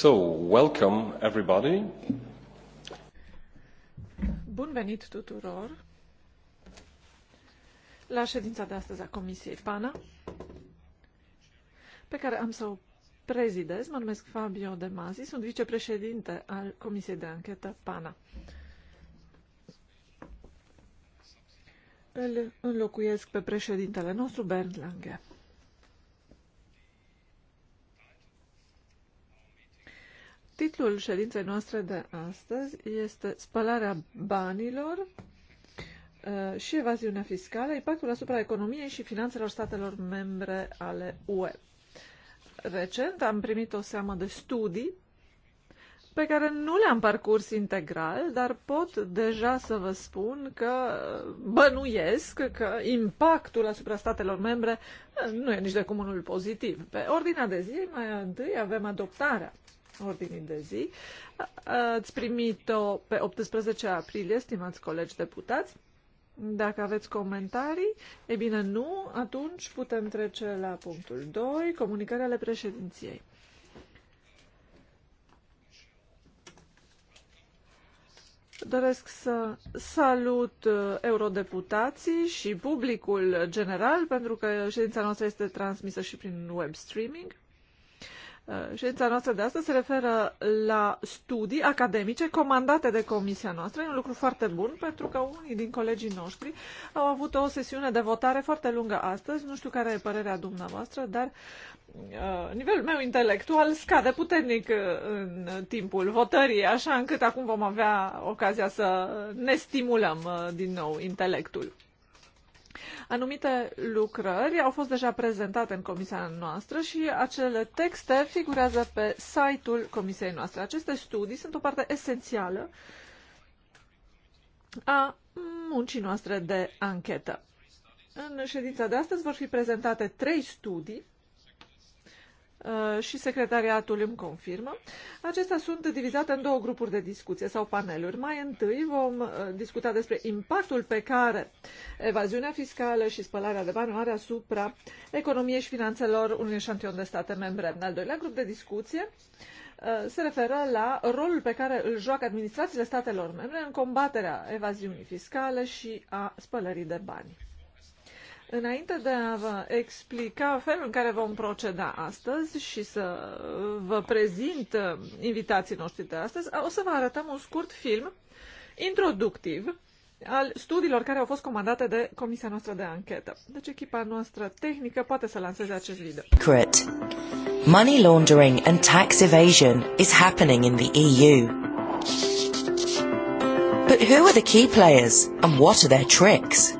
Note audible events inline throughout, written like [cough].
So, welcome everybody. Bun venit tuturor la ședința de astăzi a Comisiei PANA, pe care am să o prezidez. Mă numesc Fabio De Mazi, sunt vicepreședinte al Comisiei de Anchetă PANA. Îl înlocuiesc pe președintele nostru, Bernd Lange. Titlul ședinței noastre de astăzi este Spălarea banilor uh, și evaziunea fiscală, impactul asupra economiei și finanțelor statelor membre ale UE. Recent am primit o seamă de studii pe care nu le-am parcurs integral, dar pot deja să vă spun că bănuiesc că impactul asupra statelor membre nu e nici de cum unul pozitiv. Pe ordinea de zi, mai întâi avem adoptarea ordinii de zi. Ați primit-o pe 18 aprilie, stimați colegi deputați. Dacă aveți comentarii, e bine nu, atunci putem trece la punctul 2, comunicarea ale președinției. Doresc să salut uh, eurodeputații și publicul general, pentru că ședința noastră este transmisă și prin web streaming. Uh, ședința noastră de astăzi se referă la studii academice comandate de comisia noastră. E un lucru foarte bun pentru că unii din colegii noștri au avut o sesiune de votare foarte lungă astăzi. Nu știu care e părerea dumneavoastră, dar uh, nivelul meu intelectual scade puternic uh, în timpul votării, așa încât acum vom avea ocazia să ne stimulăm uh, din nou intelectul. Anumite lucrări au fost deja prezentate în comisia noastră și acele texte figurează pe site-ul comisiei noastre. Aceste studii sunt o parte esențială a muncii noastre de anchetă. În ședința de astăzi vor fi prezentate trei studii Uh, și secretariatul îmi confirmă. Acestea sunt divizate în două grupuri de discuție sau paneluri. Mai întâi vom uh, discuta despre impactul pe care evaziunea fiscală și spălarea de bani are asupra economiei și finanțelor unui eșantion de state membre. În al doilea grup de discuție uh, se referă la rolul pe care îl joacă administrațiile statelor membre în combaterea evaziunii fiscale și a spălării de bani. Înainte de a vă explica felul în care vom proceda astăzi și să vă prezint uh, invitații noștri de astăzi, uh, o să vă arătăm un scurt film introductiv al studiilor care au fost comandate de comisia noastră de anchetă. Deci echipa noastră tehnică poate să lanseze acest video. Secret. Money laundering and tax evasion is happening in the EU. But who are the key players and what are their tricks?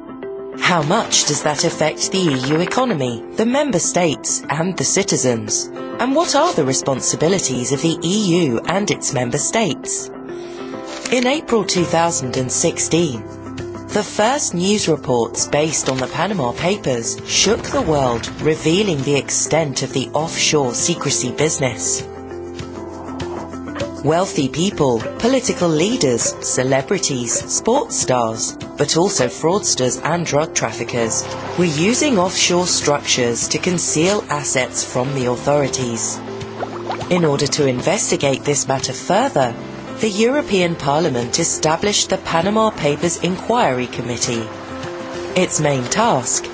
How much does that affect the EU economy, the member states and the citizens? And what are the responsibilities of the EU and its member states? In April 2016, the first news reports based on the Panama Papers shook the world, revealing the extent of the offshore secrecy business wealthy people, political leaders, celebrities, sports stars, but also fraudsters and drug traffickers. We're using offshore structures to conceal assets from the authorities. In order to investigate this matter further, the European Parliament established the Panama Papers Inquiry Committee. Its main task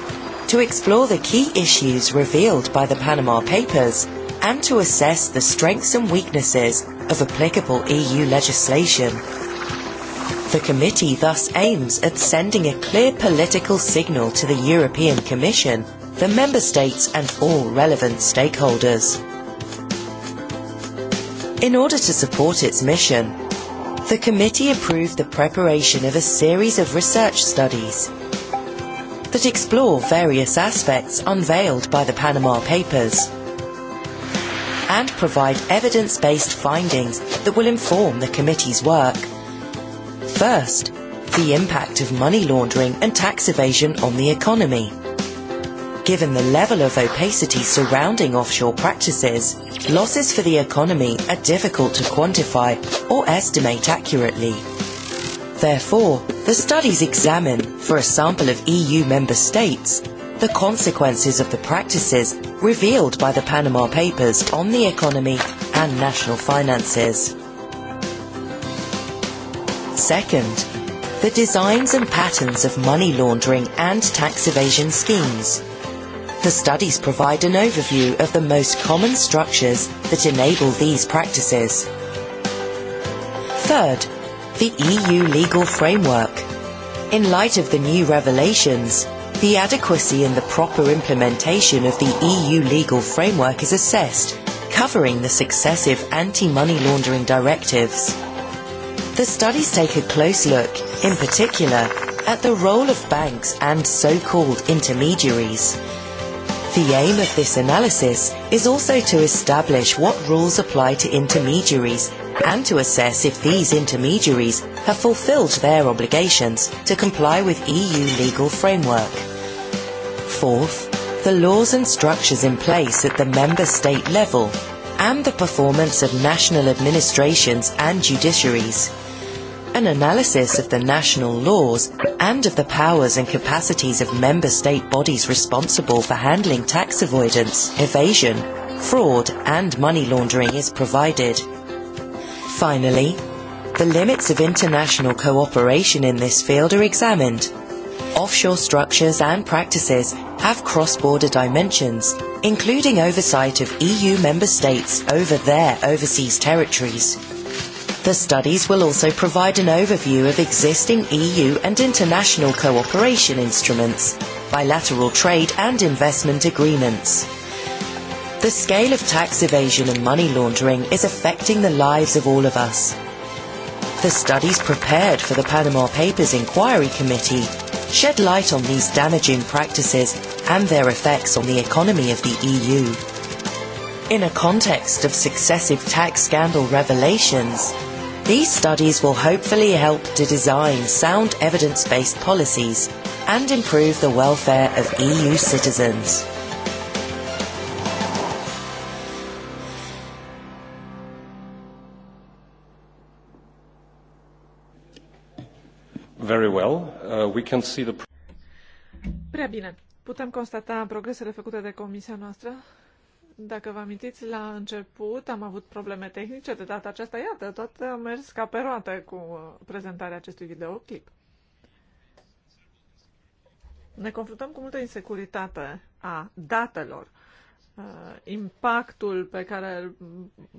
to explore the key issues revealed by the Panama Papers and to assess the strengths and weaknesses of applicable EU legislation. The committee thus aims at sending a clear political signal to the European Commission, the Member States and all relevant stakeholders. In order to support its mission, the committee approved the preparation of a series of research studies that explore various aspects unveiled by the Panama Papers and provide evidence-based findings that will inform the committee's work. First, the impact of money laundering and tax evasion on the economy. Given the level of opacity surrounding offshore practices, losses for the economy are difficult to quantify or estimate accurately. Therefore, the studies examine, for a sample of EU member states, the consequences of the practices revealed by the Panama Papers on the economy and national finances. Second, the designs and patterns of money laundering and tax evasion schemes. The studies provide an overview of the most common structures that enable these practices. Third, the EU legal framework. In light of the new revelations, The adequacy and the proper implementation of the EU legal framework is assessed, covering the successive anti-money laundering directives. The studies take a close look, in particular, at the role of banks and so-called intermediaries. The aim of this analysis is also to establish what rules apply to intermediaries and to assess if these intermediaries have fulfilled their obligations to comply with EU legal framework. Fourth, the laws and structures in place at the member state level and the performance of national administrations and judiciaries. An analysis of the national laws and of the powers and capacities of member state bodies responsible for handling tax avoidance, evasion, fraud and money laundering is provided. Finally, the limits of international cooperation in this field are examined. Offshore structures and practices have cross-border dimensions, including oversight of EU member states over their overseas territories. The studies will also provide an overview of existing EU and international cooperation instruments, bilateral trade and investment agreements. The scale of tax evasion and money laundering is affecting the lives of all of us. The studies prepared for the Panama Papers Inquiry Committee shed light on these damaging practices and their effects on the economy of the EU. In a context of successive tax scandal revelations, these studies will hopefully help to design sound evidence-based policies and improve the welfare of EU citizens. very well. Uh, we can see the... Prea bine. Putem constata progresele făcute de comisia noastră. Dacă vă amintiți, la început am avut probleme tehnice. De data aceasta, iată, tot a mers ca pe roată cu uh, prezentarea acestui videoclip. Ne confruntăm cu multă insecuritate a datelor uh, impactul pe care îl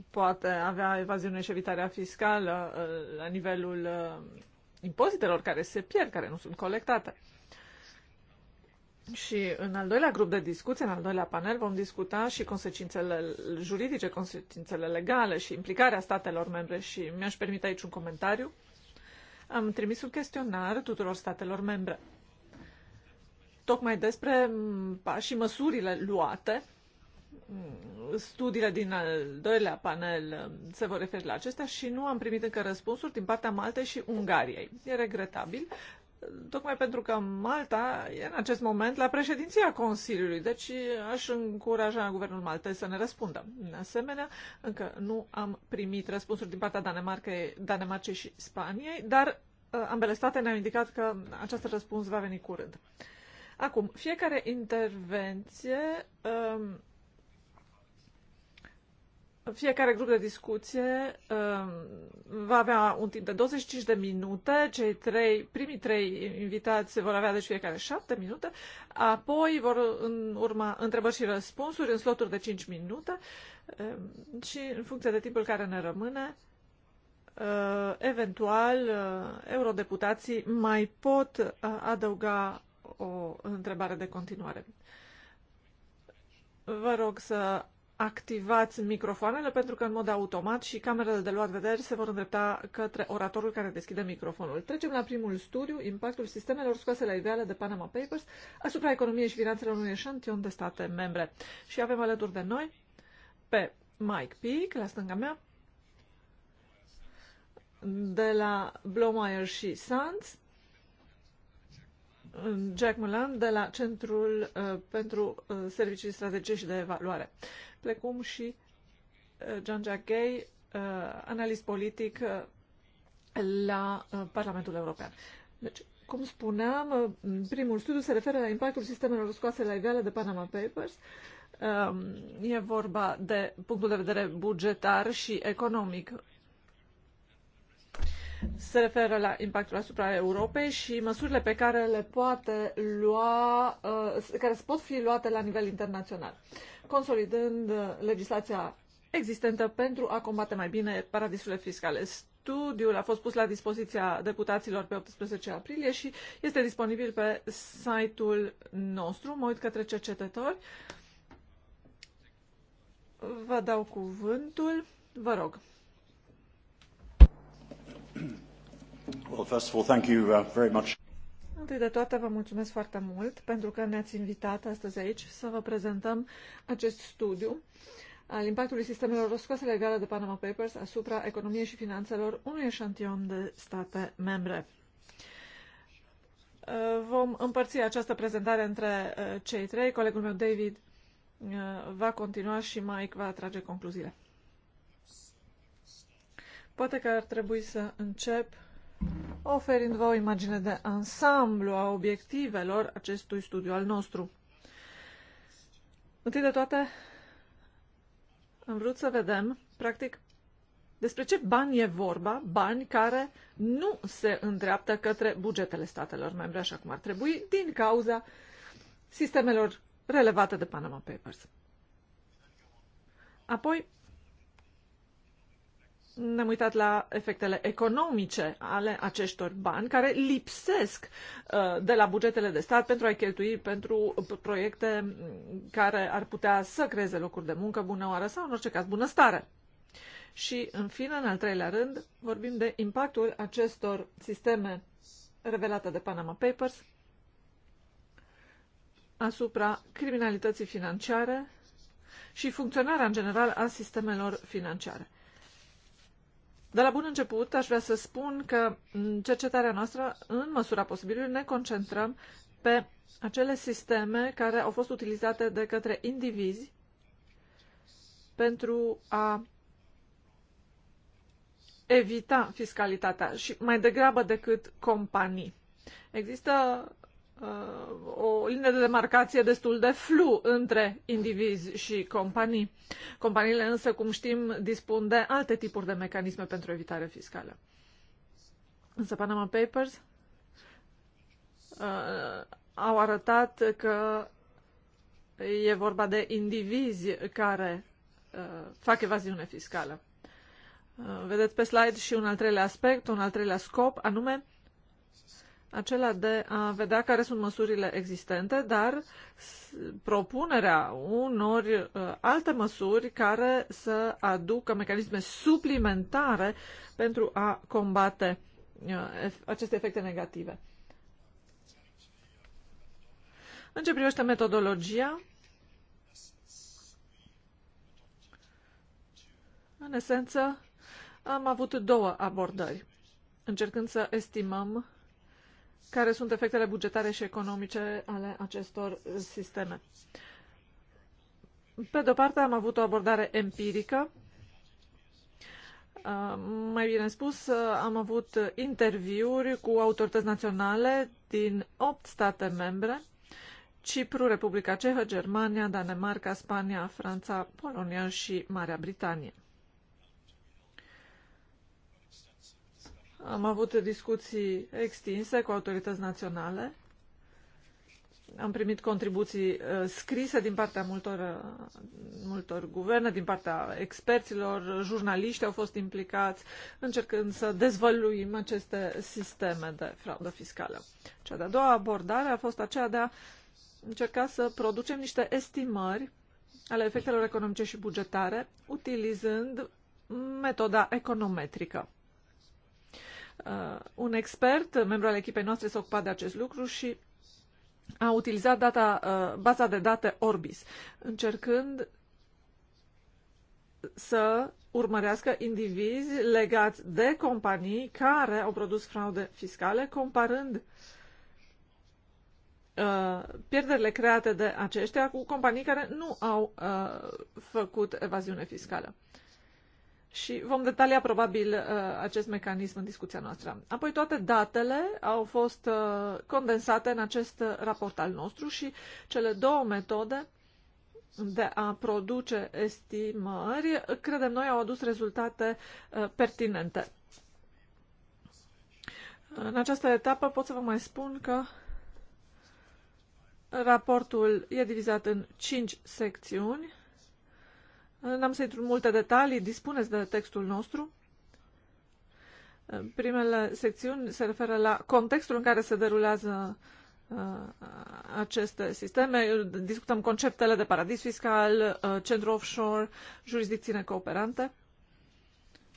poate avea evaziunea și evitarea fiscală uh, la nivelul impozitelor care se pierd, care nu sunt colectate. Și în al doilea grup de discuție, în al doilea panel, vom discuta și consecințele juridice, consecințele legale și implicarea statelor membre și mi-aș permite aici un comentariu. Am trimis un chestionar tuturor statelor membre tocmai despre pașii măsurile luate studiile din al doilea panel um, se vor referi la acestea și nu am primit încă răspunsuri din partea Maltei și Ungariei. E regretabil, tocmai pentru că Malta e în acest moment la președinția Consiliului, deci aș încuraja guvernul Maltei să ne răspundă. În asemenea, încă nu am primit răspunsuri din partea Danemarcei, Danemarcei și Spaniei, dar uh, ambele state ne-au indicat că acest răspuns va veni curând. Acum, fiecare intervenție um, fiecare grup de discuție uh, va avea un timp de 25 de minute, cei trei, primii trei invitați vor avea deci fiecare 7 minute, apoi vor în urma întrebări și răspunsuri în sloturi de 5 minute uh, și în funcție de timpul care ne rămâne, uh, eventual uh, eurodeputații mai pot uh, adăuga o întrebare de continuare. Vă rog să activați microfoanele pentru că în mod automat și camerele de luat vederi se vor îndrepta către oratorul care deschide microfonul. Trecem la primul studiu, impactul sistemelor scoase la ideale de Panama Papers asupra economiei și finanțelor unui eșantion de state membre. Și avem alături de noi pe Mike Peak, la stânga mea, de la Blomeyer și Sands, Jack Mulan de la Centrul uh, pentru uh, Servicii Strategice și de Evaluare precum și John Jack Gay, analist politic uh, la uh, Parlamentul European. Deci, cum spuneam, uh, primul studiu se referă la impactul sistemelor scoase la iveală de Panama Papers. Um, e vorba de punctul de vedere bugetar și economic se referă la impactul asupra Europei și măsurile pe care le poate lua, uh, care pot fi luate la nivel internațional, consolidând uh, legislația existentă pentru a combate mai bine paradisurile fiscale. Studiul a fost pus la dispoziția deputaților pe 18 aprilie și este disponibil pe site-ul nostru. Mă uit către cercetători. Vă dau cuvântul. Vă rog. Uh, Întâi de toate, vă mulțumesc foarte mult pentru că ne-ați invitat astăzi aici să vă prezentăm acest studiu al impactului sistemelor scoase legale de Panama Papers asupra economiei și finanțelor unui eșantion de state membre. Uh, vom împărți această prezentare între uh, cei trei. Colegul meu, David, va continua și Mike va trage concluziile. Poate că ar trebui să încep oferind vă o imagine de ansamblu a obiectivelor acestui studiu al nostru. Întâi de toate, am vrut să vedem, practic, despre ce bani e vorba, bani care nu se îndreaptă către bugetele statelor membre, așa cum ar trebui, din cauza sistemelor relevate de Panama Papers. Apoi, ne-am uitat la efectele economice ale aceștor bani care lipsesc uh, de la bugetele de stat pentru a i cheltui pentru proiecte care ar putea să creeze locuri de muncă, bună oară sau, în orice caz, bunăstare. Și, în fine, în al treilea rând, vorbim de impactul acestor sisteme revelate de Panama Papers asupra criminalității financiare și funcționarea în general a sistemelor financiare. De la bun început, aș vrea să spun că în cercetarea noastră, în măsura posibilului, ne concentrăm pe acele sisteme care au fost utilizate de către indivizi pentru a evita fiscalitatea și mai degrabă decât companii. Există Uh, o linie de demarcație destul de flu între indivizi și companii. Companiile însă, cum știm, dispun de alte tipuri de mecanisme pentru evitare fiscală. Însă Panama Papers uh, au arătat că e vorba de indivizi care uh, fac evaziune fiscală. Uh, vedeți pe slide și un al treilea aspect, un al treilea scop, anume acela de a vedea care sunt măsurile existente, dar propunerea unor uh, alte măsuri care să aducă mecanisme suplimentare pentru a combate uh, aceste efecte negative. În ce privește metodologia, în esență, am avut două abordări, încercând să estimăm care sunt efectele bugetare și economice ale acestor sisteme. Pe de-o parte, am avut o abordare empirică. Uh, mai bine spus, uh, am avut interviuri cu autorități naționale din 8 state membre, Cipru, Republica Cehă, Germania, Danemarca, Spania, Franța, Polonia și Marea Britanie. Am avut discuții extinse cu autorități naționale. Am primit contribuții uh, scrise din partea multor, uh, multor guverne, din partea experților, jurnaliști au fost implicați, încercând să dezvăluim aceste sisteme de fraudă fiscală. Cea de-a doua abordare a fost aceea de a încerca să producem niște estimări ale efectelor economice și bugetare, utilizând metoda econometrică. Uh, un expert, membru al echipei noastre, s-a ocupat de acest lucru și a utilizat data, uh, baza de date Orbis, încercând să urmărească indivizi legați de companii care au produs fraude fiscale, comparând uh, pierderile create de aceștia cu companii care nu au uh, făcut evaziune fiscală. Uh, și vom detalia probabil uh, acest mecanism în discuția noastră. Apoi toate datele au fost uh, condensate în acest raport al nostru și cele două metode de a produce estimări, credem noi, au adus rezultate uh, pertinente. În această etapă pot să vă mai spun că raportul e divizat în 5 secțiuni N-am să intru în multe detalii, dispuneți de textul nostru. Primele secțiuni se referă la contextul în care se derulează uh, aceste sisteme. Discutăm conceptele de paradis fiscal, uh, centru offshore, jurisdicții necooperante.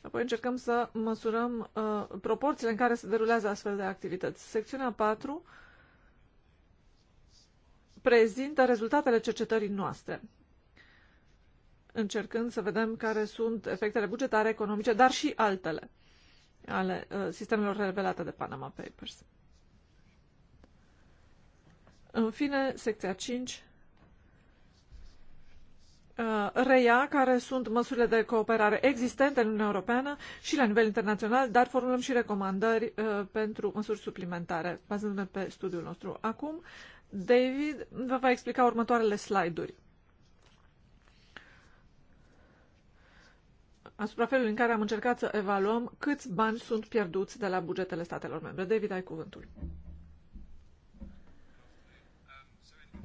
Apoi încercăm să măsurăm uh, proporțiile în care se derulează astfel de activități. Secțiunea 4 prezintă rezultatele cercetării noastre încercând să vedem care sunt efectele bugetare, economice, dar și altele ale uh, sistemelor revelate de Panama Papers. În fine, secția 5 uh, reia care sunt măsurile de cooperare existente în Uniunea Europeană și la nivel internațional, dar formulăm și recomandări uh, pentru măsuri suplimentare, bazându-ne pe studiul nostru. Acum, David vă va explica următoarele slide-uri. asupra felului în care am încercat să evaluăm câți bani sunt pierduți de la bugetele statelor membre. David, ai cuvântul.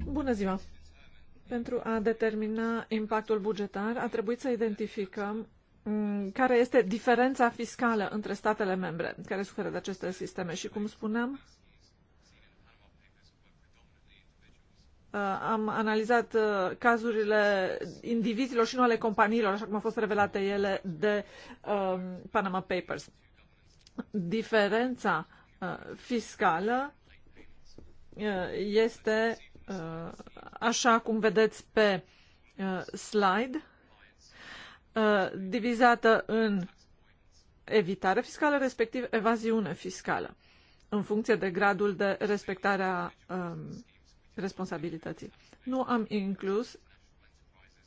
Bună ziua! Pentru a determina impactul bugetar, a trebuit să identificăm mm, care este diferența fiscală între statele membre care suferă de aceste sisteme și, cum spuneam, Uh, am analizat uh, cazurile indivizilor și nu ale companiilor, așa cum au fost revelate ele de um, Panama Papers. Diferența uh, fiscală este, așa cum vedeți pe slide, divizată în evitare fiscală, respectiv evaziune fiscală, în funcție de gradul de respectare a um, responsabilității. Nu am inclus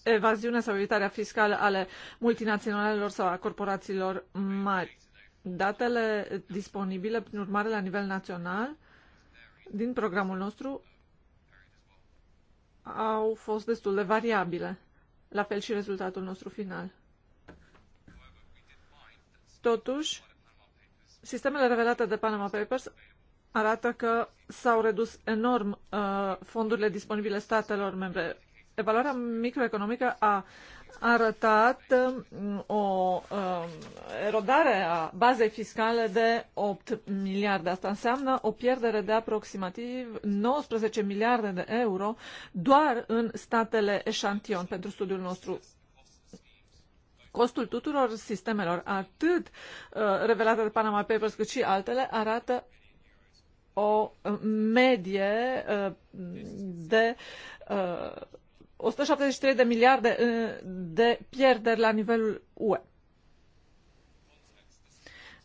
evaziunea sau evitarea fiscală ale multinaționalelor sau a corporațiilor mari. Datele disponibile, prin urmare, la nivel național, din programul nostru, au fost destul de variabile. La fel și rezultatul nostru final. Totuși, sistemele revelate de Panama Papers arată că s-au redus enorm uh, fondurile disponibile statelor membre. Evaluarea microeconomică a arătat uh, o uh, erodare a bazei fiscale de 8 miliarde. Asta înseamnă o pierdere de aproximativ 19 miliarde de euro doar în statele eșantion pentru studiul nostru costul tuturor sistemelor, atât uh, revelate de Panama Papers cât și altele, arată o medie uh, de 173 uh, de miliarde uh, de pierderi la nivelul UE.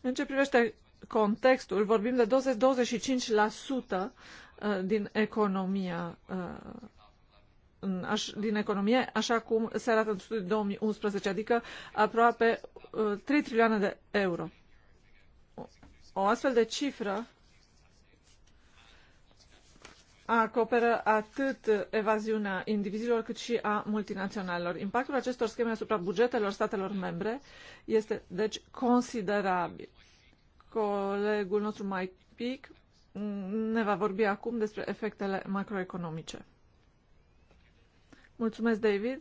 În ce privește contextul, vorbim de 20-25% din economia din economie, așa cum se arată în studiul 2011, adică aproape 3 trilioane de euro. O astfel de cifră acoperă atât evaziunea indivizilor cât și a multinaționalelor. Impactul acestor scheme asupra bugetelor statelor membre este, deci, considerabil. Colegul nostru Mike Peak ne va vorbi acum despre efectele macroeconomice. Mulțumesc, David.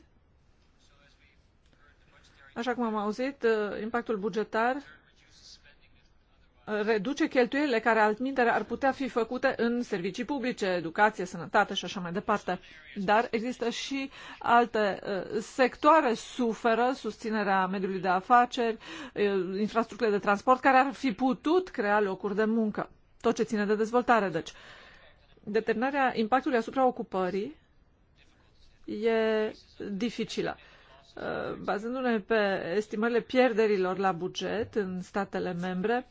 Așa cum am auzit, impactul bugetar reduce cheltuielile care altminteri ar putea fi făcute în servicii publice, educație, sănătate și așa mai departe. Dar există și alte uh, sectoare suferă, susținerea mediului de afaceri, uh, infrastructurile de transport, care ar fi putut crea locuri de muncă. Tot ce ține de dezvoltare, deci. Determinarea impactului asupra ocupării e dificilă uh, bazându-ne pe estimările pierderilor la buget în statele membre,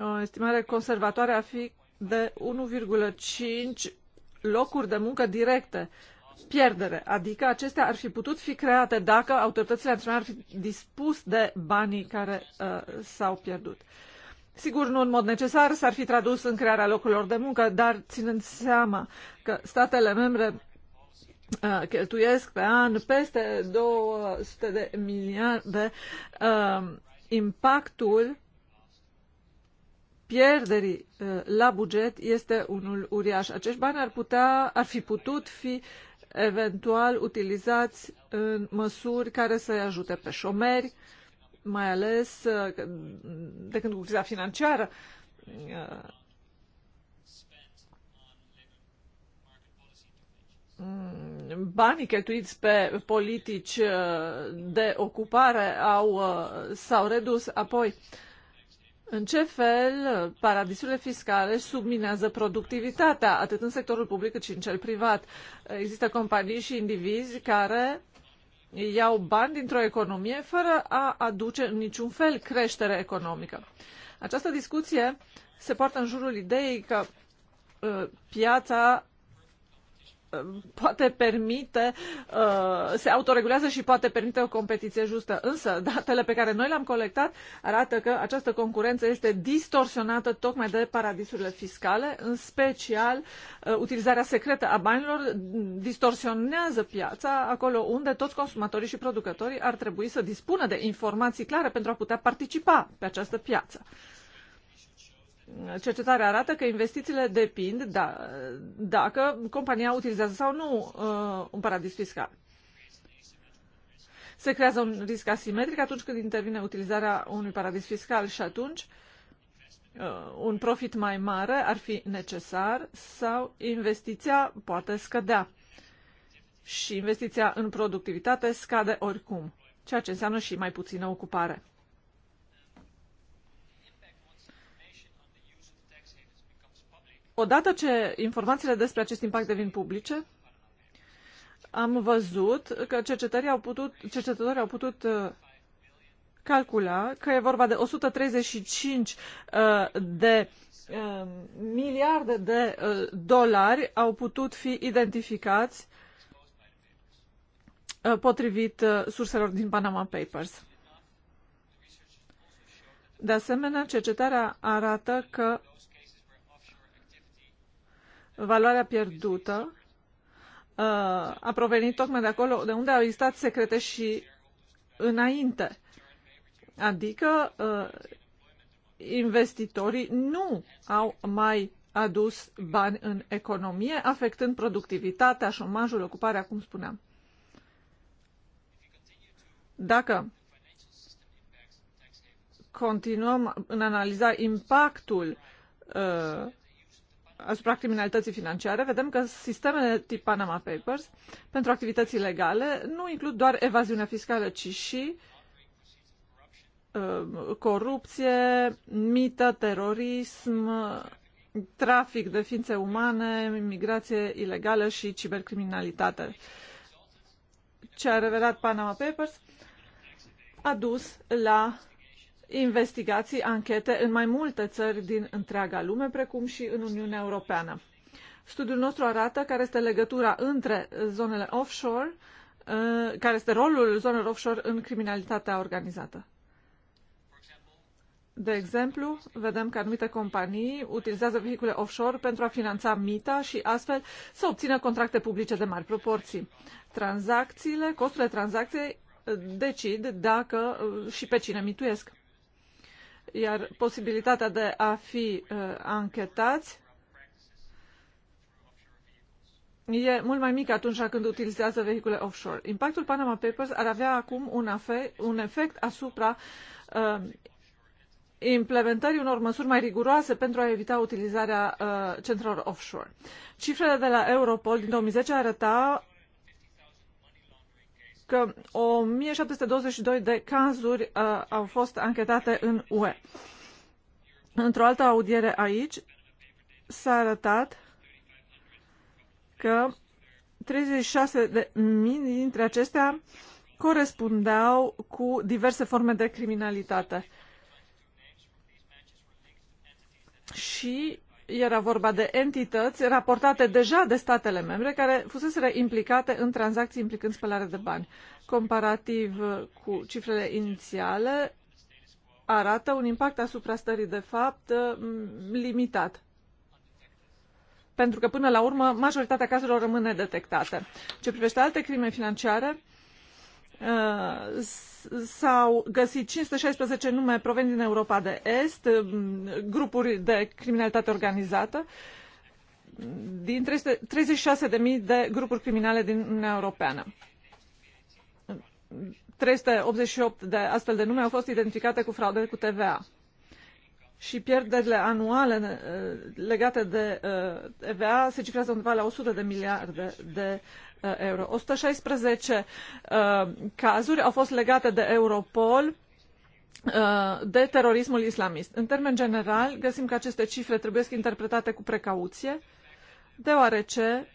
o estimare conservatoare a fi de 1,5 locuri de muncă directe pierdere, adică acestea ar fi putut fi create dacă autoritățile naționale ar fi dispus de banii care uh, s-au pierdut. Sigur, nu în mod necesar, s-ar fi tradus în crearea locurilor de muncă, dar ținând seama că statele membre uh, cheltuiesc pe an peste 200 de miliarde, uh, impactul pierderii uh, la buget este unul uriaș. Acești bani ar, putea, ar fi putut fi eventual utilizați în măsuri care să-i ajute pe șomeri, mai ales uh, de când cu criza financiară. Uh, banii cheltuiți pe politici de ocupare au, s-au redus apoi. Uh, în ce fel paradisurile fiscale subminează productivitatea, atât în sectorul public cât și în cel privat. Există companii și indivizi care iau bani dintr-o economie fără a aduce în niciun fel creștere economică. Această discuție se poartă în jurul ideii că uh, piața poate permite, uh, se autoregulează și poate permite o competiție justă. Însă, datele pe care noi le-am colectat arată că această concurență este distorsionată tocmai de paradisurile fiscale, în special uh, utilizarea secretă a banilor distorsionează piața acolo unde toți consumatorii și producătorii ar trebui să dispună de informații clare pentru a putea participa pe această piață cercetarea arată că investițiile depind da, dacă compania utilizează sau nu uh, un paradis fiscal. Se creează un risc asimetric atunci când intervine utilizarea unui paradis fiscal și atunci uh, un profit mai mare ar fi necesar sau investiția poate scădea. Și investiția în productivitate scade oricum, ceea ce înseamnă și mai puțină ocupare. Odată ce informațiile despre acest impact devin publice, am văzut că cercetătorii au putut, cercetătorii au putut uh, calcula că e vorba de 135 uh, de uh, miliarde de dolari au putut fi identificați potrivit surselor din Panama Papers. De asemenea, cercetarea arată că valoarea pierdută uh, a provenit tocmai de acolo de unde au existat secrete și înainte. Adică uh, investitorii nu au mai adus bani în economie, afectând productivitatea, șomajul, ocuparea, cum spuneam. Dacă continuăm în analiza impactul uh, asupra criminalității financiare, vedem că sistemele tip Panama Papers pentru activități ilegale nu includ doar evaziunea fiscală, ci și um, corupție, mită, terorism, trafic de ființe umane, migrație ilegală și cibercriminalitate. Ce a revelat Panama Papers a dus la investigații, anchete în mai multe țări din întreaga lume, precum și în Uniunea Europeană. Studiul nostru arată care este legătura între zonele offshore, uh, care este rolul zonelor offshore în criminalitatea organizată. De exemplu, vedem că anumite companii utilizează vehicule offshore pentru a finanța mita și astfel să obțină contracte publice de mari proporții. Tranzacțiile, costurile tranzacției decid dacă uh, și pe cine mituiesc iar posibilitatea de a fi uh, anchetați e mult mai mică atunci când utilizează vehicule offshore. Impactul Panama Papers ar avea acum un, afe, un efect asupra uh, implementării unor măsuri mai riguroase pentru a evita utilizarea uh, centrelor offshore. Cifrele de la Europol din 2010 arătau că 1722 de cazuri uh, au fost anchetate în UE. Într-o altă audiere aici s-a arătat că 36 de mii dintre acestea corespundeau cu diverse forme de criminalitate. Și era vorba de entități raportate deja de statele membre care fuseseră implicate în tranzacții implicând spălare de bani. Comparativ uh, cu cifrele inițiale, arată un impact asupra stării de fapt uh, limitat. Pentru că, până la urmă, majoritatea cazurilor rămâne detectate. Ce privește alte crime financiare, Uh, s-au găsit 516 nume provenind din Europa de Est, um, grupuri de criminalitate organizată, din 36.000 de grupuri criminale din Uniunea Europeană. 388 de astfel de nume au fost identificate cu fraude cu TVA. Și pierderile anuale uh, legate de uh, TVA se cifrează undeva la 100 de miliarde de Eh, euro. 116 uh, eh, cazuri au fost legate de Europol eh, de terorismul islamist. În termen general, găsim că aceste cifre trebuie să interpretate cu precauție, deoarece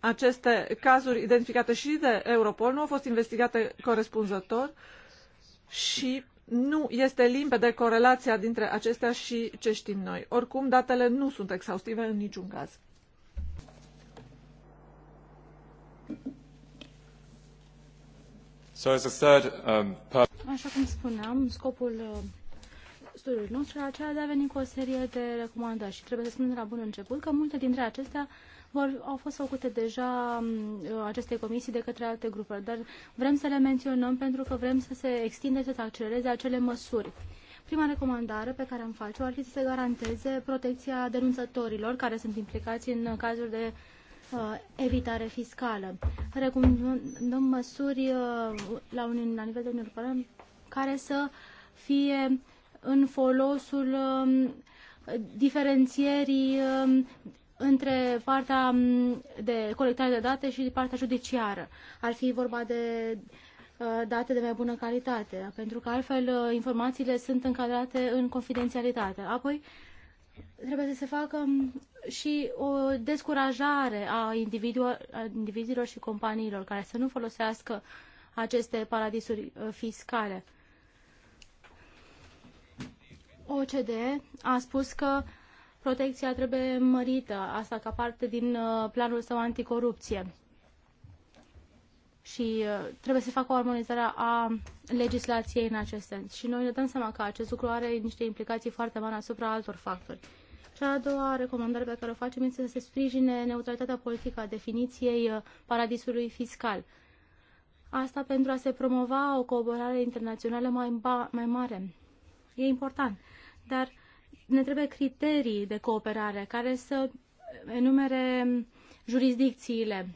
aceste cazuri identificate și de Europol nu au fost investigate corespunzător și nu este limpede corelația dintre acestea și ce știm noi. Oricum, datele nu sunt exhaustive în niciun caz. Um, Așa cum spuneam, scopul uh, studiului nostru era acela de a veni cu o serie de recomandări și trebuie să spunem de la bun început că multe dintre acestea vor, au fost făcute deja um, uh, aceste comisii de către alte grupuri, dar vrem să le menționăm pentru că vrem să se extinde, să se accelereze acele măsuri. Prima recomandare pe care am face-o ar fi să se garanteze protecția denunțătorilor care sunt implicați în cazuri de Uh, evitare fiscală. Recomandăm măsuri uh, la, un, la nivel de Uniunea Europeană care să fie în folosul um, diferențierii um, între partea um, de colectare de date și partea judiciară. Ar fi vorba de uh, date de mai bună calitate, pentru că altfel informațiile sunt încadrate în confidențialitate. Apoi, trebuie să se facă mm, și o descurajare a indivizilor și companiilor care să nu folosească aceste paradisuri uh, fiscale. OCDE a spus că protecția trebuie mărită, asta ca parte din uh, planul său anticorupție și uh, trebuie să facă o armonizare a legislației în acest sens. Și noi ne dăm seama că acest lucru are niște implicații foarte mari asupra altor factori. Cea a doua recomandare pe care o facem este să se sprijine neutralitatea politică a definiției uh, paradisului fiscal. Asta pentru a se promova o cooperare internațională mai, ba, mai mare. E important. Dar ne trebuie criterii de cooperare care să enumere jurisdicțiile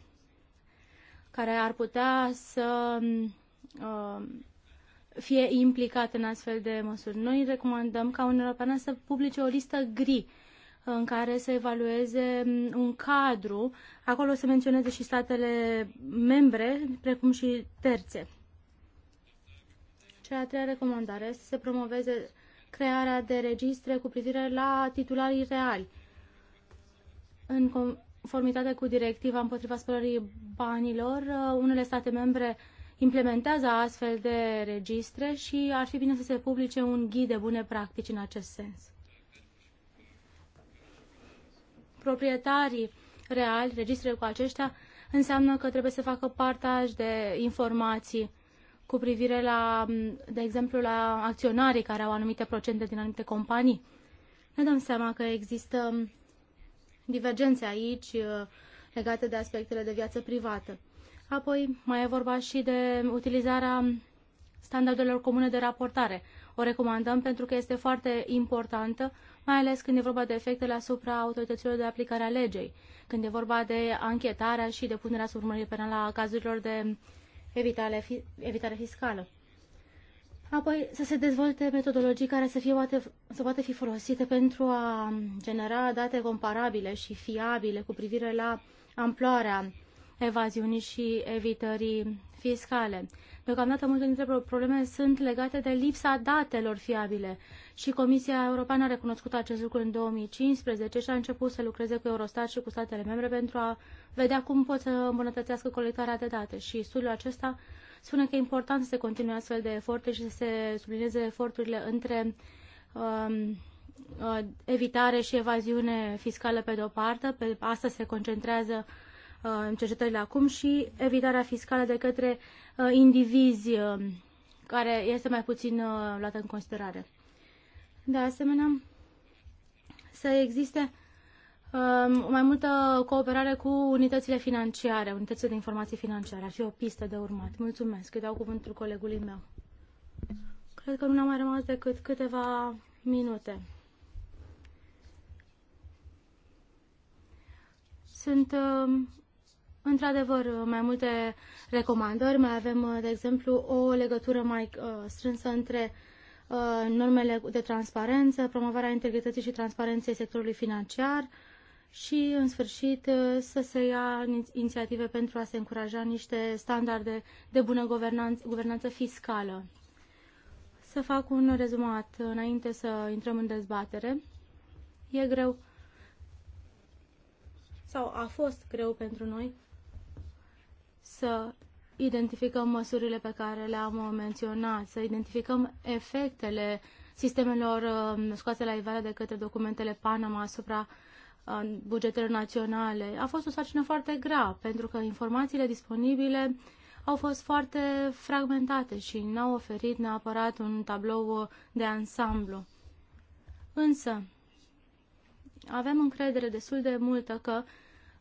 care ar putea să uh, fie implicat în astfel de măsuri. Noi recomandăm ca Uniunea Europeană să publice o listă gri în care să evalueze mm, un cadru, acolo se menționeze și statele membre, precum și terțe. Cea a treia recomandare este să se promoveze crearea de registre cu privire la titularii reali. În, conformitate cu directiva împotriva spălării banilor, uh, unele state membre implementează astfel de registre și ar fi bine să se publice un ghid de bune practici în acest sens. Proprietarii reali, registrele cu aceștia, înseamnă că trebuie să facă partaj de informații cu privire la, mm, de exemplu, la acționarii care au anumite procente din anumite companii. Ne dăm seama că există mm, divergențe aici uh, legate de aspectele de viață privată. Apoi mai e vorba și de utilizarea standardelor comune de raportare. O recomandăm pentru că este foarte importantă, mai ales când e vorba de efectele asupra autorităților de aplicare a legei, când e vorba de anchetarea și depunerea sub urmărire penală a cazurilor de evitare, evitare fiscală apoi să se dezvolte metodologii care să, fie poate, să poate fi folosite pentru a genera date comparabile și fiabile cu privire la amploarea evaziunii și evitării fiscale. Deocamdată multe dintre probleme sunt legate de lipsa datelor fiabile și Comisia Europeană a recunoscut acest lucru în 2015 și a început să lucreze cu Eurostat și cu statele membre pentru a vedea cum pot să îmbunătățească colectarea de date și studiul acesta spune că e important să se continue astfel de eforturi și să se sublinieze eforturile între um, uh, evitare și evaziune fiscală pe de-o parte, pe asta se concentrează uh, cercetările acum și evitarea fiscală de către uh, indivizi uh, care este mai puțin uh, luată în considerare. De asemenea, să existe mai multă cooperare cu unitățile financiare, unitățile de informații financiare. Ar fi o pistă de urmat. Mulțumesc. Îi dau cuvântul colegului meu. Cred că nu ne-a mai rămas decât câteva minute. Sunt um, într-adevăr mai multe recomandări. Mai avem, uh, de exemplu, o legătură mai uh, strânsă între uh, normele de transparență, promovarea integrității și transparenței sectorului financiar, și, în sfârșit, să se ia inițiative pentru a se încuraja niște standarde de bună guvernanță, guvernanță fiscală. Să fac un rezumat înainte să intrăm în dezbatere. E greu sau a fost greu pentru noi să identificăm măsurile pe care le-am menționat, să identificăm efectele sistemelor um, scoase la iveală de către documentele Panama asupra uh, în bugetele naționale. A fost o sarcină foarte grea, pentru că informațiile disponibile au fost foarte fragmentate și n-au oferit neapărat un tablou de ansamblu. Însă, avem încredere destul de multă că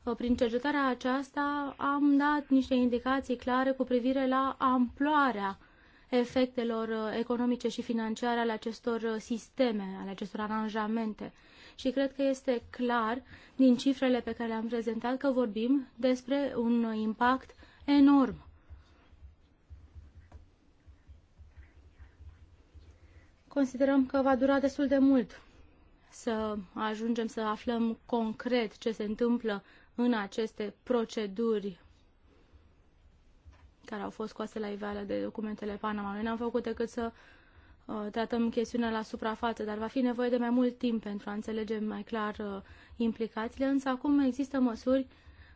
uh, prin cercetarea aceasta am dat niște indicații clare cu privire la amploarea efectelor uh, economice și financiare ale acestor uh, sisteme, ale acestor aranjamente și cred că este clar din cifrele pe care le-am prezentat că vorbim despre un impact enorm. Considerăm că va dura destul de mult să ajungem să aflăm concret ce se întâmplă în aceste proceduri care au fost scoase la iveală de documentele Panama. Noi n-am făcut decât să Uh, tratăm chestiunea la suprafață, dar va fi nevoie de mai mult timp pentru a înțelege mai clar uh, implicațiile, însă acum există măsuri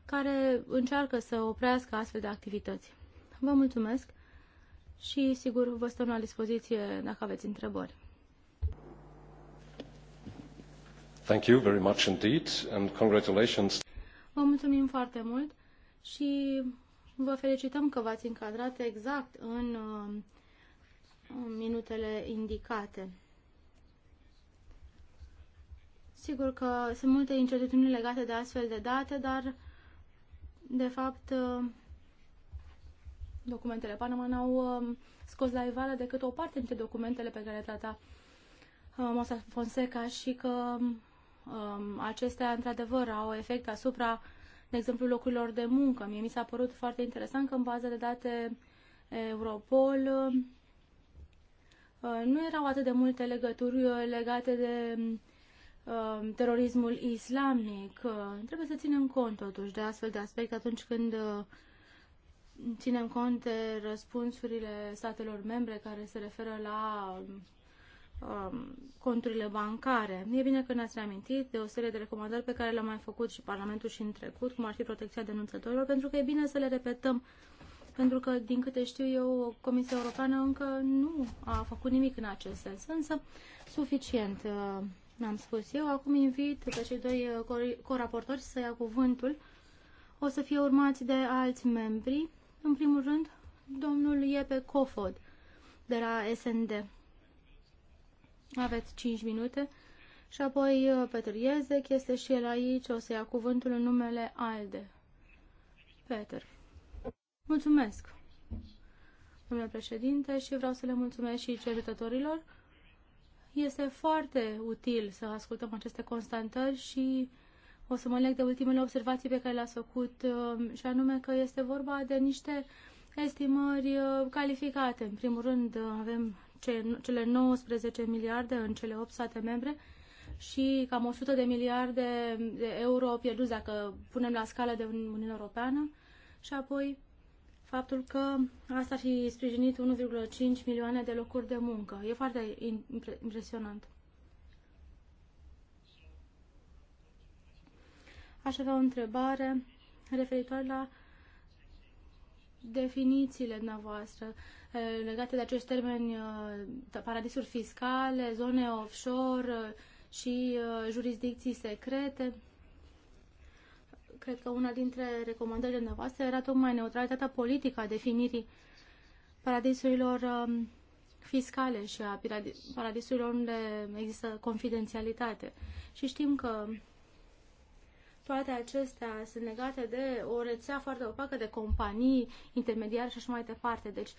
care încearcă să oprească astfel de activități. Vă mulțumesc și sigur vă stăm la dispoziție dacă aveți întrebări. Thank you very much indeed and congratulations. Vă mulțumim foarte mult și vă felicităm că v-ați încadrat exact în uh, minutele indicate. Sigur că sunt multe incertitudini legate de astfel de date, dar, de fapt, documentele Panama n-au um, scos la iveală decât o parte dintre documentele pe care le trata um, Mosa Fonseca și că um, acestea, într-adevăr, au efect asupra, de exemplu, locurilor de muncă. Mie mi s-a părut foarte interesant că în baza de date Europol Uh, nu erau atât de multe legături uh, legate de uh, terorismul islamic. Trebuie să ținem cont totuși de astfel de aspecte atunci când ținem cont de răspunsurile statelor membre care se referă la um, conturile bancare. E bine că ne-ați reamintit de o serie de recomandări pe care le-am mai făcut și Parlamentul și în trecut, cum ar fi protecția denunțătorilor, pentru că e bine să le repetăm pentru că, din câte știu eu, Comisia Europeană încă nu a făcut nimic în acest sens, însă suficient, uh, am spus eu. Acum invit pe cei doi uh, coraportori să ia cuvântul. O să fie urmați de alți membri. În primul rând, domnul Iepe Cofod, de la SND. Aveți 5 minute. Și apoi uh, Peter Iezec este și el aici, o să ia cuvântul în numele ALDE. Peter. Mulțumesc, domnule președinte, și vreau să le mulțumesc și cercetătorilor. Este foarte util să ascultăm aceste constatări și o să mă leg de ultimele observații pe care le-ați făcut, um, și anume că este vorba de niște estimări uh, calificate. În primul rând, uh, avem cele 19 miliarde în cele 8 state membre și cam 100 de miliarde de euro pierduți dacă punem la scala de Uniunea Europeană și apoi faptul că asta ar fi sprijinit 1,5 milioane de locuri de muncă. E foarte impresionant. Aș avea o întrebare referitoare la definițiile dumneavoastră eh, legate de acești termeni eh, paradisuri fiscale, zone offshore eh, și jurisdicții secrete cred că una dintre recomandările noastre era tocmai neutralitatea politică a definirii paradisurilor um, fiscale și a paradisurilor unde există confidențialitate. Și știm că toate acestea sunt legate de o rețea foarte opacă de companii, intermediari și așa mai departe. Deci,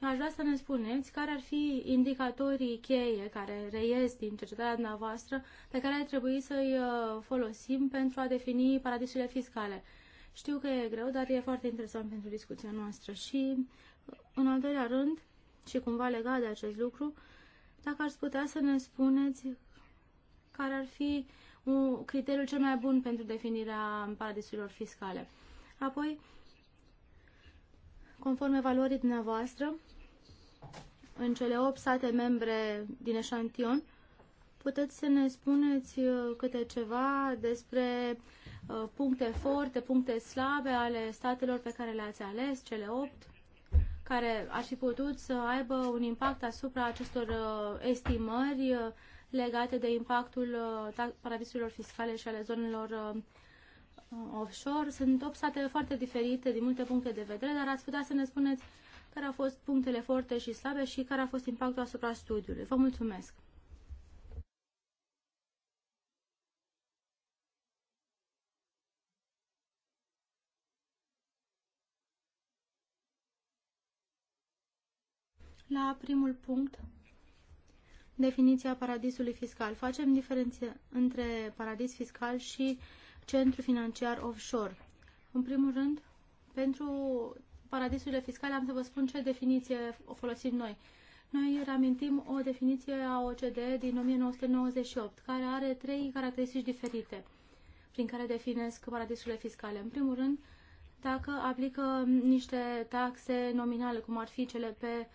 aș vrea să ne spuneți care ar fi indicatorii cheie care reies din cercetarea dumneavoastră pe care ar trebui să-i uh, folosim pentru a defini paradisurile fiscale. Știu că e greu, dar e foarte interesant pentru discuția noastră. Și, în al doilea rând, și cumva legat de acest lucru, dacă ați putea să ne spuneți care ar fi un, criteriul cel mai bun pentru definirea paradisurilor fiscale. Apoi, conform evaluării dumneavoastră, în cele 8 state membre din eșantion, puteți să ne spuneți uh, câte ceva despre uh, puncte forte, puncte slabe ale statelor pe care le-ați ales, cele 8, care ar fi putut să aibă un impact asupra acestor uh, estimări legate de impactul uh, paradisurilor fiscale și ale zonelor uh, offshore. Sunt 8 foarte diferite din multe puncte de vedere, dar ați putea să ne spuneți care au fost punctele forte și slabe și care a fost impactul asupra studiului. Vă mulțumesc! La primul punct, definiția paradisului fiscal. Facem diferență între paradis fiscal și centru financiar offshore. În primul rând, pentru paradisurile fiscale am să vă spun ce definiție o folosim noi. Noi reamintim o definiție a OCDE din 1998, care are trei caracteristici diferite prin care definesc paradisurile fiscale. În primul rând, dacă aplică niște taxe nominale, cum ar fi cele pe uh,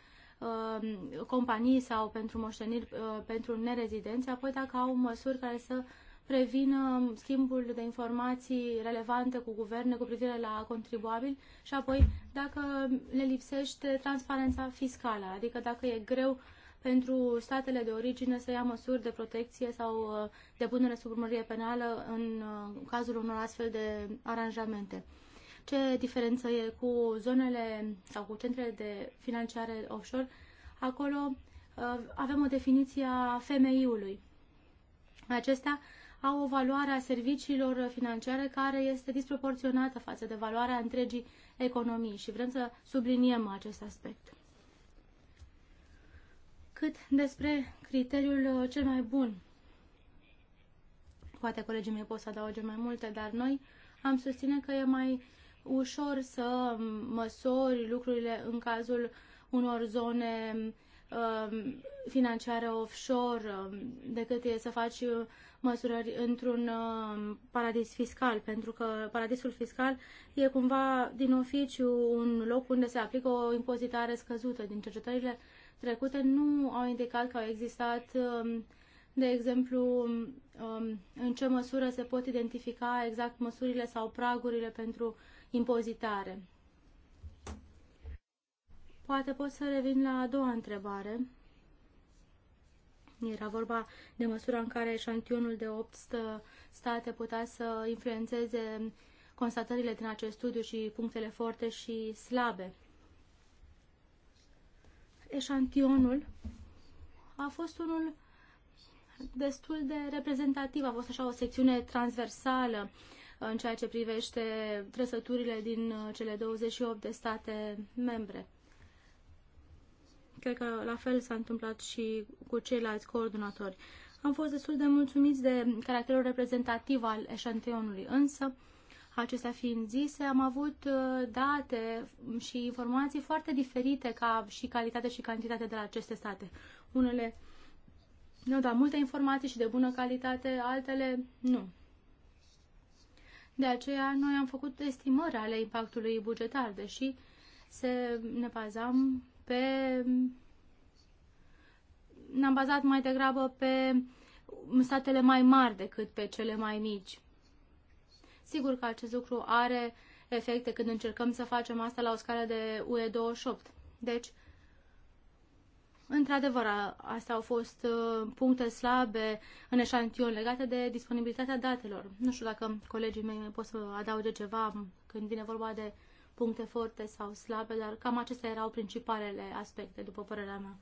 Um, companii sau pentru moșteniri uh, pentru nerezidenți, apoi dacă au măsuri care să prevină schimbul de informații relevante cu guverne cu privire la contribuabili și apoi dacă le lipsește transparența fiscală, adică dacă e greu pentru statele de origine să ia măsuri de protecție sau uh, de punere sub urmărire penală în uh, cazul unor astfel de aranjamente ce diferență e cu zonele sau cu centrele de financiare offshore, acolo uh, avem o definiție a femeiului. Acestea au o valoare a serviciilor financiare care este disproporționată față de valoarea întregii economii și vrem să subliniem acest aspect. Cât despre criteriul uh, cel mai bun, poate colegii mei pot să adauge mai multe, dar noi am susține că e mai ușor să măsori lucrurile în cazul unor zone um, financiare offshore um, decât e să faci uh, măsurări într-un um, paradis fiscal, pentru că paradisul fiscal e cumva din oficiu un loc unde se aplică o impozitare scăzută. Din cercetările trecute nu au indicat că au existat, de exemplu, în ce măsură se pot identifica exact măsurile sau pragurile pentru impozitare. Poate pot să revin la a doua întrebare. Era vorba de măsura în care eșantionul de 8 state putea să influențeze constatările din acest studiu și punctele forte și slabe. Eșantionul a fost unul destul de reprezentativ, a fost așa o secțiune transversală în ceea ce privește trăsăturile din uh, cele 28 de state membre. Cred că la fel s-a întâmplat și cu ceilalți coordonatori. Am fost destul de mulțumiți de caracterul reprezentativ al eșantionului, însă, acestea fiind zise, am avut uh, date și informații foarte diferite ca și calitate și cantitate de la aceste state. Unele nu, da, multe informații și de bună calitate, altele nu. De aceea noi am făcut estimări ale impactului bugetar, deși se, ne bazam pe... ne-am bazat mai degrabă pe statele mai mari decât pe cele mai mici. Sigur că acest lucru are efecte când încercăm să facem asta la o scară de UE28. Deci, Într-adevăr, astea au fost uh, puncte slabe în eșantion legate de disponibilitatea datelor. Nu știu dacă colegii mei pot să adauge ceva când vine vorba de puncte forte sau slabe, dar cam acestea erau principalele aspecte, după părerea mea.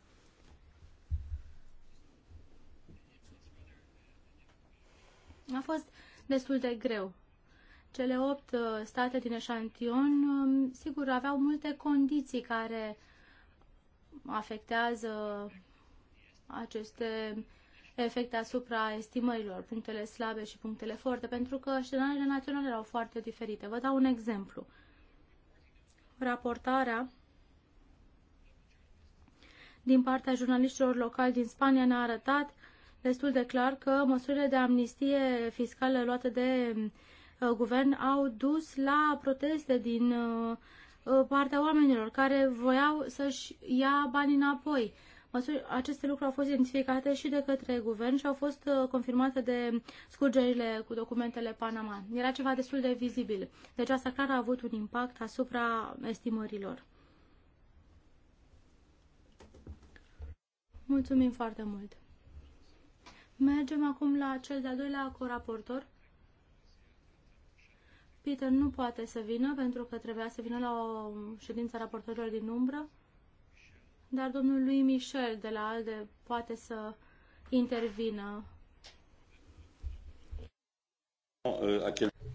A fost destul de greu. Cele opt uh, state din eșantion, um, sigur, aveau multe condiții care uh, afectează aceste efecte asupra estimărilor, punctele slabe și punctele forte, pentru că scenariile naționale erau foarte diferite. Vă dau un exemplu. Raportarea din partea jurnaliștilor locali din Spania ne-a arătat destul de clar că măsurile de amnistie fiscală luate de uh, guvern au dus la proteste din uh, Uh, partea oamenilor care voiau să-și ia banii înapoi. aceste lucruri au fost identificate și de către guvern și au fost uh, confirmate de scurgerile cu documentele Panama. Era ceva destul de vizibil. Deci asta clar a avut un impact asupra estimărilor. Mulțumim foarte mult! Mergem acum la cel de-al doilea coraportor, Peter nu poate să vină pentru că trebuia să vină la o ședință a raportorilor din umbră, dar domnul lui Michel de la ALDE poate să intervină.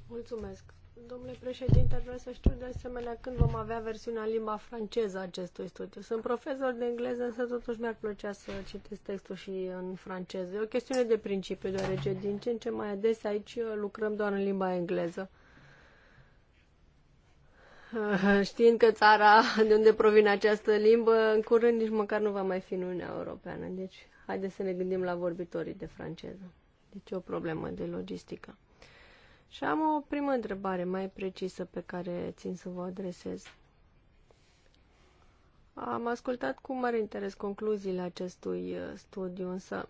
Mulțumesc. Domnule președinte, vreau să știu de asemenea când vom avea versiunea în limba franceză a acestui studiu. Sunt profesor de engleză, însă totuși mi-ar plăcea să citesc textul și în franceză. E o chestiune de principiu, deoarece din ce în ce mai adesea aici lucrăm doar în limba engleză. [laughs] Știind că țara de unde provine această limbă, în curând nici măcar nu va mai fi în Uniunea Europeană. Deci, haideți să ne gândim la vorbitorii de franceză. Deci, o problemă de logistică. Și am o primă întrebare mai precisă pe care țin să vă adresez. Am ascultat cu mare interes concluziile acestui uh, studiu, însă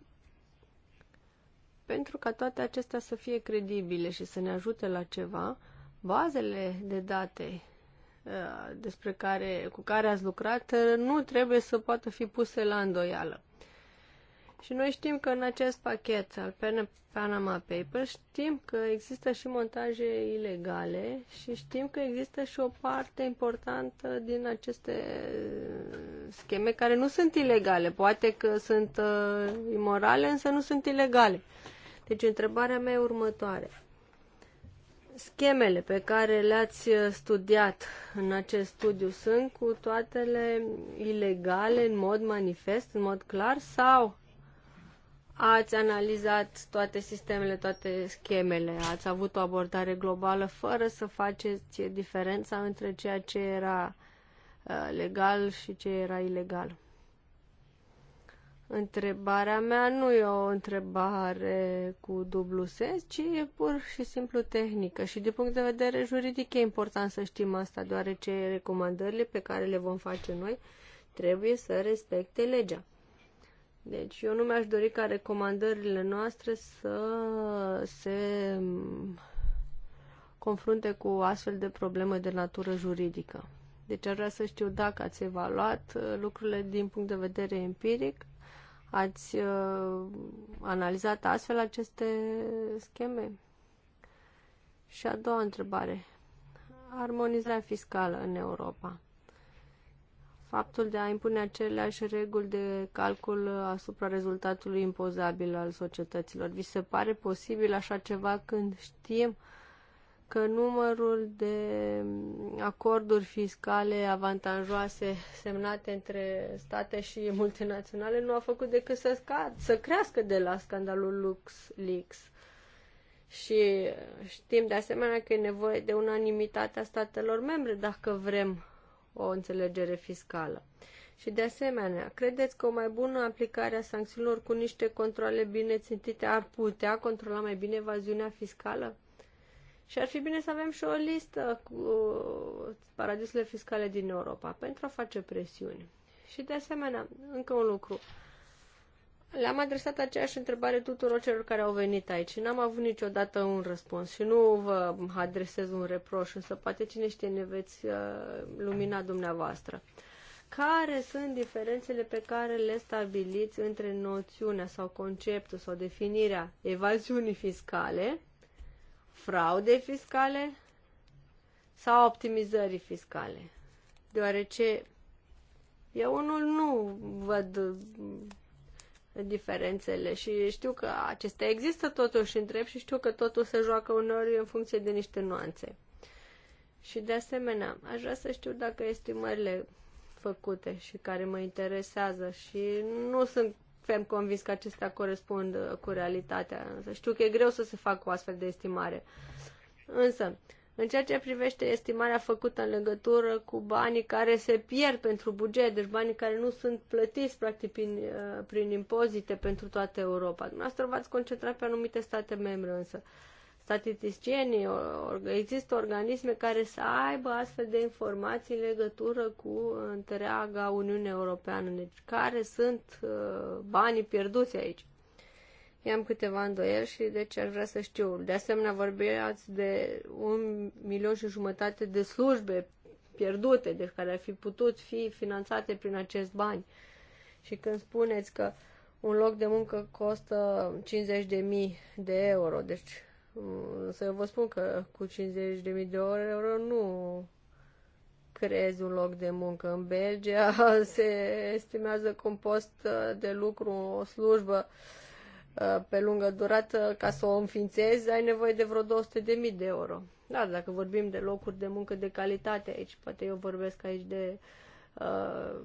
pentru ca toate acestea să fie credibile și să ne ajute la ceva, bazele de date Uh, despre care, cu care ați lucrat uh, nu trebuie să poată fi puse la îndoială. Și noi știm că în acest pachet al Panama Papers știm că există și montaje ilegale și știm că există și o parte importantă din aceste uh, scheme care nu sunt ilegale. Poate că sunt imorale, însă nu sunt ilegale. Deci întrebarea mea e următoare schemele pe care le-ați uh, studiat în acest studiu sunt cu toatele ilegale în mod manifest, în mod clar sau ați analizat toate sistemele, toate schemele, ați avut o abordare globală fără să faceți diferența între ceea ce era uh, legal și ce era ilegal? Întrebarea mea nu e o întrebare cu dublu sens, ci e pur și simplu tehnică și din punct de vedere juridic e important să știm asta, deoarece recomandările pe care le vom face noi trebuie să respecte legea. Deci eu nu mi-aș dori ca recomandările noastre să se confrunte cu astfel de probleme de natură juridică. Deci ar vrea să știu dacă ați evaluat uh, lucrurile din punct de vedere empiric Ați uh, analizat astfel aceste scheme? Și a doua întrebare. Armonizarea fiscală în Europa. Faptul de a impune aceleași reguli de calcul asupra rezultatului impozabil al societăților. Vi se pare posibil așa ceva când știm uh, că numărul de acorduri fiscale avantajoase semnate între state și multinaționale nu a făcut decât să, scad, să crească de la scandalul LuxLeaks. Și știm de asemenea că e nevoie de unanimitatea statelor membre dacă vrem o înțelegere fiscală. Și de asemenea, credeți că o mai bună aplicare a sancțiunilor cu niște controle bine țintite ar putea controla mai bine evaziunea fiscală? Și ar fi bine să avem și o listă cu paradisurile fiscale din Europa pentru a face presiuni. Și de asemenea, încă un lucru. Le-am adresat aceeași întrebare tuturor celor care au venit aici. N-am avut niciodată un răspuns și nu vă adresez un reproș, însă poate cine știe ne veți uh, lumina dumneavoastră. Care sunt diferențele pe care le stabiliți între noțiunea sau conceptul sau definirea evaziunii fiscale fraudei fiscale sau optimizării fiscale. Deoarece eu unul nu văd mm, diferențele și știu că acestea există totuși întreb și știu că totul se joacă uneori în funcție de niște nuanțe. Și de asemenea, aș vrea să știu dacă estimările făcute și care mă interesează și nu sunt ferm convins că acestea corespund uh, cu realitatea, însă știu că e greu să se facă o astfel de estimare. Însă, în ceea ce privește estimarea făcută în legătură cu banii care se pierd pentru buget, deci banii care nu sunt plătiți practic prin, uh, prin impozite pentru toată Europa. Dumneavoastră v-ați concentrat pe anumite state membre însă. Uh, statisticienii, există organisme care să aibă astfel de informații în legătură cu întreaga Uniune Europeană. Deci care sunt uh, banii pierduți aici? I-am câteva îndoieli și deci aș vrea să știu. De asemenea, vorbeați de un milion și jumătate de slujbe pierdute, deci care ar fi putut fi finanțate prin acest bani. Și când spuneți că un loc de muncă costă 50.000 de euro, deci să eu vă spun că cu 50.000 de euro nu creezi un loc de muncă. În Belgia [laughs] se estimează că un post uh, de lucru, o slujbă uh, pe lungă durată, ca să o înființezi, ai nevoie de vreo 200.000 de euro. Da, dacă vorbim de locuri de muncă de calitate aici, poate eu vorbesc aici de uh,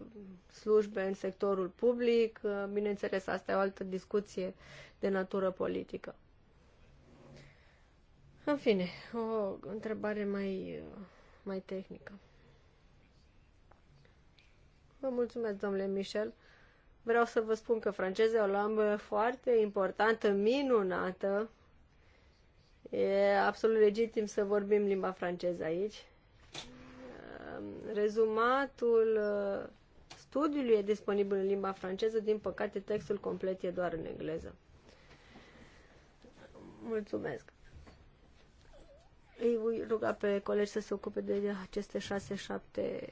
slujbe în sectorul public, uh, bineînțeles, asta e o altă discuție de natură politică. În fine, o întrebare mai, mai tehnică. Vă mulțumesc, domnule Michel. Vreau să vă spun că franceza o lambă foarte importantă, minunată. E absolut legitim să vorbim limba franceză aici. Ehm, rezumatul uh, studiului e disponibil în limba franceză, din păcate textul complet e doar în engleză. Mulțumesc! îi voi ruga pe colegi să se ocupe de aceste șase, șapte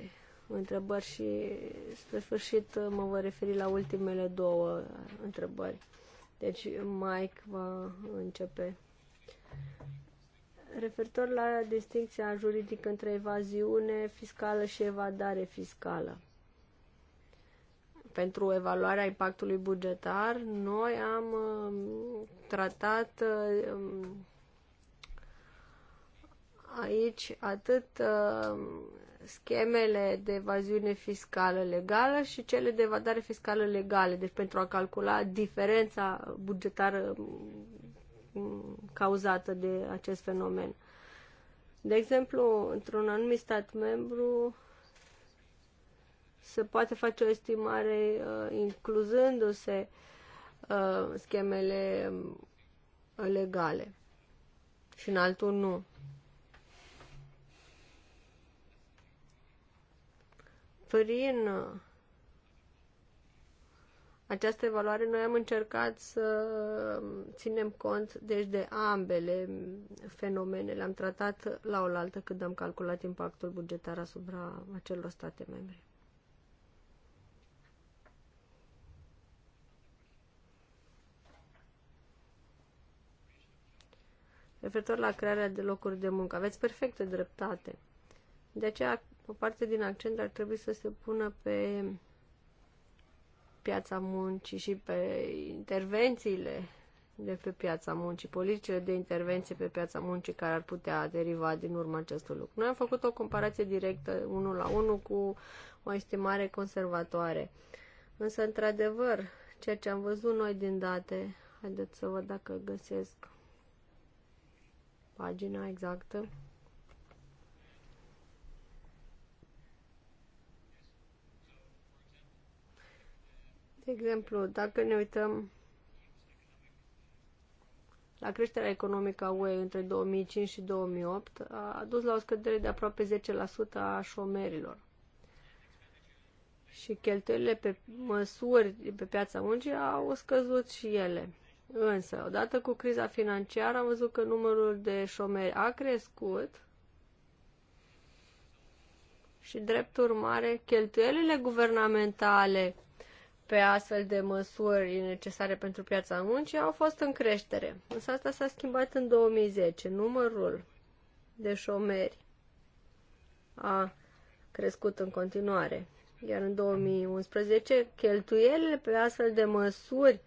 întrebări și spre sfârșit mă voi referi la ultimele două întrebări. Deci Mike va începe. Referitor la distinția juridică între evaziune fiscală și evadare fiscală. Pentru evaluarea impactului bugetar, noi am uh, tratat uh, aici atât uh, schemele de evaziune fiscală legală și cele de evadare fiscală legale, deci pentru a calcula diferența bugetară mm, cauzată de acest fenomen. De exemplu, într-un anumit stat membru se poate face o estimare uh, incluzându-se uh, schemele mm, legale și în altul nu. prin uh, această evaluare noi am încercat să uh, ținem cont deci de ambele fenomene. Le-am tratat la oaltă când am calculat impactul bugetar asupra acelor state membre. Referitor la crearea de locuri de muncă, aveți perfectă dreptate. De aceea o parte din accent ar trebui să se pună pe piața muncii și pe intervențiile de pe piața muncii, politicile de intervenție pe piața muncii care ar putea deriva din urma acestui lucru. Noi am făcut o comparație directă, unul la unul, cu o estimare conservatoare. Însă, într-adevăr, ceea ce am văzut noi din date, haideți să văd dacă găsesc pagina exactă. De exemplu, dacă ne uităm la creșterea economică a UE între 2005 și 2008, a dus la o scădere de aproape 10% a șomerilor. Și cheltuielile pe măsuri pe piața muncii au scăzut și ele. Însă, odată cu criza financiară, am văzut că numărul de șomeri a crescut și, drept urmare, cheltuielile guvernamentale pe astfel de măsuri necesare pentru piața muncii au fost în creștere. Însă asta s-a schimbat în 2010. Numărul de șomeri a crescut în continuare. Iar în 2011, cheltuielile pe astfel de măsuri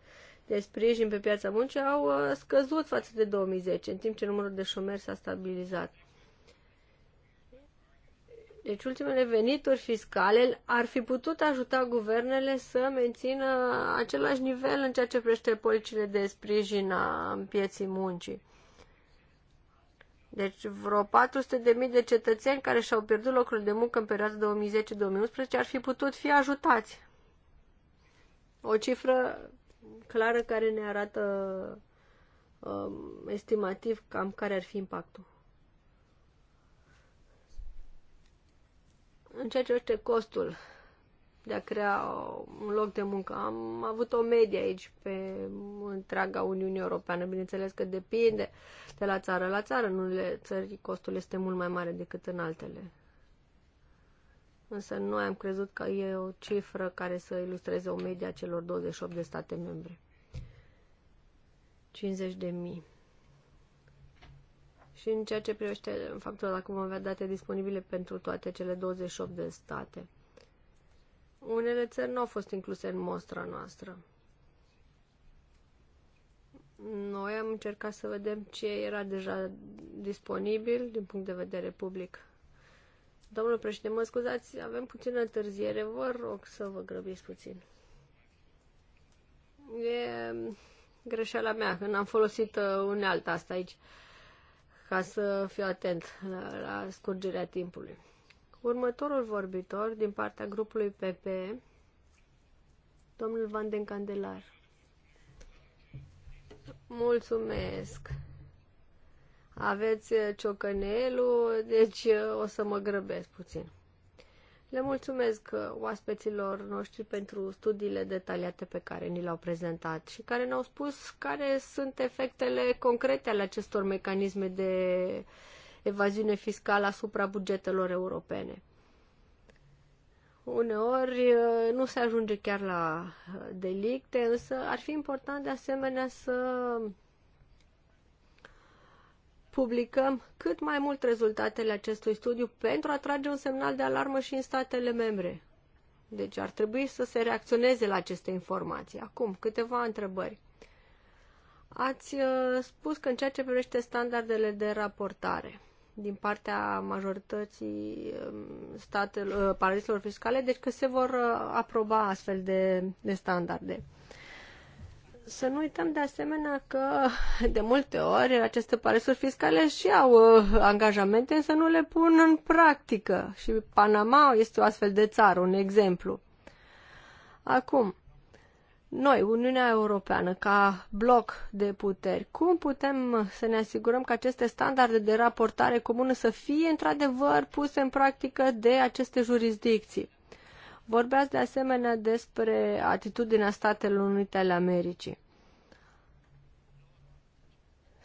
de sprijin pe piața muncii au uh, scăzut față de 2010, în timp ce numărul de șomeri s-a stabilizat. Deci ultimele venituri fiscale ar fi putut ajuta guvernele să mențină același nivel în ceea ce privește policiile de sprijin a pieții muncii. Deci vreo 400.000 de cetățeni care și-au pierdut locul de muncă în perioada 2010-2011 ar fi putut fi ajutați. O cifră clară care ne arată um, estimativ cam care ar fi impactul. În ceea ce este costul de a crea un loc de muncă, am avut o medie aici pe întreaga Uniune Europeană. Bineînțeles că depinde de la țară la țară. În unele țări costul este mult mai mare decât în altele. Însă noi am crezut că e o cifră care să ilustreze o medie a celor 28 de state membre. 50 de mii. Și în ceea ce privește în faptul dacă vom avea date disponibile pentru toate cele 28 de state. Unele țări nu au fost incluse în mostra noastră. Noi am încercat să vedem ce era deja disponibil din punct de vedere public. Domnul președinte, mă scuzați, avem puțină întârziere, vă rog să vă grăbiți puțin. E greșeala mea, când am folosit uh, unealta asta aici ca să fiu atent la scurgerea timpului. Următorul vorbitor din partea grupului PP, domnul Van den Candelar. Mulțumesc! Aveți ciocănelul, deci uh, o să mă grăbesc puțin. Le mulțumesc uh, oaspeților noștri pentru studiile detaliate pe care ni le-au prezentat și care ne-au spus care sunt efectele concrete ale acestor mecanisme de evaziune fiscală asupra bugetelor europene. Uneori uh, nu se ajunge chiar la uh, delicte, însă ar fi important de asemenea să publicăm cât mai mult rezultatele acestui studiu pentru a trage un semnal de alarmă și în statele membre. Deci ar trebui să se reacționeze la aceste informații. Acum, câteva întrebări. Ați uh, spus că în ceea ce privește standardele de raportare din partea majorității um, statelor, uh, paradiselor fiscale, deci că se vor uh, aproba astfel de, de standarde. Să nu uităm de asemenea că de multe ori aceste paresuri fiscale și au uh, angajamente, însă nu le pun în practică. Și Panama este o astfel de țară, un exemplu. Acum, noi, Uniunea Europeană, ca bloc de puteri, cum putem să ne asigurăm că aceste standarde de raportare comună să fie într-adevăr puse în practică de aceste jurisdicții? Vorbeați de asemenea despre atitudinea Statelor Unite ale Americii.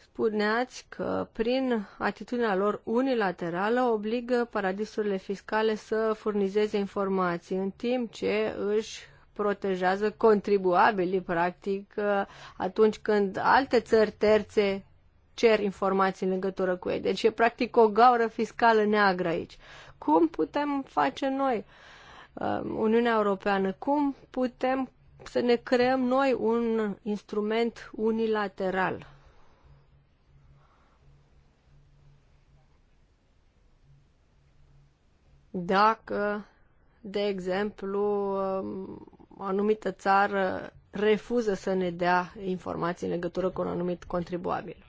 Spuneați că prin atitudinea lor unilaterală obligă paradisurile fiscale să furnizeze informații, în timp ce își protejează contribuabilii, practic, atunci când alte țări terțe cer informații în legătură cu ei. Deci e practic o gaură fiscală neagră aici. Cum putem face noi uh, Uh, Uniunea Europeană, cum putem să ne creăm noi un instrument unilateral dacă, de exemplu, o um, anumită țară refuză să ne dea informații în legătură cu un anumit contribuabil.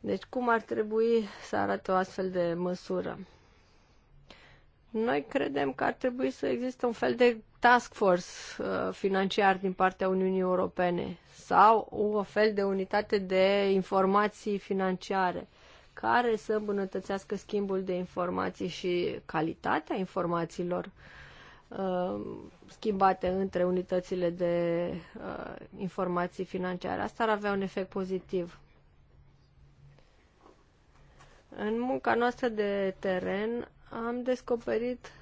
Deci cum ar trebui să arate o astfel de măsură? Noi credem că ar trebui să existe un fel de task force uh, financiar din partea Uniunii Europene sau un fel de unitate de informații financiare care să îmbunătățească schimbul de informații și calitatea informațiilor uh, schimbate între unitățile de uh, informații financiare. Asta ar avea un efect pozitiv. În munca noastră de teren am descoperit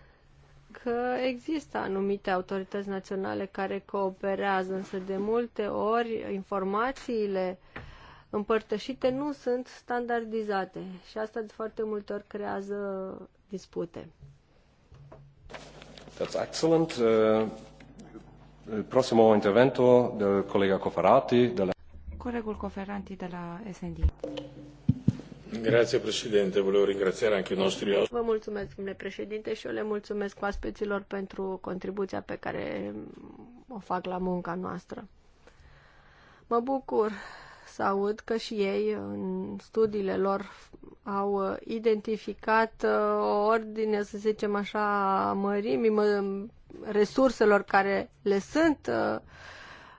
că există anumite autorități naționale care cooperează, însă de multe ori informațiile împărtășite nu sunt standardizate și asta de foarte multe ori creează dispute. That's excellent. Uh, prossimo intervento del collega Coferati. De la... Colegul Coferanti de la SND. Grazie anche Vă mulțumesc, domnule președinte, și eu le mulțumesc oaspeților pentru contribuția pe care o fac la munca noastră. Mă bucur să aud că și ei, în studiile lor, au identificat uh, o ordine, să zicem așa, a mărimii mă, resurselor care le sunt uh,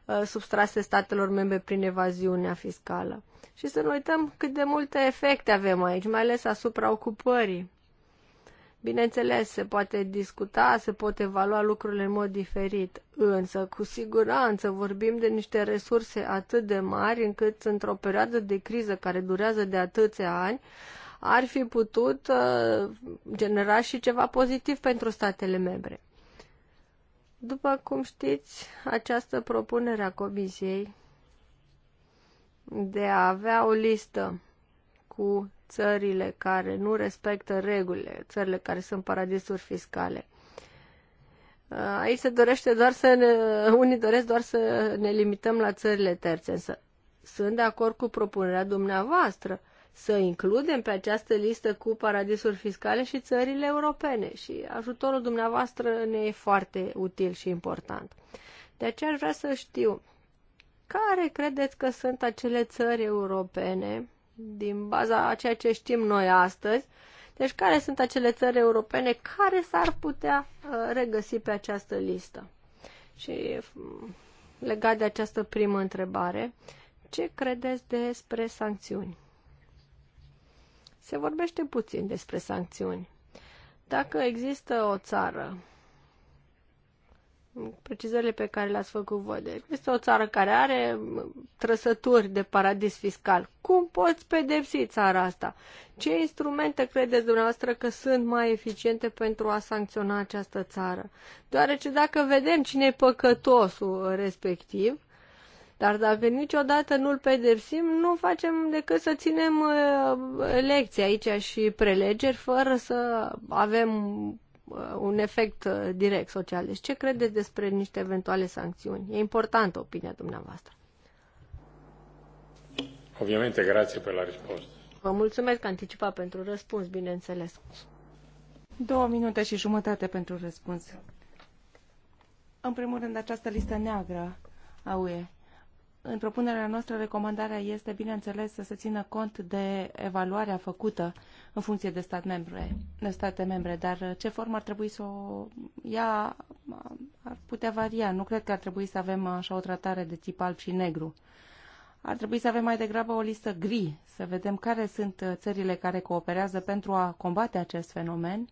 Uh, substrase statelor membre prin evaziunea fiscală. Și să nu uităm cât de multe efecte avem aici, mai ales asupra ocupării. Bineînțeles, se poate discuta, se pot evalua lucrurile în mod diferit, însă cu siguranță vorbim de niște resurse atât de mari încât într-o perioadă de criză care durează de atâția ani, ar fi putut uh, genera și ceva pozitiv pentru statele membre. După cum știți, această propunere a Comisiei de a avea o listă cu țările care nu respectă regulile, țările care sunt paradisuri fiscale. Aici se dorește doar să ne, unii doresc doar să ne limităm la țările terțe, însă sunt de acord cu propunerea dumneavoastră să includem pe această listă cu paradisuri fiscale și țările europene și ajutorul dumneavoastră ne e foarte util și important. De aceea aș vrea să știu care credeți că sunt acele țări europene din baza a ceea ce știm noi astăzi, deci care sunt acele țări europene care s-ar putea uh, regăsi pe această listă? Și mm, legat de această primă întrebare, ce credeți despre sancțiuni? Se vorbește puțin despre sancțiuni. Dacă există o țară, precizările pe care le-ați făcut voi, este o țară care are trăsături de paradis fiscal, cum poți pedepsi țara asta? Ce instrumente credeți dumneavoastră că sunt mai eficiente pentru a sancționa această țară? Deoarece dacă vedem cine e păcătosul respectiv, dar dacă niciodată nu-l pedepsim, nu facem decât să ținem uh, lecții aici și prelegeri fără să avem uh, un efect uh, direct social. Deci ce credeți despre niște eventuale sancțiuni? E importantă opinia dumneavoastră. Obviamente, grație pe la răspuns. Vă mulțumesc anticipat pentru răspuns, bineînțeles. Două minute și jumătate pentru răspuns. În primul rând, această listă neagră a UE. În propunerea noastră, recomandarea este, bineînțeles, să se țină cont de evaluarea făcută în funcție de stat membre, de state membre, dar ce formă ar trebui să o ia ar putea varia. Nu cred că ar trebui să avem așa o tratare de tip alb și negru. Ar trebui să avem mai degrabă o listă gri, să vedem care sunt țările care cooperează pentru a combate acest fenomen,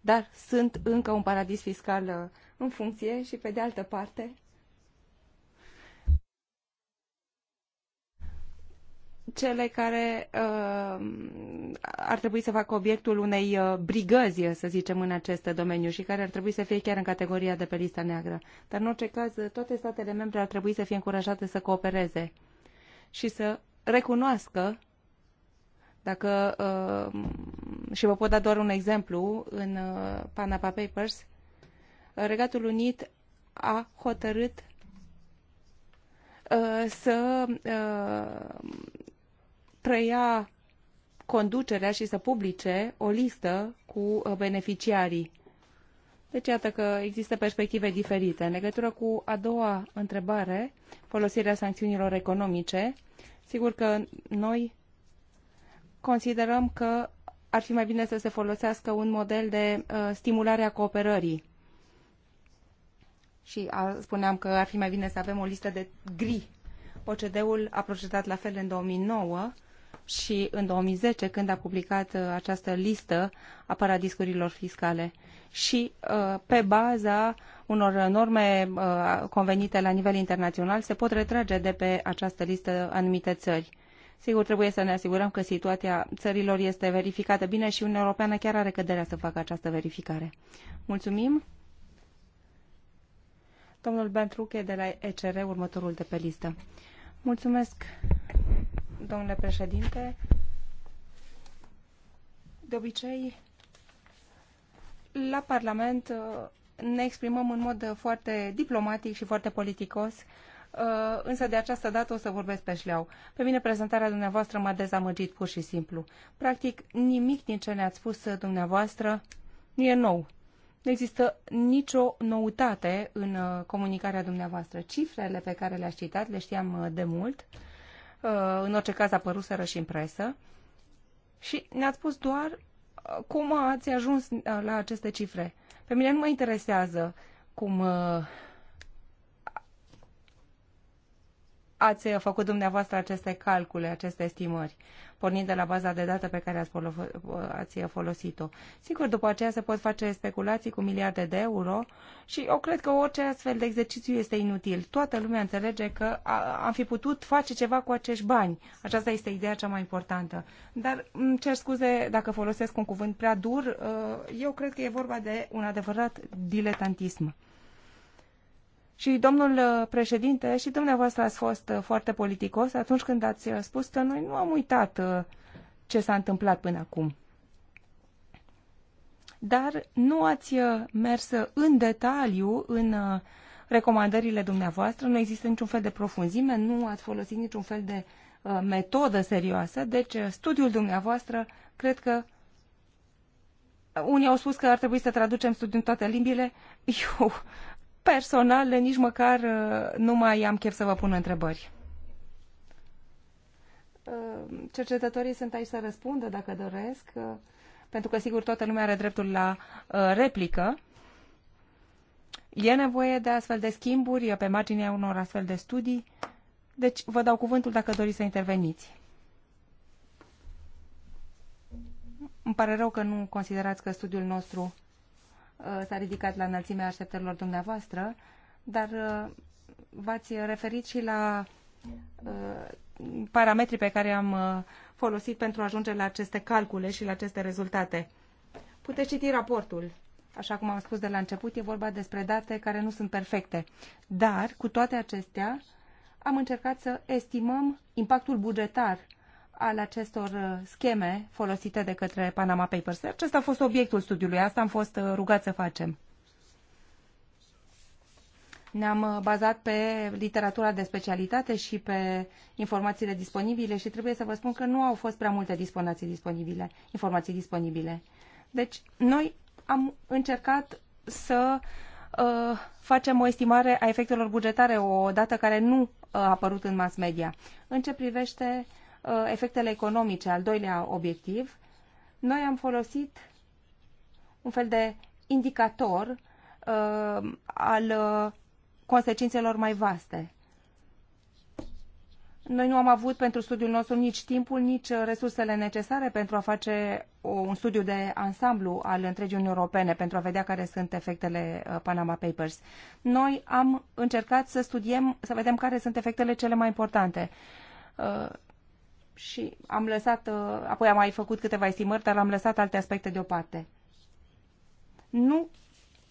dar sunt încă un paradis fiscal în funcție și, pe de altă parte, cele care uh, ar trebui să facă obiectul unei uh, brigăzi, să zicem, în acest domeniu și care ar trebui să fie chiar în categoria de pe lista neagră. Dar, în orice caz, toate statele membre ar trebui să fie încurajate să coopereze și să recunoască dacă, uh, și vă pot da doar un exemplu, în uh, Panama Papers, Regatul Unit a hotărât uh, să uh, preia conducerea și să publice o listă cu uh, beneficiarii. Deci iată că există perspective diferite. În legătură cu a doua întrebare, folosirea sancțiunilor economice, sigur că noi considerăm că ar fi mai bine să se folosească un model de uh, stimulare a cooperării. Și a, spuneam că ar fi mai bine să avem o listă de gri. OCD-ul a procedat la fel în 2009 și în 2010, când a publicat uh, această listă a paradiscurilor fiscale și uh, pe baza unor norme uh, convenite la nivel internațional se pot retrage de pe această listă anumite țări. Sigur, trebuie să ne asigurăm că situația țărilor este verificată bine și Uniunea Europeană chiar are căderea să facă această verificare. Mulțumim! Domnul Bentruche de la ECR, următorul de pe listă. Mulțumesc, domnule președinte. De obicei, la Parlament uh, ne exprimăm în mod foarte diplomatic și foarte politicos, uh, însă de această dată o să vorbesc pe șleau. Pe mine prezentarea dumneavoastră m-a dezamăgit pur și simplu. Practic, nimic din ce ne-ați spus dumneavoastră nu e nou. Nu există nicio noutate în uh, comunicarea dumneavoastră. Cifrele pe care le-ați citat le știam de mult. Uh, Uh, în orice caz apăruseră și în presă, și ne-ați spus doar uh, cum ați ajuns uh, la aceste cifre. Pe mine nu mă interesează cum ați făcut dumneavoastră aceste calcule, aceste estimări, pornind de la baza de date pe care ați, ați folosit-o. Sigur, după aceea se pot face speculații cu miliarde de euro și eu cred că orice astfel de exercițiu este inutil. Toată lumea înțelege că am fi putut face ceva cu acești bani. Aceasta este ideea cea mai importantă. Dar îmi cer scuze dacă folosesc un cuvânt prea dur. Uh, eu cred că e vorba de un adevărat diletantism. Și domnul uh, președinte, și dumneavoastră ați fost uh, foarte politicos atunci când ați uh, spus că noi nu am uitat ce s-a întâmplat până acum. Dar nu ați mers în detaliu în recomandările dumneavoastră, nu există niciun fel de profunzime, nu ați folosit niciun fel de metodă serioasă, deci studiul dumneavoastră cred că unii au spus că ar trebui să traducem studiul în toate limbile. [laughs] Eu personal nici măcar uh, nu mai am chef să vă pun întrebări. Uh, cercetătorii sunt aici să răspundă dacă doresc, uh, pentru că sigur toată lumea are dreptul la replică. E nevoie de astfel de schimburi pe marginea unor astfel de studii, deci vă dau cuvântul dacă doriți să interveniți. Îmi pare rău că nu considerați că studiul nostru Uh, s-a ridicat la înălțimea așteptărilor dumneavoastră, dar uh, v-ați referit și la uh, parametrii pe care am folosit pentru a ajunge la aceste calcule și la aceste rezultate. Puteți citi raportul. Așa cum am spus de la început, e vorba despre date care nu sunt perfecte. Dar, cu toate acestea, am încercat să estimăm impactul bugetar al acestor uh, scheme folosite de către Panama Papers. Acesta a fost obiectul studiului, asta am fost uh, rugat să facem. Ne-am uh, bazat pe literatura de specialitate și pe informațiile disponibile și trebuie să vă spun că nu au fost prea multe disponații disponibile, informații disponibile. Deci, noi am încercat să uh, facem o estimare a efectelor bugetare, o dată care nu a apărut în mass media. În ce privește uh, Uh, efectele economice, al doilea obiectiv, noi am folosit un fel de indicator uh, al uh, consecințelor mai vaste. Noi nu am avut pentru studiul nostru nici timpul, nici resursele necesare pentru a face un studiu de ansamblu al întregii Uniunii Europene, pentru a vedea care sunt efectele Panama Papers. Noi am încercat să studiem, să vedem care sunt efectele cele mai importante și am lăsat, uh, apoi am mai făcut câteva estimări, dar am lăsat alte aspecte deoparte. Nu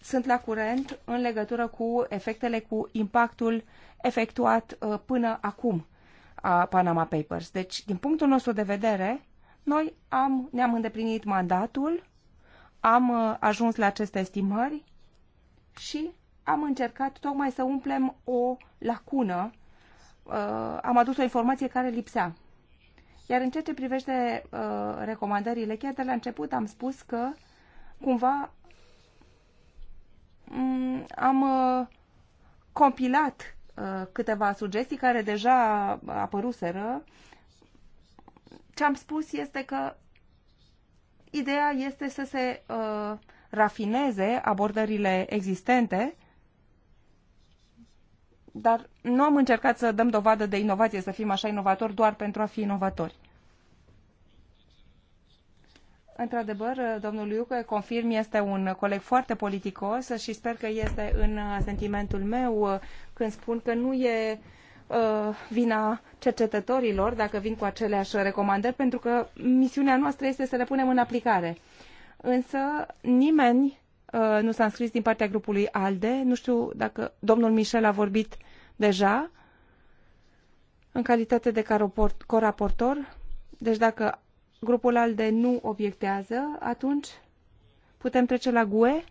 sunt la curent în legătură cu efectele, cu impactul efectuat uh, până acum a Panama Papers. Deci, din punctul nostru de vedere, noi am, ne-am îndeplinit mandatul, am uh, ajuns la aceste estimări și am încercat tocmai să umplem o lacună. Am adus o informație care lipsea iar în ceea ce privește uh, recomandările, chiar de la început am spus că cumva um, am uh, compilat uh, câteva sugestii care deja apăruseră. Ce am spus este că ideea este să se uh, rafineze abordările existente dar nu am încercat să dăm dovadă de inovație, să fim așa inovatori doar pentru a fi inovatori. Într-adevăr, domnul Iucă, confirm, este un coleg foarte politicos și sper că este în sentimentul meu când spun că nu e uh, vina cercetătorilor dacă vin cu aceleași recomandări, pentru că misiunea noastră este să le punem în aplicare. Însă nimeni Uh, nu s-a înscris din partea grupului ALDE. Nu știu dacă domnul Michel a vorbit deja în calitate de coraportor. Deci dacă grupul ALDE nu obiectează, atunci putem trece la GUE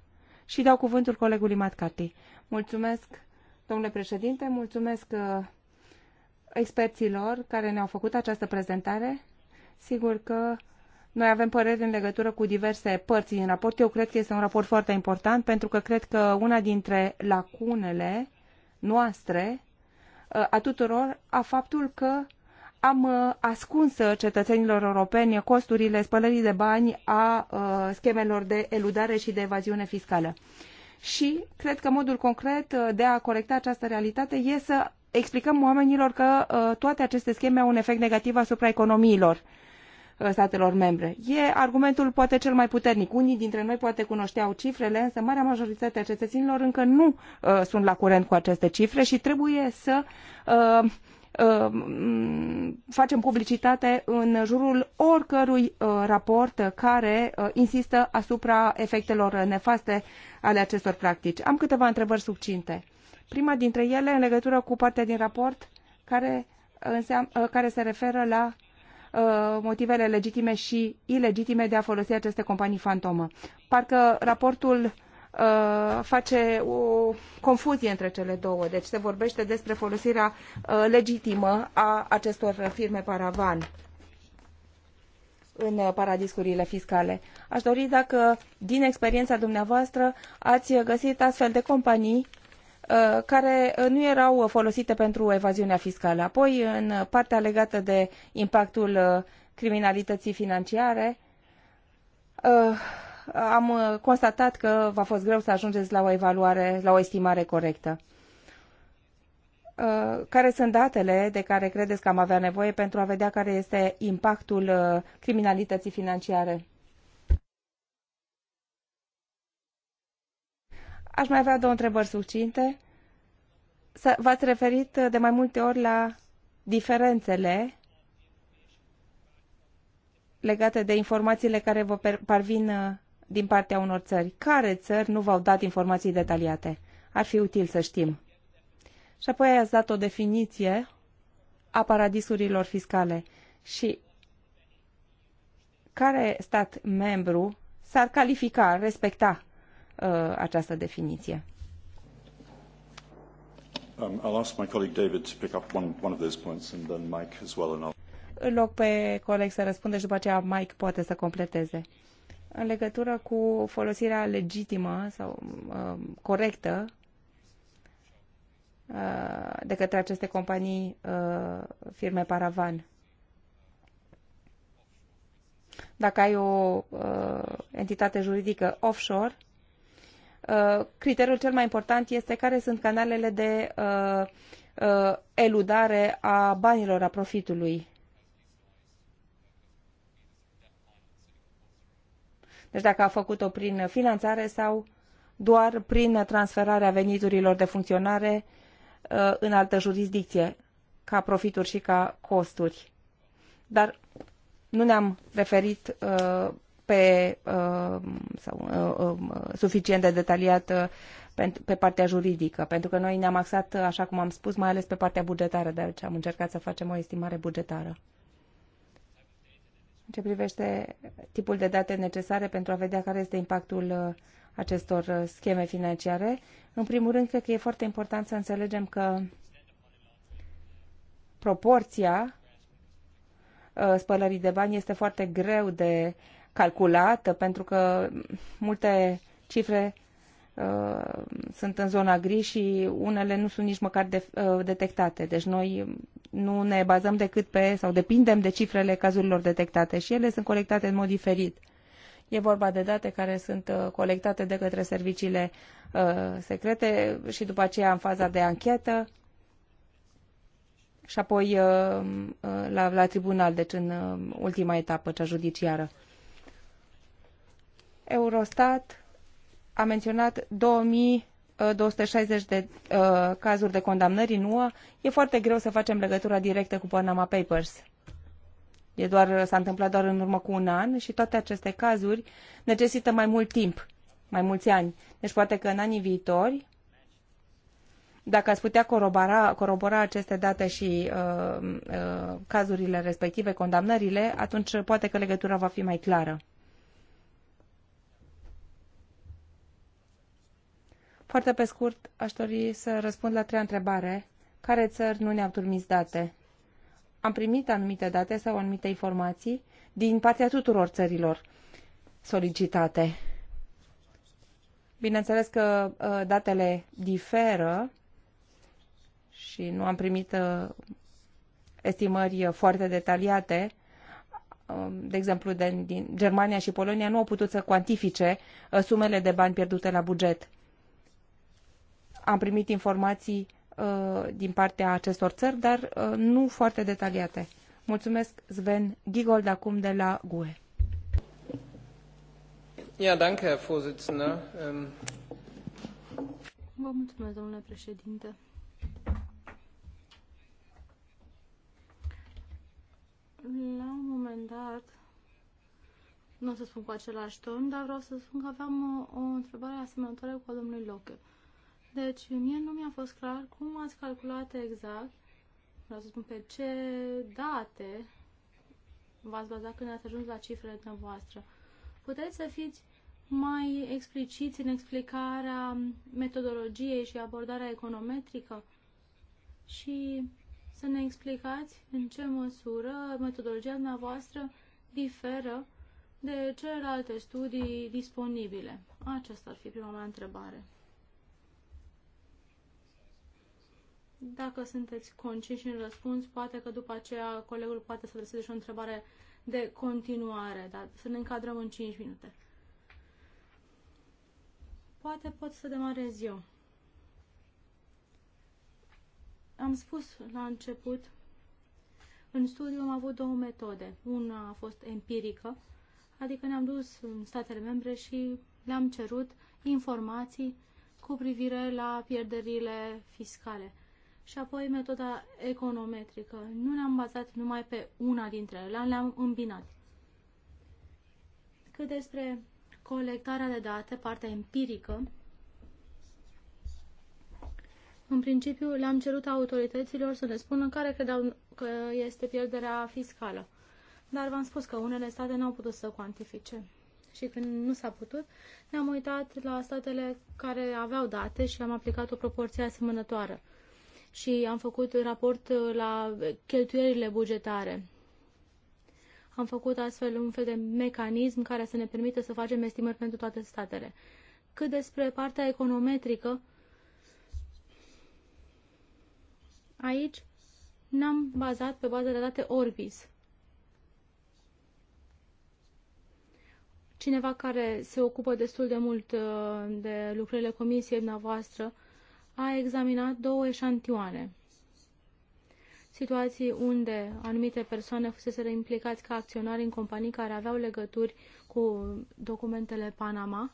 și dau cuvântul colegului Matcati. Mulțumesc, domnule președinte, mulțumesc uh, experților care ne-au făcut această prezentare. Sigur că noi avem păreri în legătură cu diverse părți din raport. Eu cred că este un raport foarte important pentru că cred că una dintre lacunele noastre uh, a tuturor a faptul că am uh, ascuns uh, cetățenilor europeni costurile spălării de bani a schemelor de eludare și de evaziune fiscală. Și cred că modul concret de a corecta această realitate e să explicăm oamenilor că toate aceste scheme au un efect negativ asupra economiilor Uh, statelor membre. E argumentul poate cel mai puternic. Unii dintre noi poate cunoșteau cifrele, însă marea majoritate a cetățenilor încă nu uh, sunt la curent cu aceste cifre și trebuie să uh, uh facem publicitate în jurul oricărui uh, raport care insistă asupra efectelor nefaste ale acestor practici. Am câteva întrebări subcinte. Prima dintre ele în legătură cu partea din raport care, înseam, care se referă la Uh, motivele legitime și ilegitime de a folosi aceste companii fantomă. Parcă raportul uh, face o confuzie între cele două. Deci se vorbește despre folosirea uh, legitimă a acestor firme paravan în paradiscurile fiscale. Aș dori dacă, din experiența dumneavoastră, ați găsit astfel de companii Uh, care uh, nu erau folosite pentru evaziunea fiscală. Apoi, în partea legată de impactul uh, criminalității financiare, am constatat că v-a fost greu să ajungeți la o evaluare, la o estimare corectă. Care sunt datele de care credeți că am avea nevoie pentru a vedea care este impactul criminalității financiare? Aș mai avea două întrebări succinte. V-ați referit de mai multe ori la diferențele legate de informațiile care vă parvin uh, din partea unor țări. Care țări nu v-au dat informații detaliate? Ar fi util să știm. Și apoi ați dat o definiție a paradisurilor fiscale și care stat membru s-ar califica, respecta Uh, această definiție. Um, David Mike Îl loc pe coleg să răspundă și după aceea Mike poate să completeze. În legătură cu folosirea legitimă sau uh, corectă uh, de către aceste companii uh, firme paravan. Dacă ai o uh, entitate juridică offshore, Uh, criteriul cel mai important este care sunt canalele de uh, uh, eludare a banilor, a profitului. Deci dacă a făcut-o prin finanțare sau doar prin transferarea veniturilor de funcționare în altă jurisdicție, ca profituri și ca costuri. Dar nu ne-am referit pe, uh, sau, uh, uh, suficient de detaliat pe partea juridică, pentru că noi ne-am axat, așa cum am spus, mai ales pe partea bugetară, de deci am încercat să facem o estimare bugetară. În ce privește tipul de date necesare pentru a vedea care este impactul acestor scheme financiare, în primul rând, cred că e foarte important să înțelegem că proporția spălării de bani este foarte greu de calculată, pentru că multe cifre uh, sunt în zona gri și unele nu sunt nici măcar de, uh, detectate. Deci noi nu ne bazăm decât pe sau depindem de cifrele cazurilor detectate și ele sunt colectate în mod diferit. E vorba de date care sunt uh, colectate de către serviciile uh, secrete și după aceea în faza de anchetă și apoi uh, uh la, la tribunal, deci în uh, ultima etapă, cea judiciară. Eurostat a menționat 2260 de uh, cazuri de condamnări în UA. E foarte greu să facem legătura directă cu Panama Papers. E doar, s-a întâmplat doar în urmă cu un an și toate aceste cazuri necesită mai mult timp, mai mulți ani. Deci poate că în anii viitori, dacă ați putea corobora, corobora aceste date și uh, uh, cazurile respective, condamnările, atunci poate că legătura va fi mai clară. Foarte pe scurt, aș dori să răspund la trei întrebare. Care țări nu ne-au trimis date? Am primit anumite date sau anumite informații din partea tuturor țărilor solicitate. Bineînțeles că ă, datele diferă și nu am primit ă, estimări foarte detaliate. Ă, de exemplu, din Germania și Polonia nu au putut să cuantifice sumele de bani pierdute la buget. Am primit informații uh, din partea acestor țări, dar uh, nu foarte detaliate. Mulțumesc, Sven Gigold, acum de la GUE. Ja, danke, Herr Vorsitzender. Ähm, Vă mulțumesc, domnule președinte. La un moment dat, nu o să spun cu același ton, dar vreau să spun că aveam o, uh, o întrebare asemănătoare cu a domnului Locke. Deci, mie nu mi-a fost clar cum ați calculat exact, vreau să spun pe ce date v-ați bazat când ați ajuns la cifrele dumneavoastră. Puteți să fiți mai expliciți în explicarea metodologiei și abordarea econometrică și să ne explicați în ce măsură metodologia dumneavoastră diferă de celelalte studii disponibile. Aceasta ar fi prima mea întrebare. Dacă sunteți conciși în răspuns, poate că după aceea colegul poate să adreseze și o întrebare de continuare, dar să ne încadrăm în 5 minute. Poate pot să demarez eu. Am spus la început, în studiu am avut două metode. Una a fost empirică, adică ne-am dus în statele membre și le-am cerut informații cu privire la pierderile fiscale și apoi metoda econometrică. Nu ne-am bazat numai pe una dintre ele, le-am îmbinat. Cât despre colectarea de date, partea empirică, în principiu le-am cerut autorităților să ne spună care credeau că este pierderea fiscală. Dar v-am spus că unele state n-au putut să cuantifice. Și când nu s-a putut, ne-am uitat la statele care aveau date și am aplicat o proporție asemănătoare și am făcut raport uh, la cheltuielile bugetare. Am făcut astfel un fel de mecanism care să ne permită să facem estimări pentru toate statele. Cât despre partea econometrică, aici ne am bazat pe bază de date Orbis. Cineva care se ocupă destul de mult uh, de lucrurile comisiei noastre a examinat două eșantioane. Situații unde anumite persoane fusese implicați ca acționari în companii care aveau legături cu documentele Panama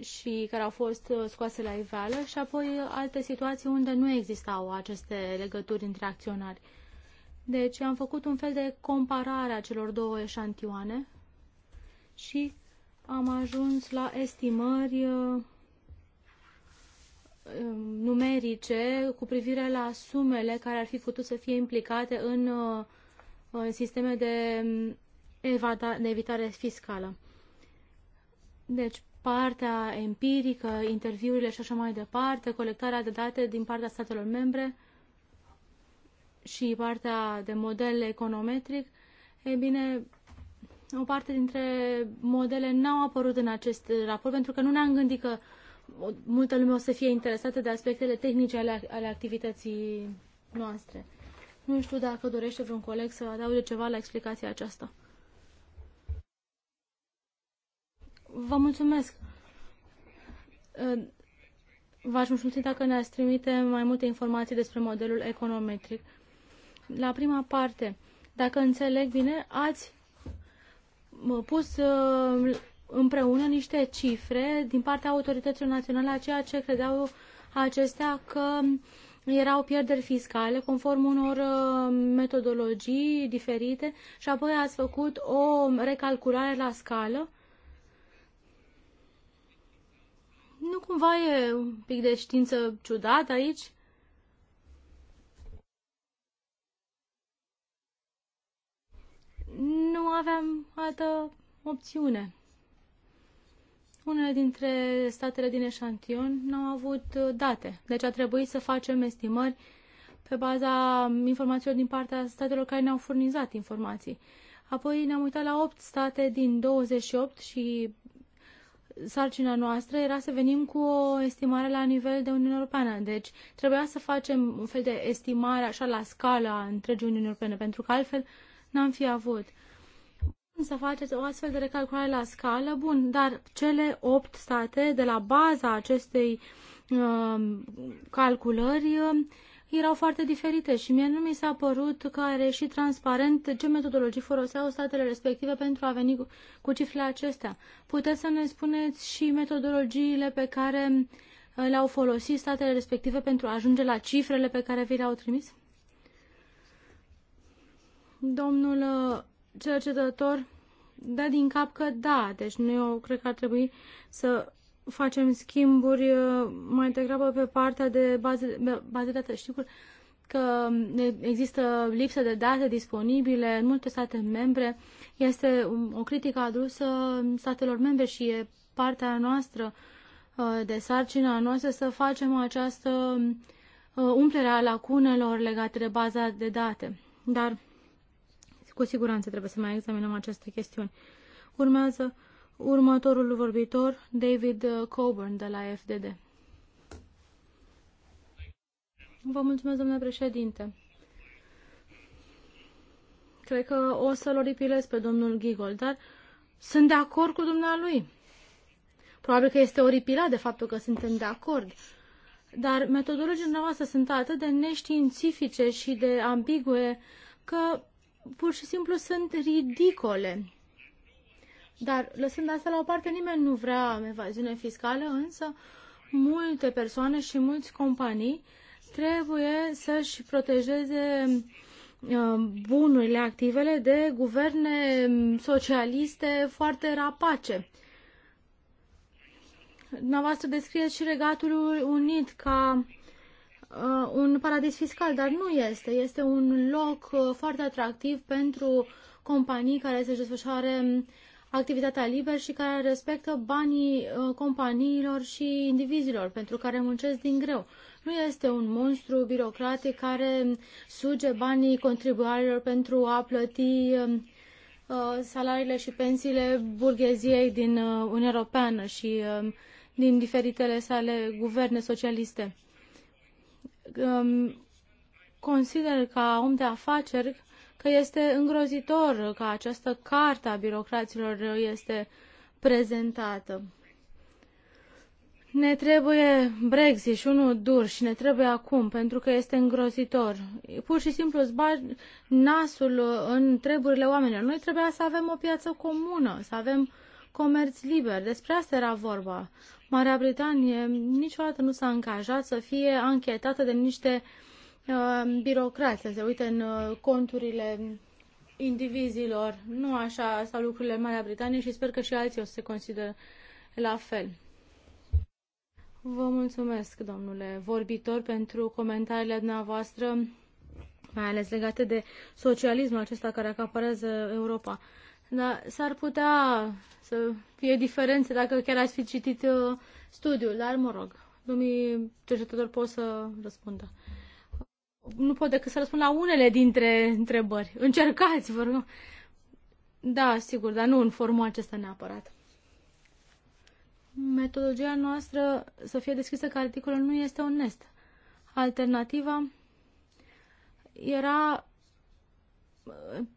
și care au fost uh, scoase la iveală și apoi uh, alte situații unde nu existau aceste legături între acționari. Deci am făcut un fel de comparare a celor două eșantioane și am ajuns la estimări uh, Um, numerice cu privire la sumele care ar fi putut să fie implicate în, uh, în sisteme de, um, evada, de evitare fiscală. Deci, partea empirică, interviurile și așa mai departe, colectarea de date din partea statelor membre și partea de model econometric, e bine, o parte dintre modele n-au apărut în acest raport pentru că nu ne-am gândit că uh, multă lume o să fie interesată de aspectele tehnice ale, ale activității noastre. Nu știu dacă dorește vreun coleg să adauge ceva la explicația aceasta. Vă mulțumesc! V-aș mulțumi dacă ne-ați trimite mai multe informații despre modelul econometric. La prima parte, dacă înțeleg bine, ați pus uh, împreună niște cifre din partea autorităților naționale a ceea ce credeau acestea că erau pierderi fiscale conform unor uh, metodologii diferite și apoi ați făcut o recalculare la scală. Nu cumva e un pic de știință ciudată aici? Nu aveam altă opțiune. Unele dintre statele din eșantion n-au avut uh, date, deci a trebuit să facem estimări pe baza informațiilor din partea statelor care ne-au furnizat informații. Apoi ne-am uitat la 8 state din 28 și sarcina noastră era să venim cu o estimare la nivel de Uniunea Europeană. Deci trebuia să facem un fel de estimare așa la scala întregii Uniunii Europene, pentru că altfel n-am fi avut să faceți o astfel de recalculare la scală, bun, dar cele opt state de la baza acestei uh, calculări uh, erau foarte diferite și mie nu mi s-a părut că a și transparent ce metodologii foloseau statele respective pentru a veni cu, cu cifrele acestea. Puteți să ne spuneți și metodologiile pe care uh, le-au folosit statele respective pentru a ajunge la cifrele pe care vi le-au trimis? Domnul uh, cercetător dă din cap că da, deci noi eu cred că ar trebui să facem schimburi uh, mai degrabă pe partea de baze, baze de date. Știu că există lipsă de date disponibile în multe state membre. Este o critică adusă statelor membre și e partea noastră uh, de sarcina noastră să facem această uh, umplere a lacunelor legate de baza de date. Dar cu siguranță trebuie să mai examinăm aceste chestiuni. Urmează următorul vorbitor, David Coburn, de la FDD. Vă mulțumesc, domnule președinte. Cred că o să-l oripilez pe domnul Gigol, dar sunt de acord cu dumnealui. Probabil că este oripilat de faptul că suntem de acord. Dar metodologiile noastre sunt atât de neștiințifice și de ambigue că pur și simplu sunt ridicole. Dar, lăsând asta la o parte, nimeni nu vrea evaziune fiscală, însă multe persoane și mulți companii trebuie să-și protejeze uh, bunurile, activele de guverne socialiste foarte rapace. Dumneavoastră descrieți și Regatul Unit ca Uh, un paradis fiscal, dar nu este. Este un loc uh, foarte atractiv pentru companii care se desfășoare um, activitatea liber și care respectă banii uh, companiilor și indivizilor pentru care muncesc din greu. Nu este un monstru birocratic care um, suge banii contribuarilor pentru a plăti um, salariile și pensiile burgheziei din Uniunea Europeană și din diferitele sale guverne socialiste consider ca om de afaceri că este îngrozitor că această carte a birocraților este prezentată. Ne trebuie Brexit și unul dur și ne trebuie acum, pentru că este îngrozitor. Pur și simplu îți bagi nasul în treburile oamenilor. Noi trebuia să avem o piață comună, să avem comerț liber. Despre asta era vorba. Marea Britanie niciodată nu s-a angajat să fie anchetată de niște uh, birocrați, să se uite în uh, conturile indivizilor. Nu așa stau lucrurile în Marea Britanie și sper că și alții o să se consideră la fel. Vă mulțumesc, domnule vorbitor, pentru comentariile dumneavoastră, mai ales legate de socialismul acesta care acaparează Europa. Dar s-ar putea să fie diferențe dacă chiar ați fi citit uh, studiul, dar mă rog, domnii cercetători pot să răspundă. Nu pot decât să răspund la unele dintre întrebări. Încercați, vă rog. Da, sigur, dar nu în formul acesta neapărat. Metodologia noastră să fie deschisă ca articolul nu este onest. Alternativa era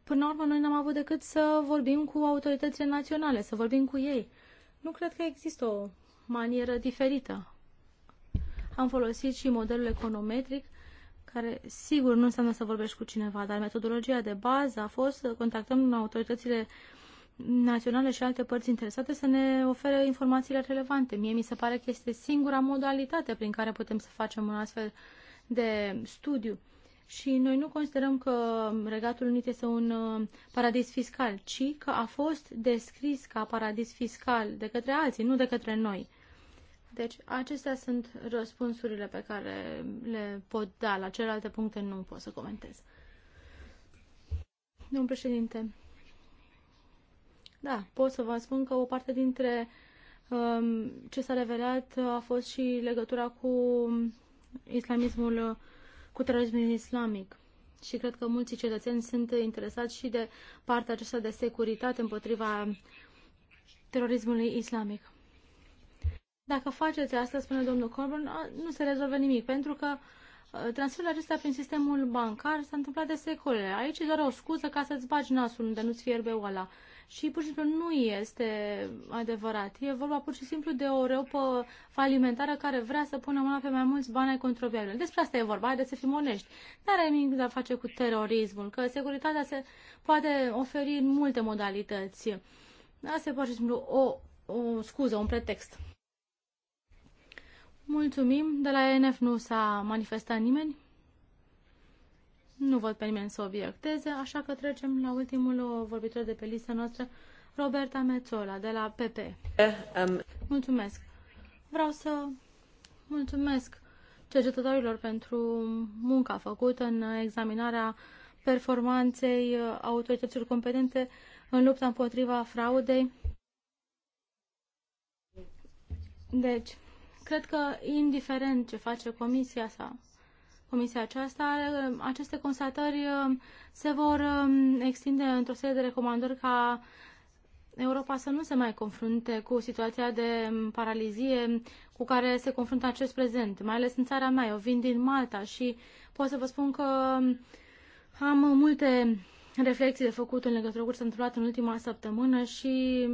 până la urmă, noi n-am avut decât să vorbim cu autoritățile naționale, să vorbim cu ei. Nu cred că există o manieră diferită. Am folosit și modelul econometric, care sigur nu înseamnă să vorbești cu cineva, dar metodologia de bază a fost să contactăm autoritățile naționale și alte părți interesate să ne ofere informațiile relevante. Mie mi se pare că este singura modalitate prin care putem să facem un astfel de studiu și noi nu considerăm că Regatul Unit este un uh, paradis fiscal, ci că a fost descris ca paradis fiscal de către alții, nu de către noi. Deci, acestea sunt răspunsurile pe care le pot da. La celelalte puncte nu pot să comentez. Domnul președinte, da, pot să vă spun că o parte dintre um, ce s-a revelat a fost și legătura cu um, islamismul uh, cu terorismul islamic. Și cred că mulți cetățeni sunt interesați și de partea aceasta de securitate împotriva terorismului islamic. Dacă faceți asta, spune domnul Corbyn, nu se rezolvă nimic, pentru că transferul acesta prin sistemul bancar s-a întâmplat de secole. Aici e doar o scuză ca să-ți bagi nasul unde nu-ți fierbe oala și pur și simplu nu este adevărat. E vorba pur și simplu de o reopă falimentară care vrea să pună mâna pe mai mulți bani ai controverabili. Despre asta e vorba, haideți să fim onești. Nu are nimic de a face cu terorismul, că securitatea se poate oferi în multe modalități. Asta e pur și simplu o, o scuză, un pretext. Mulțumim. De la ENF nu s-a manifestat nimeni. Nu văd pe nimeni să obiecteze, așa că trecem la ultimul vorbitor de pe lista noastră, Roberta Mețola, de la PP. Mulțumesc. Vreau să mulțumesc cercetătorilor pentru munca făcută în examinarea performanței autorităților competente în lupta împotriva fraudei. Deci, cred că indiferent ce face comisia sa comisia aceasta, aceste constatări um, se vor um, extinde într-o serie de recomandări ca Europa să nu se mai confrunte cu situația de um, paralizie cu care se confruntă acest prezent, mai ales în țara mea. Eu vin din Malta și pot să vă spun că am multe reflexii de făcut în legătură cu ce s-a întâmplat în ultima săptămână și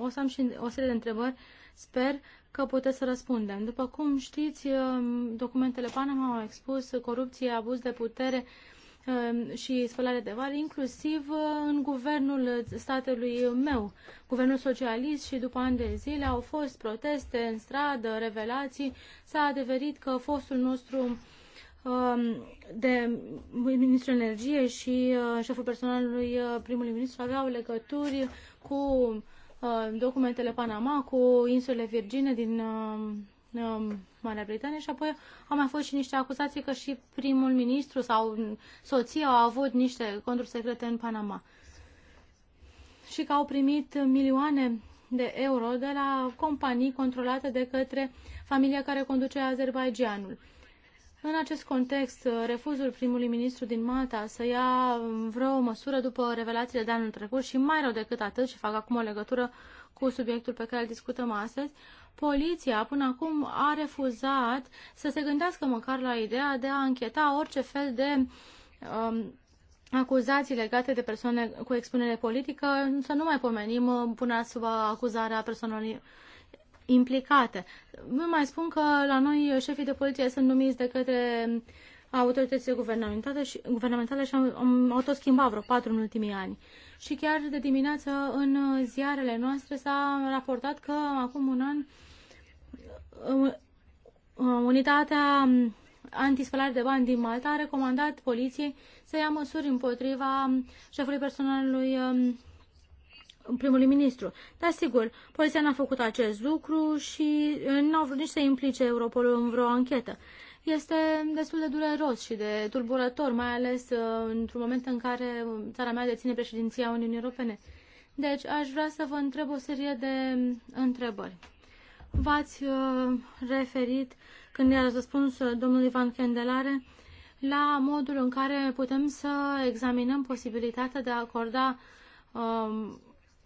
o să am și o serie de întrebări. Sper că puteți să răspundem. După cum știți, uh, documentele Panama au expus corupție, abuz de putere uh, și spălare de vară, inclusiv uh, în guvernul statului meu, guvernul socialist și după ani de zile au fost proteste în stradă, revelații, s-a adeverit că fostul nostru um, de ministru energie și șeful personalului primului ministru aveau legături cu Uh, documentele Panama cu insulele Virgine din uh, uh, Marea Britanie și apoi au mai fost și niște acuzații că și primul ministru sau soția au avut niște conturi secrete în Panama și că au primit milioane de euro de la companii controlate de către familia care conduce Azerbaijanul. În acest context, refuzul primului ministru din Malta să ia vreo măsură după revelațiile de anul trecut și mai rău decât atât, și fac acum o legătură cu subiectul pe care îl discutăm astăzi, poliția până acum a refuzat să se gândească măcar la ideea de a încheta orice fel de um, acuzații legate de persoane cu expunere politică, să nu mai pomenim uh, până sub acuzarea persoanelor implicate. Vă mai spun că la noi șefii de poliție sunt numiți de către autoritățile guvernamentale și, guvernamentale și am, am, au tot schimbat vreo patru în ultimii ani. Și chiar de dimineață în ziarele noastre s-a raportat că acum un an uh, unitatea antispălare de bani din Malta a recomandat poliției să ia măsuri împotriva șefului personalului um, primului ministru. Dar sigur, poliția n-a făcut acest lucru și n-au vrut nici să implice Europolul în vreo anchetă. Este destul de dureros și de tulburător, mai ales într-un moment în care țara mea deține președinția Uniunii Europene. Deci aș vrea să vă întreb o serie de întrebări. V-ați referit, când i-a răspuns domnul Ivan Candelare, la modul în care putem să examinăm posibilitatea de a acorda uh,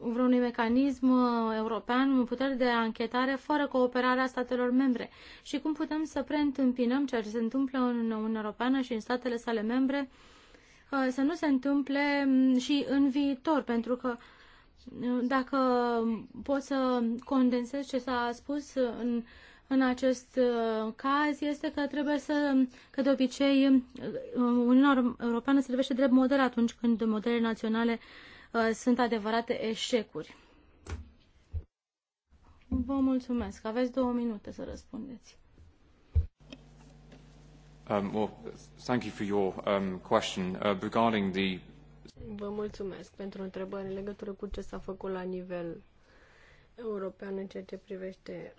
vreunui mecanism uh, european, putere de anchetare fără cooperarea statelor membre și cum putem să preîntâmpinăm ceea ce se întâmplă în Uniunea Europeană și în statele sale membre uh, să nu se întâmple mm, și în viitor, pentru că uh, dacă pot să condensez ce s-a spus în, în acest caz, este că trebuie să, că de obicei Uniunea Europeană se drept model atunci când modele naționale uh, Uh, sunt adevărate eșecuri. Vă mulțumesc. Aveți două minute să răspundeți. Um, well, thank you for your um, question uh, regarding the. Vă mulțumesc pentru întrebări în legătură cu ce s-a făcut la nivel european în ceea ce privește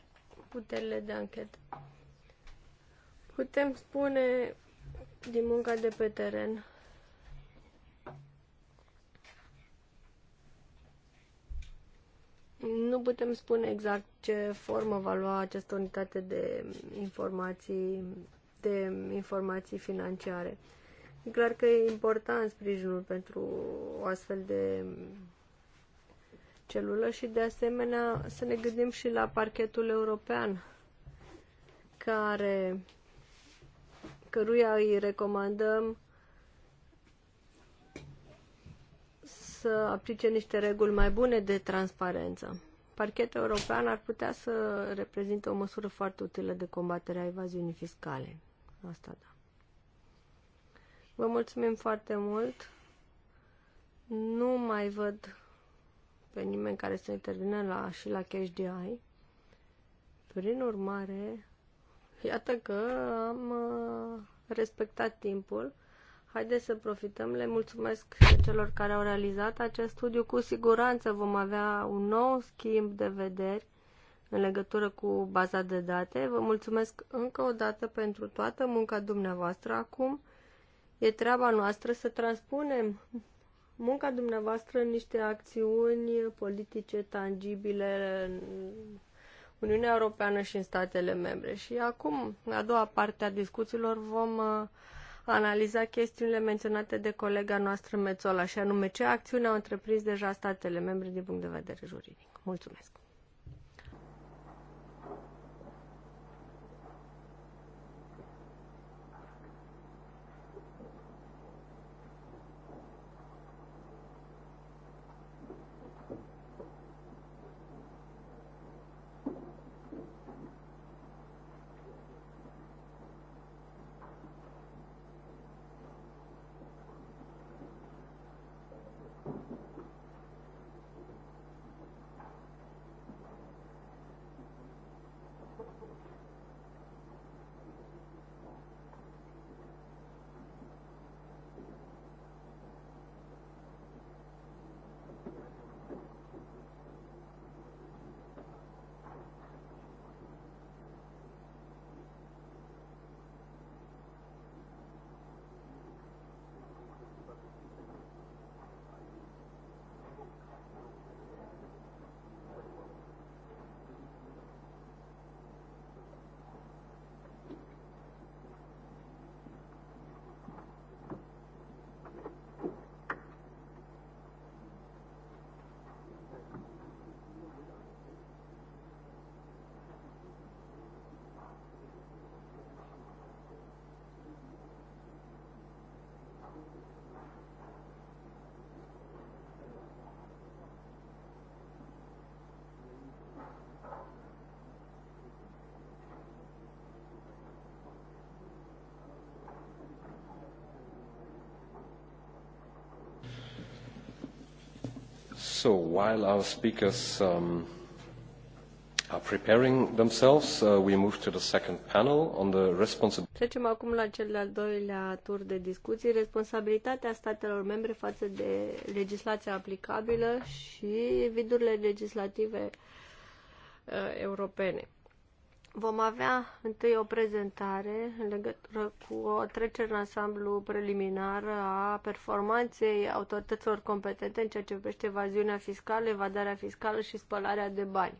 puterile de anchetă. Putem spune din munca de pe teren Nu putem spune exact ce formă va lua această unitate de informații, de informații financiare. E clar că e important sprijinul pentru o astfel de celulă și de asemenea să ne gândim și la parchetul european care căruia îi recomandăm să aplice niște reguli mai bune de transparență. Parchetul european ar putea să reprezinte o măsură foarte utilă de combatere a evaziunii fiscale. Asta da. Vă mulțumim foarte mult. Nu mai văd pe nimeni care să intervine la, și la CashDI. Prin urmare, iată că am uh, respectat timpul. Haideți să profităm. Le mulțumesc celor care au realizat acest studiu. Cu siguranță vom avea un nou schimb de vederi în legătură cu baza de date. Vă mulțumesc încă o dată pentru toată munca dumneavoastră acum. E treaba noastră să transpunem munca dumneavoastră în niște acțiuni politice tangibile în Uniunea Europeană și în statele membre. Și acum, a doua parte a discuțiilor, vom uh, analiza chestiunile menționate de colega noastră Mețola, și anume ce acțiuni au întreprins deja statele membre din punct de vedere juridic. Mulțumesc! So while our speakers um, are preparing themselves, uh, we move to the second panel on the responsibility. Trecem acum la cel de-al doilea tur de discuții, responsabilitatea statelor membre față de legislația aplicabilă și vidurile legislative uh, europene. Vom avea întâi o prezentare în legătură cu o trecere în ansamblu preliminar a performanței autorităților competente în ceea ce privește evaziunea fiscală, evadarea fiscală și spălarea de bani.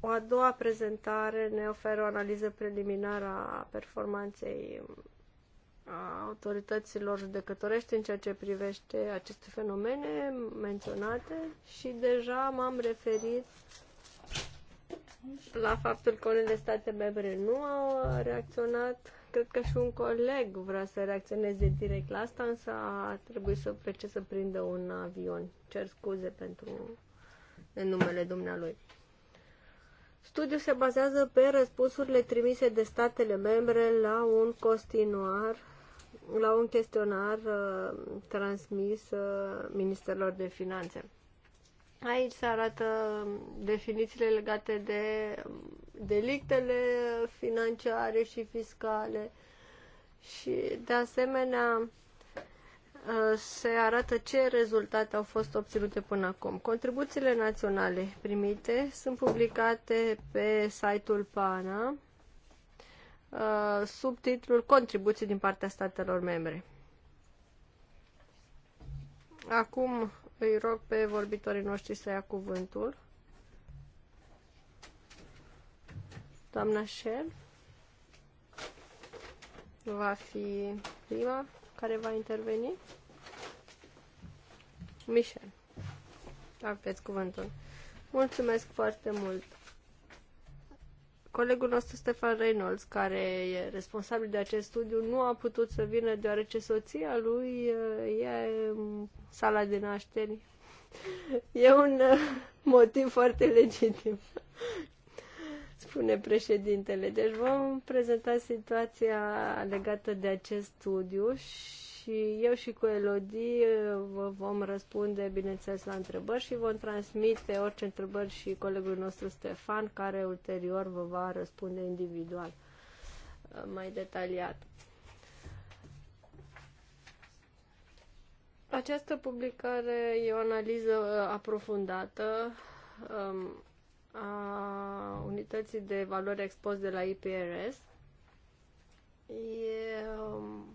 O a doua prezentare ne oferă o analiză preliminară a performanței a autorităților judecătorești în ceea ce privește aceste fenomene menționate și deja m-am referit la faptul că unele state membre nu au reacționat. Cred că și un coleg vrea să reacționeze direct la asta, însă a trebuit să plece să prindă un avion. Cer scuze pentru în numele dumnealui. Studiul se bazează pe răspunsurile trimise de statele membre la un costinuar, la un chestionar uh, transmis uh, Ministerilor de Finanțe. Aici se arată definițiile legate de delictele financiare și fiscale și, de asemenea, se arată ce rezultate au fost obținute până acum. Contribuțiile naționale primite sunt publicate pe site-ul PANA uh, sub titlul Contribuții din partea statelor membre. Acum îi rog pe vorbitorii noștri să ia cuvântul. Doamna Shell va fi prima care va interveni. Michel, aveți cuvântul. Mulțumesc foarte mult. Colegul nostru, Stefan Reynolds, care e responsabil de acest studiu, nu a putut să vină deoarece soția lui uh, e în sala de nașteri. E un uh, motiv foarte legitim, spune președintele. Deci vom prezenta situația legată de acest studiu și și eu și cu Elodie uh, vă vom răspunde, bineînțeles, la întrebări și vom transmite orice întrebări și colegul nostru Stefan, care ulterior vă va răspunde individual, uh, mai detaliat. Această publicare e o analiză uh, aprofundată um, a unității de valori expus de la IPRS. E um,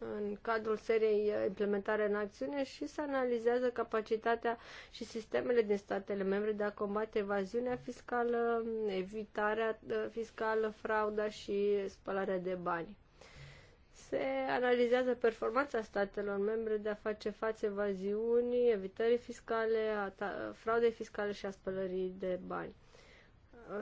în cadrul seriei implementare în acțiune și se analizează capacitatea și sistemele din statele membre de a combate evaziunea fiscală, evitarea uh, fiscală, frauda și spălarea de bani. Se analizează performanța statelor membre de a face față evaziunii, evitării fiscale, a uh, fraudei fiscale și a spălării de bani.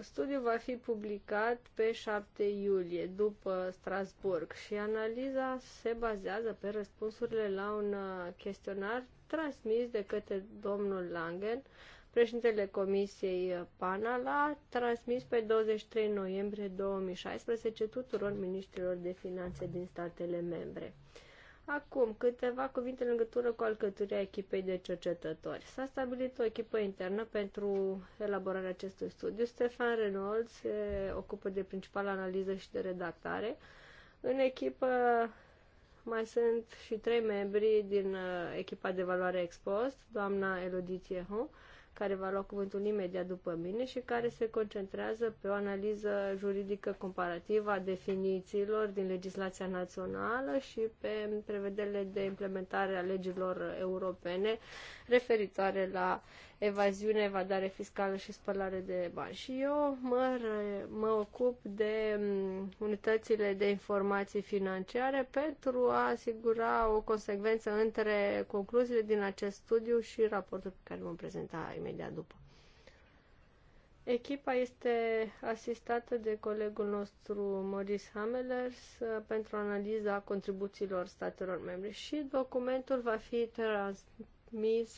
Studiul va fi publicat pe 7 iulie după Strasburg și analiza se bazează pe răspunsurile la un uh, chestionar transmis de către domnul Langen, președintele Comisiei uh, PANA, l-a transmis pe 23 noiembrie 2016 tuturor ministrilor de finanțe din statele membre. Acum, câteva cuvinte în legătură cu alcătuirea echipei de cercetători. S-a stabilit o echipă internă pentru elaborarea acestui studiu. Stefan Reynolds se ocupă de principală analiză și de redactare. În echipă mai sunt și trei membri din uh, echipa de valoare expost, doamna Elodie Hu, care va lua cuvântul imediat după mine și care se concentrează pe o analiză juridică comparativă a definițiilor din legislația națională și pe prevederile de implementare a legilor europene referitoare la evaziune, evadare fiscală și spălare de bani. Și eu mă, mă ocup de mm, unitățile de informații financiare pentru a asigura o consecvență între concluziile din acest studiu și raportul pe care vom prezenta imediat după. Echipa este asistată de colegul nostru Maurice Hamelers pentru analiza contribuțiilor statelor membre și documentul va fi transmis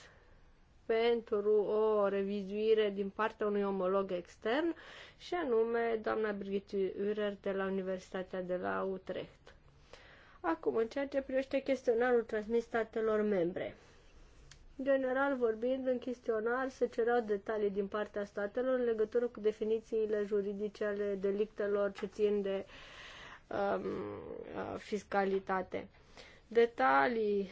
pentru o revizuire din partea unui omolog extern și anume doamna Brigitte Urer de la Universitatea de la Utrecht. Acum, în ceea ce privește chestionarul transmis statelor membre. General vorbind, în chestionar se cereau detalii din partea statelor în legătură cu definițiile juridice ale delictelor ce țin de um, uh, fiscalitate. Detalii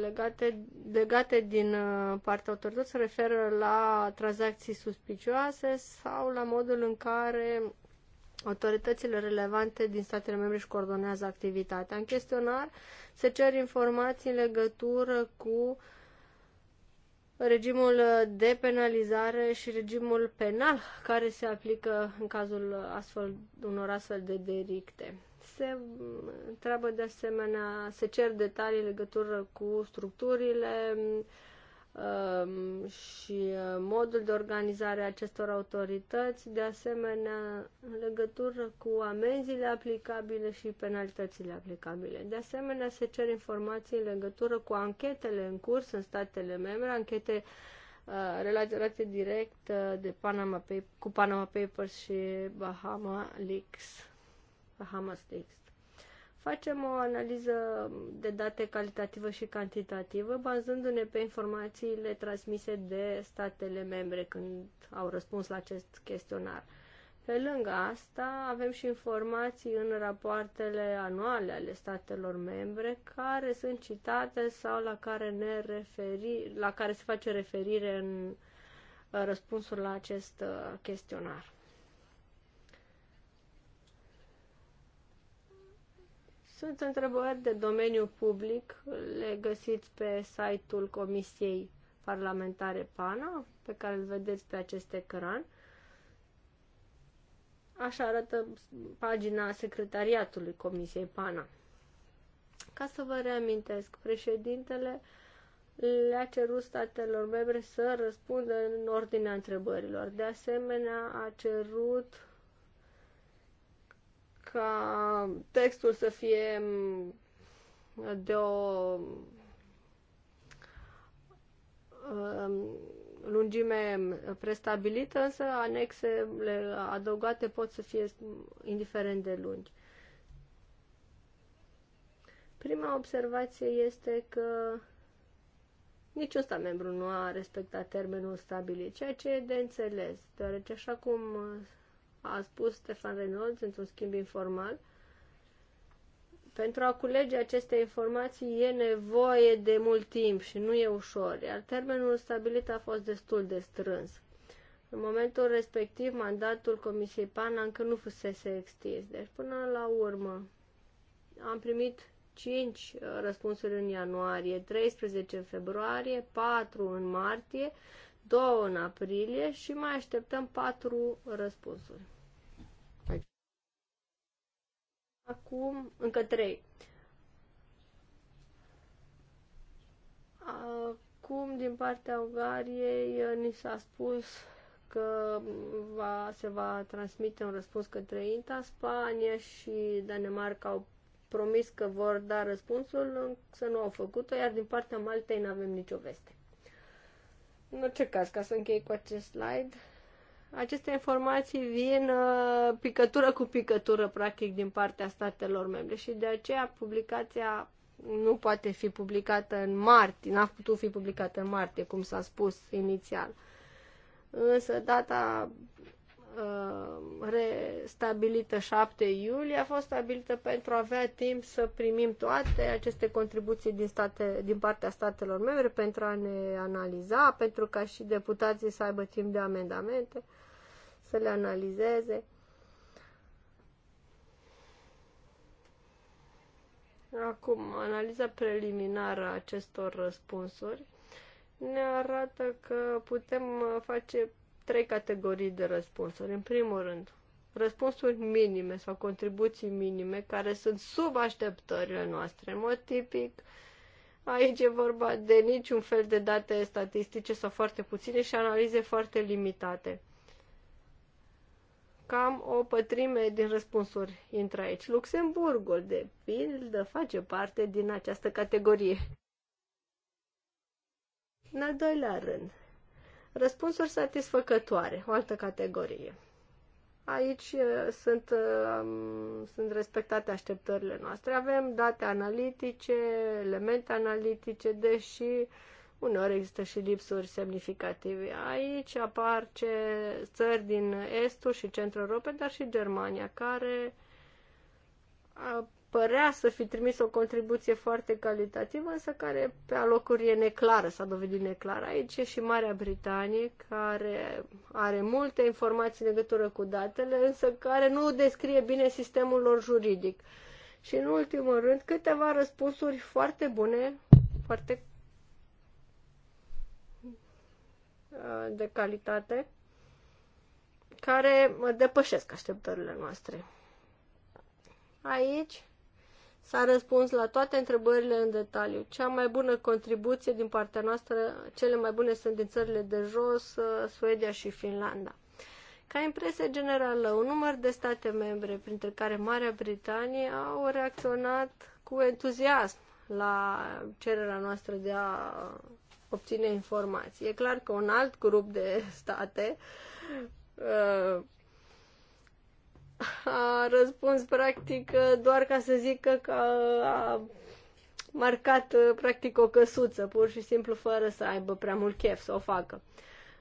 legate, legate din uh, partea autorităților, se referă la tranzacții suspicioase sau la modul în care autoritățile relevante din statele membre își coordonează activitatea. În chestionar se cer informații în legătură cu regimul de penalizare și regimul penal care se aplică în cazul astfel, unor astfel de delicte se întreabă de asemenea, se cer detalii în legătură cu structurile um, și uh, modul de organizare a acestor autorități, de asemenea în legătură cu amenziile aplicabile și penalitățile aplicabile. De asemenea, se cer informații în legătură cu anchetele în curs în statele membre, anchete uh, relaționate direct uh, de Panama Papers, cu Panama Papers și Bahama Leaks. Hamas Text. Facem o analiză de date calitativă și cantitativă, bazându-ne pe informațiile transmise de statele membre când au răspuns la acest chestionar. Pe lângă asta, avem și informații în rapoartele anuale ale statelor membre care sunt citate sau la care, ne referi, la care se face referire în uh, răspunsul la acest uh, chestionar. Sunt întrebări de domeniu public, le găsiți pe site-ul Comisiei Parlamentare PANA, pe care îl vedeți pe acest ecran. Așa arată pagina secretariatului Comisiei PANA. Ca să vă reamintesc, președintele le-a cerut statelor membre să răspundă în ordinea întrebărilor. De asemenea, a cerut ca textul să fie de o um, lungime prestabilită, însă anexele adăugate pot să fie indiferent de lungi. Prima observație este că niciun stat membru nu a respectat termenul stabilit, ceea ce e de înțeles, deoarece așa cum a spus Stefan Reynolds într-un schimb informal, pentru a culege aceste informații e nevoie de mult timp și nu e ușor, iar termenul stabilit a fost destul de strâns. În momentul respectiv, mandatul Comisiei PANA încă nu fusese extins, deci până la urmă am primit 5 uh, răspunsuri în ianuarie, 13 în februarie, 4 în martie două în aprilie și mai așteptăm patru răspunsuri. Acum, încă trei. Acum, din partea Ungariei, ni s-a spus că va, se va transmite un răspuns către INTA. Spania și Danemarca au promis că vor da răspunsul, însă nu au făcut-o, iar din partea Maltei nu avem nicio veste. În orice caz, ca să închei cu acest slide, aceste informații vin uh, picătură cu picătură, practic, din partea statelor membre și de aceea publicația nu poate fi publicată în martie, n-a putut fi publicată în martie, cum s-a spus inițial. Însă data Uh, restabilită 7 iulie a fost stabilită pentru a avea timp să primim toate aceste contribuții din, state, din partea statelor membre pentru a ne analiza, pentru ca și deputații să aibă timp de amendamente, să le analizeze. Acum, analiza preliminară a acestor răspunsuri ne arată că putem face trei categorii de răspunsuri. În primul rând, răspunsuri minime sau contribuții minime care sunt sub așteptările noastre. În mod tipic, aici e vorba de niciun fel de date statistice sau foarte puține și analize foarte limitate. Cam o pătrime din răspunsuri intră aici. Luxemburgul, de pildă, face parte din această categorie. În al doilea rând, Răspunsuri satisfăcătoare, o altă categorie. Aici sunt, sunt respectate așteptările noastre. Avem date analitice, elemente analitice, deși uneori există și lipsuri semnificative. Aici apar ce țări din estul și centrul Europei, dar și Germania, care părea să fi trimis o contribuție foarte calitativă, însă care pe alocuri e neclară, s-a dovedit neclară. Aici e și Marea Britanie, care are multe informații în legătură cu datele, însă care nu descrie bine sistemul lor juridic. Și în ultimul rând, câteva răspunsuri foarte bune, foarte uh, de calitate, care depășesc așteptările noastre. Aici S-a răspuns la toate întrebările în detaliu. Cea mai bună contribuție din partea noastră, cele mai bune sunt din țările de jos, uh, Suedia și Finlanda. Ca impresie generală, un număr de state membre, printre care Marea Britanie, au reacționat cu entuziasm la cererea noastră de a obține informații. E clar că un alt grup de state uh, a răspuns practic doar ca să zică că a marcat practic o căsuță, pur și simplu fără să aibă prea mult chef să o facă.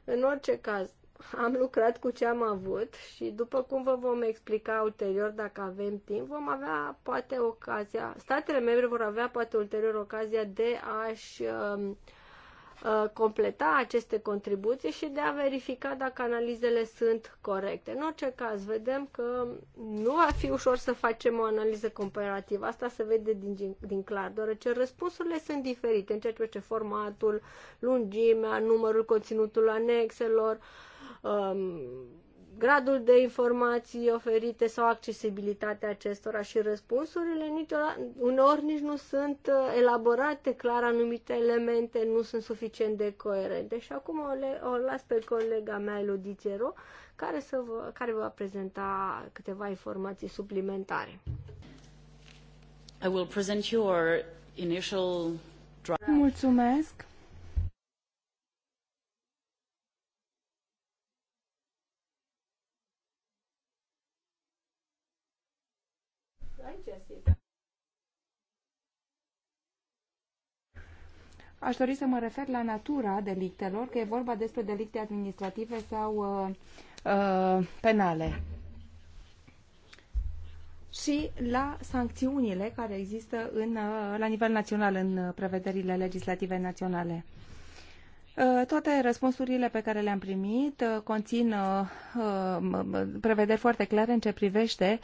În orice caz, am lucrat cu ce am avut și după cum vă vom explica ulterior dacă avem timp, vom avea poate ocazia, statele membre vor avea poate ulterior ocazia de a-și uh, Uh, completa aceste contribuții și de a verifica dacă analizele sunt corecte. În orice caz, vedem că nu va fi ușor să facem o analiză comparativă. Asta se vede din, din clar, deoarece răspunsurile sunt diferite în ceea ce privește formatul, lungimea, numărul conținutul anexelor, um, gradul de informații oferite sau accesibilitatea acestora și răspunsurile niciodată, uneori nici nu sunt uh, elaborate clar anumite elemente, nu sunt suficient de coerente. Și acum o, le, o las pe colega mea, Elodie care, să vă, care va prezenta câteva informații suplimentare. I will present your initial Mulțumesc. Aș dori să mă refer la natura delictelor, că e vorba despre delicte administrative sau uh, uh, penale. Și la sancțiunile care există în, uh, la nivel național în uh, prevederile legislative naționale. Uh, Uh, toate răspunsurile pe care le-am primit uh, conțin uh, prevederi foarte clare în ce privește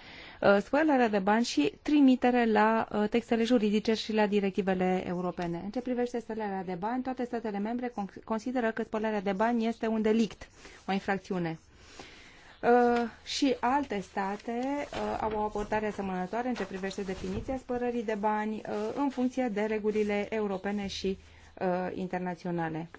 spălarea de bani și trimitere la textele juridice și la directivele europene. În ce privește spălarea de bani, toate statele membre consideră că spălarea de bani este un delict, o infracțiune. și alte state au o abordare asemănătoare în ce privește definiția spălării de bani în funcție de regulile europene și internaționale.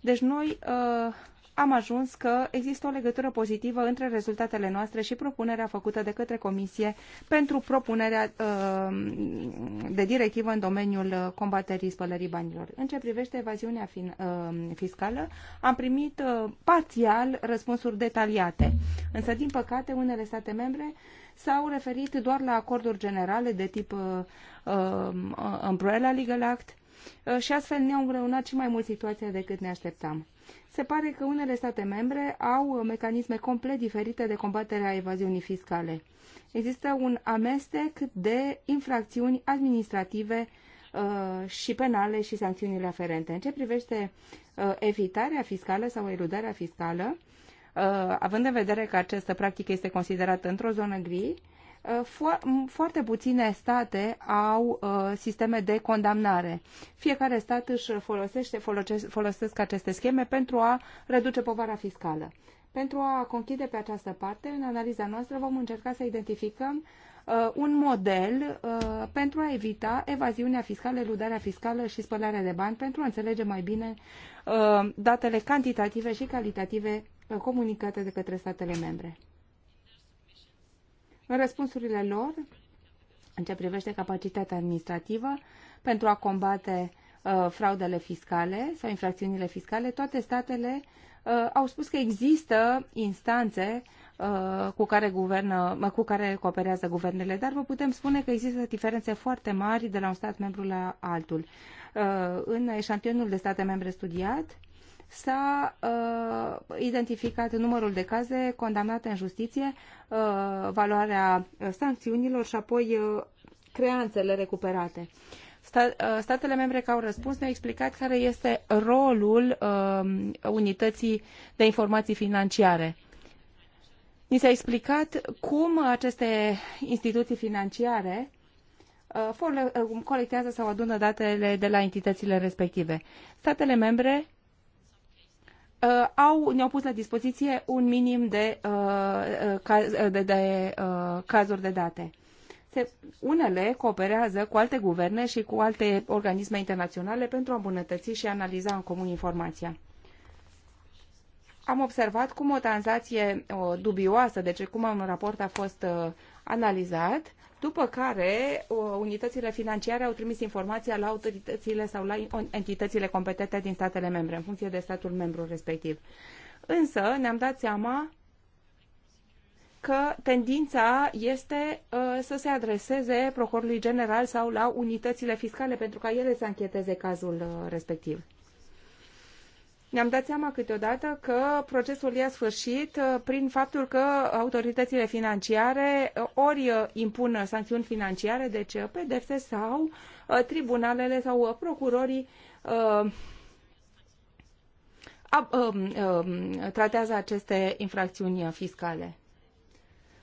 Deci noi uh, am ajuns că există o legătură pozitivă între rezultatele noastre și propunerea făcută de către Comisie pentru propunerea uh, de directivă în domeniul uh, combaterii spălării banilor. În ce privește evaziunea fin, uh, fiscală, am primit uh, parțial răspunsuri detaliate, însă, din păcate, unele state membre s-au referit doar la acorduri generale de tip uh, uh, Umbrella Legal Act, Uh, și astfel ne-au îngreunat și mai mult situația decât ne așteptam. Se pare că unele state membre au mecanisme complet diferite de combatere a evaziunii fiscale. Există un amestec de infracțiuni administrative uh, și penale și sancțiunile aferente. În ce privește uh, evitarea fiscală sau eludarea fiscală, având în vedere că această practică este considerată într-o zonă gri, Uh, foarte puține state au uh, sisteme de condamnare. Fiecare stat își folosește, folosesc aceste scheme pentru a reduce povara fiscală. Pentru a conchide pe această parte, în analiza noastră vom încerca să identificăm uh, un model pentru a evita evaziunea fiscală, eludarea fiscală și spălarea de bani, pentru a înțelege mai bine datele cantitative și calitative comunicate de către statele membre. În răspunsurile lor, în ce privește capacitatea administrativă, pentru a combate uh, fraudele fiscale sau infracțiunile fiscale, toate statele uh, au spus că există instanțe uh, cu care, guvernă, cu care cooperează guvernele, dar vă putem spune că există diferențe foarte mari de la un stat membru la altul. Uh, în eșantionul de state membre studiat, s-a uh, identificat numărul de caze condamnate în justiție, uh, valoarea sancțiunilor și apoi uh, creanțele recuperate. Uh, statele membre care au răspuns ne-au explicat care este rolul uh, unității de informații financiare. Ni s-a explicat cum aceste instituții financiare uh, uh, colectează sau adună datele de la entitățile respective. Statele membre Uh, au, ne-au pus la dispoziție un minim de, uh, uh, de, de, uh, cazuri de date. Se, unele cooperează cu alte guverne și cu alte organisme internaționale pentru a îmbunătăți și a analiza în comun informația. Am observat cum o tranzacție o, dubioasă, deci cum un raport a fost uh, analizat, după care unitățile financiare au trimis informația la autoritățile sau la entitățile competente din statele membre, în funcție de statul membru respectiv. Însă ne-am dat seama că tendința este uh, să se adreseze procurorului general sau la unitățile fiscale pentru ca ele să ancheteze cazul uh, respectiv ne-am dat seama câteodată că procesul ia sfârșit uh, prin faptul că autoritățile financiare uh, ori uh, impun sancțiuni financiare, deci pedepse sau tribunalele sau procurorii uh, uh, uh, tratează aceste infracțiuni fiscale.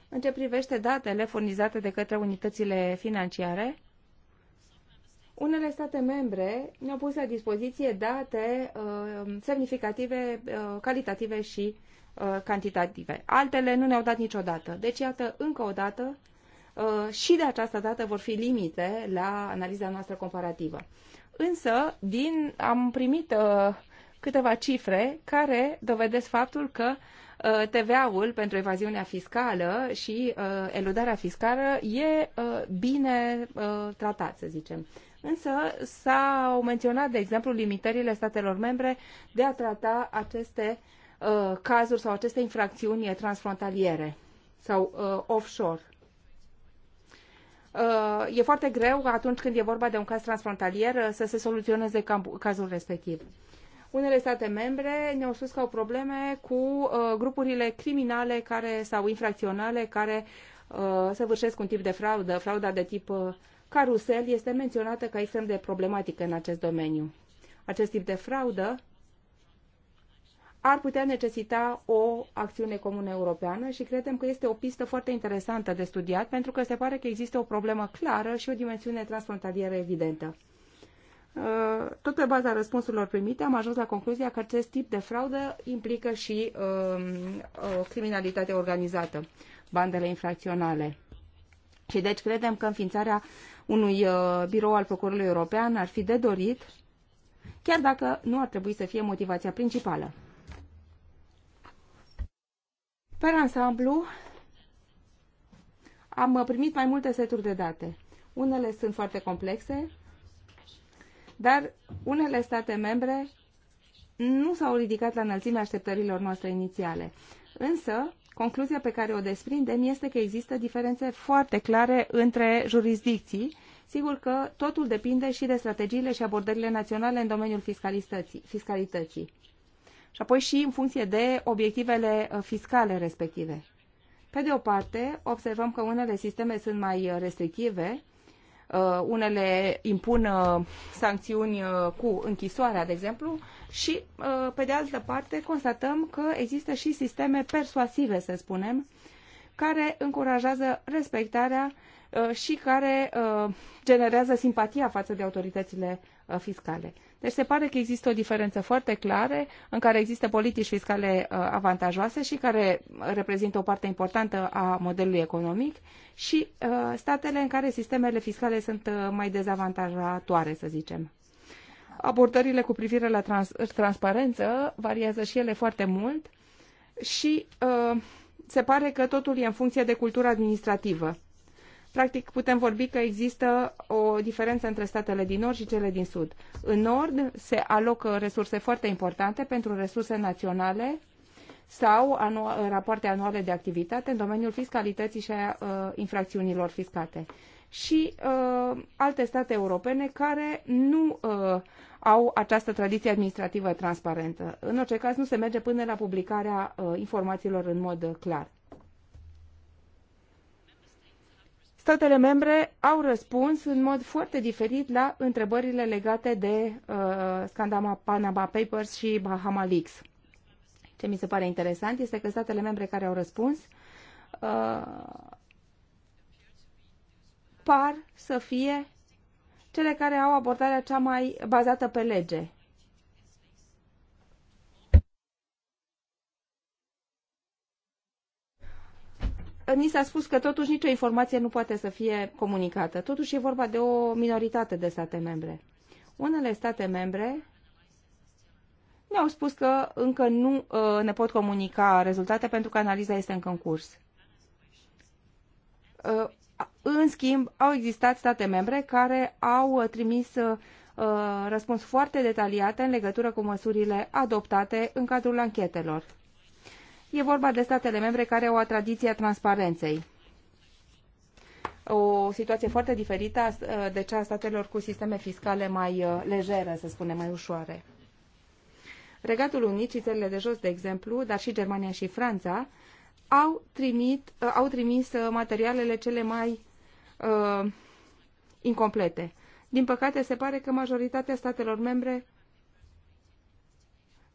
În ce privește datele furnizate de către unitățile financiare, unele state membre ne-au pus la dispoziție date uh, semnificative, uh, calitative și uh, cantitative. Altele nu ne-au dat niciodată. Deci, iată, încă o dată, uh, și de această dată vor fi limite la analiza noastră comparativă. Însă, din, am primit uh, câteva cifre care dovedesc faptul că uh, TVA-ul pentru evaziunea fiscală și uh, eludarea fiscală e uh, bine uh, tratat, să zicem însă s-au menționat, de exemplu, limitările statelor membre de a trata aceste uh, cazuri sau aceste infracțiuni transfrontaliere sau uh, offshore. Uh, e foarte greu atunci când e vorba de un caz transfrontalier uh, să se soluționeze cazul respectiv. Unele state membre ne-au spus că au probleme cu uh, grupurile criminale care, sau infracționale care uh, săvârșesc un tip de fraudă, frauda de tip uh, Carusel este menționată ca extrem de problematică în acest domeniu. Acest tip de fraudă ar putea necesita o acțiune comună europeană și credem că este o pistă foarte interesantă de studiat pentru că se pare că există o problemă clară și o dimensiune transfrontalieră evidentă. Uh, tot pe baza răspunsurilor primite am ajuns la concluzia că acest tip de fraudă implică și um, criminalitate organizată, bandele infracționale. Și deci credem că înființarea unui uh, birou al Procurorului European ar fi de dorit, chiar dacă nu ar trebui să fie motivația principală. Per ansamblu, am uh, primit mai multe seturi de date. Unele sunt foarte complexe, dar unele state membre nu s-au ridicat la înălțimea așteptărilor noastre inițiale. Însă, Concluzia pe care o desprindem este că există diferențe foarte clare între jurisdicții. Sigur că totul depinde și de strategiile și abordările naționale în domeniul fiscalității. fiscalității. Și apoi și în funcție de obiectivele uh, fiscale respective. Pe de o parte, observăm că unele sisteme sunt mai uh, restrictive, Uh, unele impun uh, sancțiuni uh, cu închisoarea, de exemplu, și, pe de altă parte, constatăm că există și sisteme persuasive, să spunem, care încurajează respectarea și care generează simpatia față de autoritățile fiscale. Deci se pare că există o diferență foarte clară în care există politici fiscale uh, avantajoase și care reprezintă o parte importantă a modelului economic și uh, statele în care sistemele fiscale sunt uh, mai dezavantajatoare, să zicem. Abordările cu privire la trans- transparență variază și ele foarte mult și uh, se pare că totul e în funcție de cultura administrativă. Practic, putem vorbi că există o diferență între statele din nord și cele din sud. În nord se alocă resurse foarte importante pentru resurse naționale sau anua- rapoarte anuale de activitate în domeniul fiscalității și a uh, infracțiunilor fiscate. Și uh, alte state europene care nu uh, au această tradiție administrativă transparentă. În orice caz, nu se merge până la publicarea uh, informațiilor în mod uh, clar. statele membre au răspuns în mod foarte diferit la întrebările legate de uh, scandama Panama Papers și Bahama Leaks. Ce mi se pare interesant este că statele membre care au răspuns uh, par să fie cele care au abordarea cea mai bazată pe lege ni s-a spus că totuși nicio informație nu poate să fie comunicată. Totuși e vorba de o minoritate de state membre. Unele state membre ne-au spus că încă nu uh, ne pot comunica rezultate pentru că analiza este încă în curs. Uh, în schimb, au existat state membre care au trimis uh, răspuns foarte detaliate în legătură cu măsurile adoptate în cadrul anchetelor E vorba de statele membre care au o tradiție a transparenței. O situație foarte diferită ă, de cea a statelor cu sisteme fiscale mai ă, legere, să spunem, mai ușoare. Regatul Unit și țările de jos, de exemplu, dar și Germania și Franța, au, trimit, ă, au trimis materialele cele mai uh, incomplete. Din păcate, se pare că majoritatea statelor membre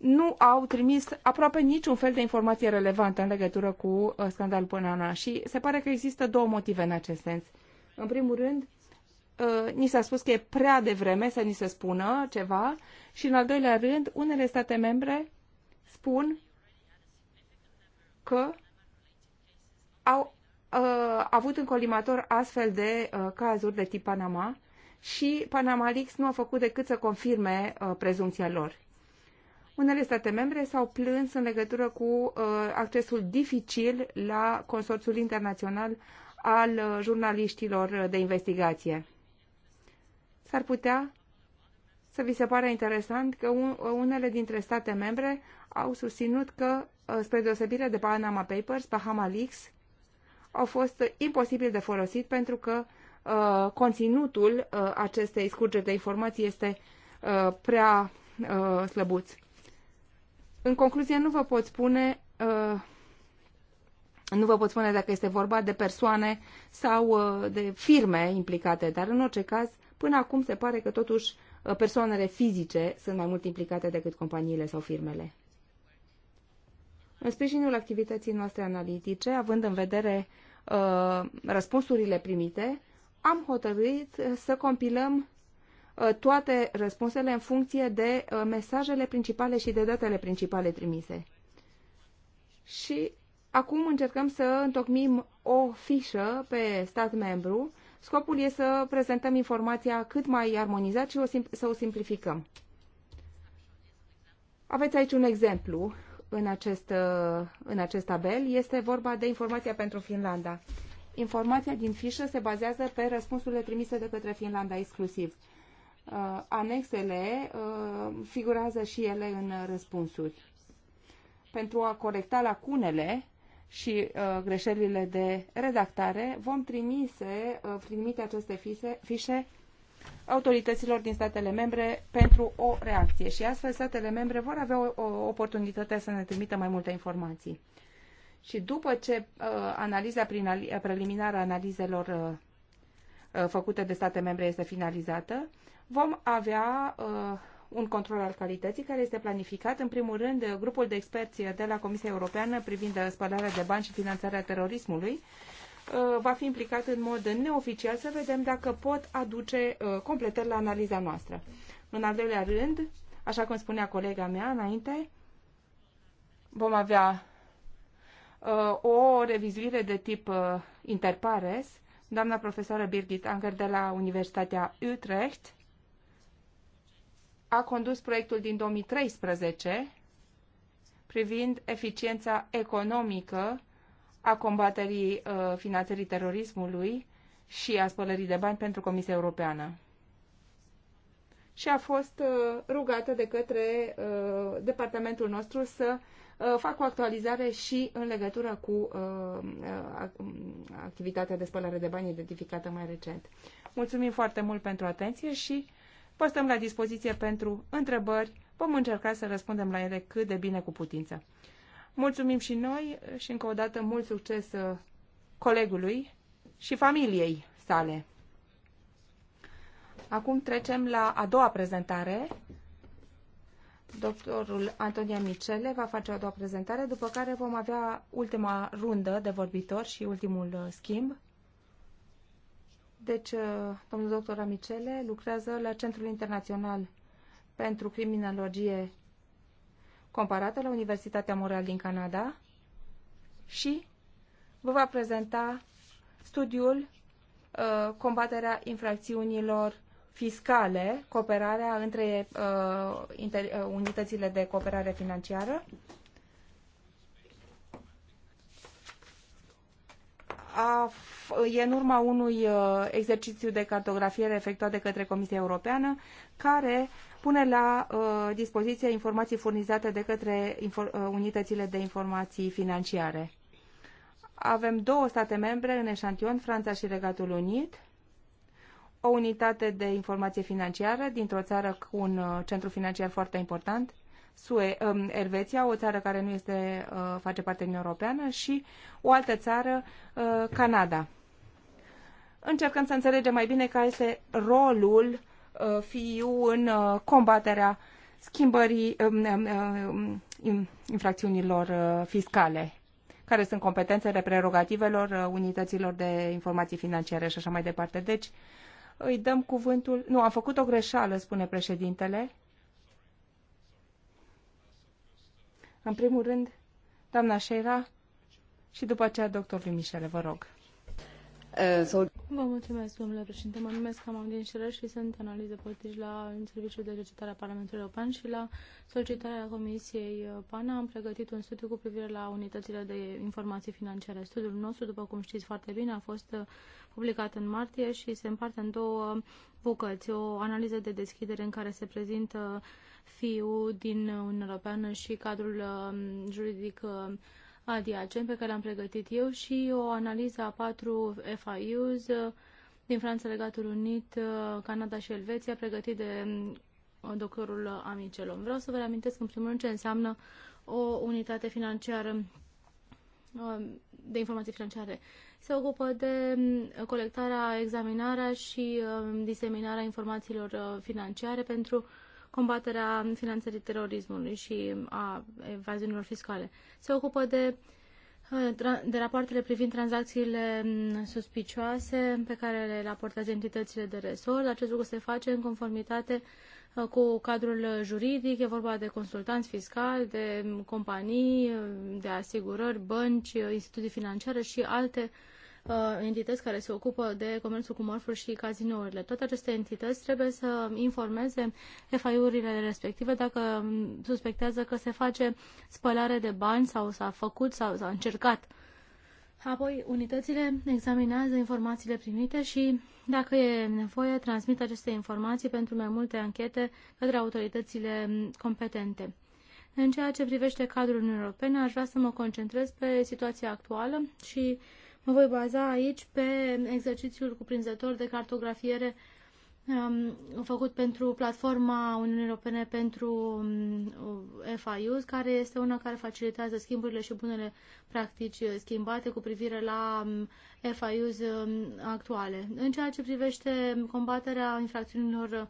nu au trimis aproape niciun fel de informație relevantă în legătură cu uh, scandalul Panama și se pare că există două motive în acest sens. În primul rând, uh, ni s-a spus că e prea devreme să ni se spună ceva și, în al doilea rând, unele state membre spun că au uh, avut în colimator astfel de uh, cazuri de tip Panama și Panama Leaks nu a făcut decât să confirme uh, prezumția lor. Unele state membre s-au plâns în legătură cu uh, accesul dificil la consorțul internațional al uh, jurnaliștilor de investigație. S-ar putea să vi se pare interesant că un, uh, unele dintre state membre au susținut că, uh, spre deosebire de Panama Papers, Bahama Leaks, au fost uh, imposibil de folosit pentru că uh, conținutul uh, acestei scurgeri de informații este uh, prea uh, slăbuți. În concluzie, nu vă pot spune uh, nu vă pot spune dacă este vorba de persoane sau uh, de firme implicate, dar în orice caz, până acum se pare că totuși uh, persoanele fizice sunt mai mult implicate decât companiile sau firmele. În sprijinul activității noastre analitice, având în vedere uh, răspunsurile primite, am hotărât să compilăm Uh, toate răspunsele în funcție de uh, mesajele principale și de datele principale trimise. Și acum încercăm să întocmim o fișă pe stat membru. Scopul e să prezentăm informația cât mai armonizat și o să o simplificăm. Aveți aici un exemplu în acest, uh, în acest tabel. Este vorba de informația pentru Finlanda. Informația din fișă se bazează pe răspunsurile trimise de către Finlanda exclusiv. Uh, anexele uh, figurează și ele în răspunsuri. Pentru a corecta lacunele și uh, greșelile de redactare, vom trimise, trimite aceste fise fișe autorităților din statele membre pentru o reacție și astfel statele membre vor avea o, o oportunitate să ne trimită mai multe informații. Și după ce uh, analiza prin preliminară analizelor uh, Uh, făcută de state membre este finalizată, vom avea uh, un control al calității care este planificat. În primul rând, uh, grupul de experți de la Comisia Europeană privind spălarea de bani și finanțarea terorismului va fi implicat în mod neoficial să vedem dacă pot aduce completări la analiza noastră. În al doilea rând, așa cum spunea colega mea înainte, vom avea o revizuire de tip interpares doamna profesoară Birgit Anger de la Universitatea Utrecht a condus proiectul din 2013 privind eficiența economică a combaterii uh, finanțării terorismului și a spălării de bani pentru Comisia Europeană și a fost uh, rugată de către uh, departamentul nostru să uh, fac o actualizare și în legătură cu um, activitatea de spălare de bani identificată mai recent. Mulțumim foarte mult pentru atenție și vă stăm la dispoziție pentru întrebări. Vom încerca să răspundem la ele cât de bine cu putință. Mulțumim și noi și încă o dată mult succes colegului și familiei sale. Acum trecem la a doua prezentare. Doctorul Antonia Micele va face a doua prezentare, după care vom avea ultima rundă de vorbitori și ultimul uh, schimb. Deci, uh, domnul doctor Amicele lucrează la Centrul Internațional pentru Criminologie comparată la Universitatea Moral din Canada și vă va prezenta studiul uh, combaterea infracțiunilor fiscale, cooperarea între uh, inter, uh, unitățile de cooperare financiară. A, e în urma unui uh, exercițiu de cartografiere efectuat de către Comisia Europeană, care pune la uh, dispoziție informații furnizate de către infor, uh, unitățile de informații financiare. Avem două state membre în eșantion, Franța și Regatul Unit. Uh, o unitate de informație financiară dintr-o țară cu un uh, centru financiar foarte important, Sue, um, Elveția, o țară care nu este, uh, face parte din Europeană și o altă țară, uh, Canada. Încercăm să înțelegem mai bine care este rolul FIU în combaterea schimbării um, um, infracțiunilor fiscale care sunt competențele prerogativelor unităților de informații financiare și așa mai departe. Deci, îi dăm cuvântul... Nu, am făcut o greșeală, spune președintele. În primul rând, doamna Șeira și după aceea doctorului Mișele, vă rog. Eh, Vă mulțumesc, domnule președinte. Mă numesc Amandin Șerăș și sunt analiză de politici la în Serviciul de Cercetare a Parlamentului European și la solicitarea Comisiei PANA am pregătit un studiu cu privire la unitățile de informații financiare. Studiul nostru, după cum știți foarte bine, a fost eh, publicat în martie și se împarte în două bucăți. O analiză de deschidere în care se prezintă FIU din Uniunea Europeană și cadrul eh, juridic adiacent pe care l-am pregătit eu și o analiză a patru FIUs uh, din Franța, Legatul Unit, uh, Canada și Elveția, pregătit de uh, doctorul Amicelom. Vreau să vă reamintesc în primul rând ce înseamnă o unitate financiară de informații financiare. Se ocupă de colectarea, examinarea și diseminarea informațiilor financiare pentru combaterea finanțării terorismului și a evaziunilor fiscale. Se ocupă de, uh, de rapoartele privind tranzacțiile mm, suspicioase pe care le raportează entitățile de resort. Acest lucru se face în conformitate uh, cu cadrul juridic, e vorba de consultanți fiscali, de companii, uh, de asigurări, bănci, instituții financiare și alte uh, Uh, entități care se ocupă de comerțul cu mărfuri și cazinourile. Toate aceste entități trebuie să informeze fai urile respective dacă mm, suspectează că se face spălare de bani sau s-a făcut sau s-a încercat. Apoi, unitățile examinează informațiile primite și, dacă e nevoie, transmit aceste informații pentru mai multe anchete către autoritățile mm, competente. În ceea ce privește cadrul european, aș vrea să mă concentrez pe situația actuală și uh, Mă voi baza aici pe exercițiul cuprinzător de cartografiere um, făcut pentru platforma Uniunii Europene pentru um, FIUs, care este una care facilitează schimburile și bunele practici schimbate cu privire la um, FIUs um, actuale. În ceea ce privește combaterea infracțiunilor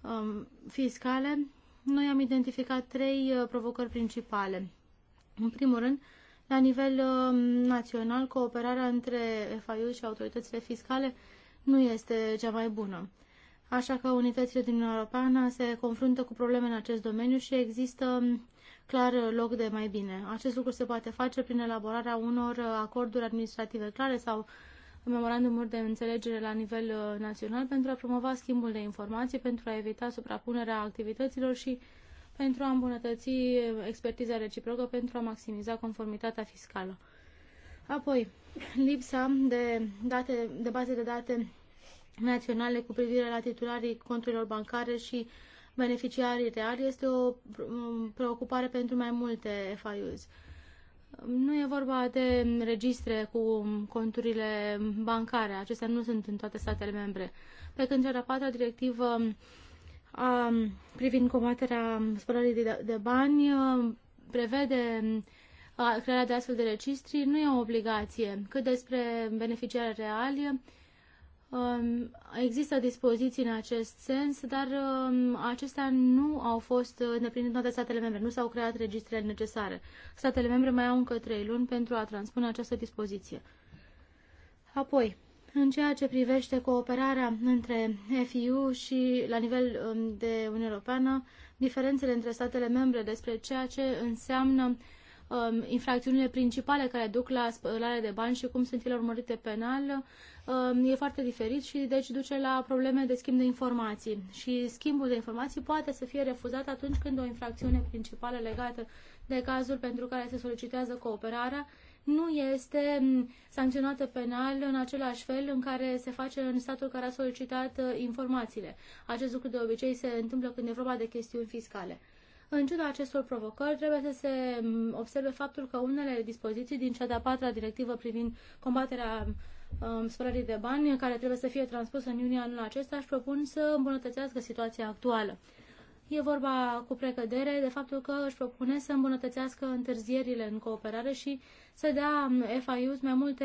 um, fiscale, noi am identificat trei uh, provocări principale. În primul rând, uh, la nivel um, național, cooperarea între FIU și autoritățile fiscale nu este cea mai bună. Așa că unitățile din Uniunea Europeană se confruntă cu probleme în acest domeniu și există um, clar loc de mai bine. Acest lucru se poate face prin elaborarea unor uh, acorduri administrative clare sau memorandumuri de înțelegere la nivel uh, național pentru a promova schimbul de informații, pentru a evita suprapunerea activităților și uh, pentru a îmbunătăți expertiza reciprocă, pentru a maximiza conformitatea fiscală. Apoi, lipsa de, date, de baze de date naționale cu privire la titularii conturilor bancare și beneficiarii reali este o um, preocupare pentru mai multe FIUs. Nu e vorba de registre cu conturile bancare, acestea nu sunt în toate statele membre. Pe când cea de-a patra directivă um, privind combaterea spălării de, de bani prevede crearea de astfel de registri, nu e o obligație. Cât despre beneficiari reali, există dispoziții în acest sens, dar acestea nu au fost îndeplinite toate statele membre, nu s-au creat registrele necesare. Statele membre mai au încă trei luni pentru a transpune această dispoziție. Apoi, în ceea ce privește cooperarea între FIU și la nivel um, de Uniune Europeană, diferențele între statele membre despre ceea ce înseamnă um, infracțiunile principale care duc la spălare de bani și cum sunt ele urmărite penal um, e foarte diferit și deci duce la probleme de schimb de informații. Și schimbul de informații poate să fie refuzat atunci când o infracțiune principală legată de cazul pentru care se solicitează cooperarea nu este sancționată penal în același fel în care se face în statul care a solicitat uh, informațiile. Acest lucru de obicei se întâmplă când e vorba de chestiuni fiscale. În ciuda acestor provocări, trebuie să se mm, observe faptul că unele dispoziții din cea de-a patra directivă privind combaterea um, spălării de bani, care trebuie să fie transpusă în iunie anul acesta, își propun să îmbunătățească situația actuală. E vorba cu precădere de faptul că își propune să îmbunătățească întârzierile în cooperare și să dea FIUs mai multe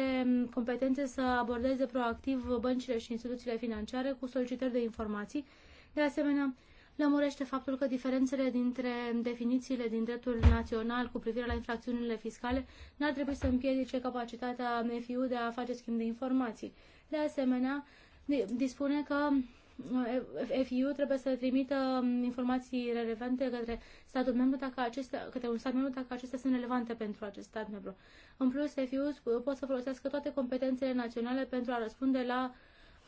competențe să abordeze proactiv băncile și instituțiile financiare cu solicitări de informații. De asemenea, lămurește faptul că diferențele dintre definițiile din dreptul național cu privire la infracțiunile fiscale n-ar trebui să împiedice capacitatea FIU de a face schimb de informații. De asemenea, dispune că FIU trebuie să trimită um, informații relevante către statul membru dacă acestea, către un stat membru dacă acestea sunt relevante pentru acest stat membru. În plus, FIU pot să folosească toate competențele naționale pentru a răspunde la uh,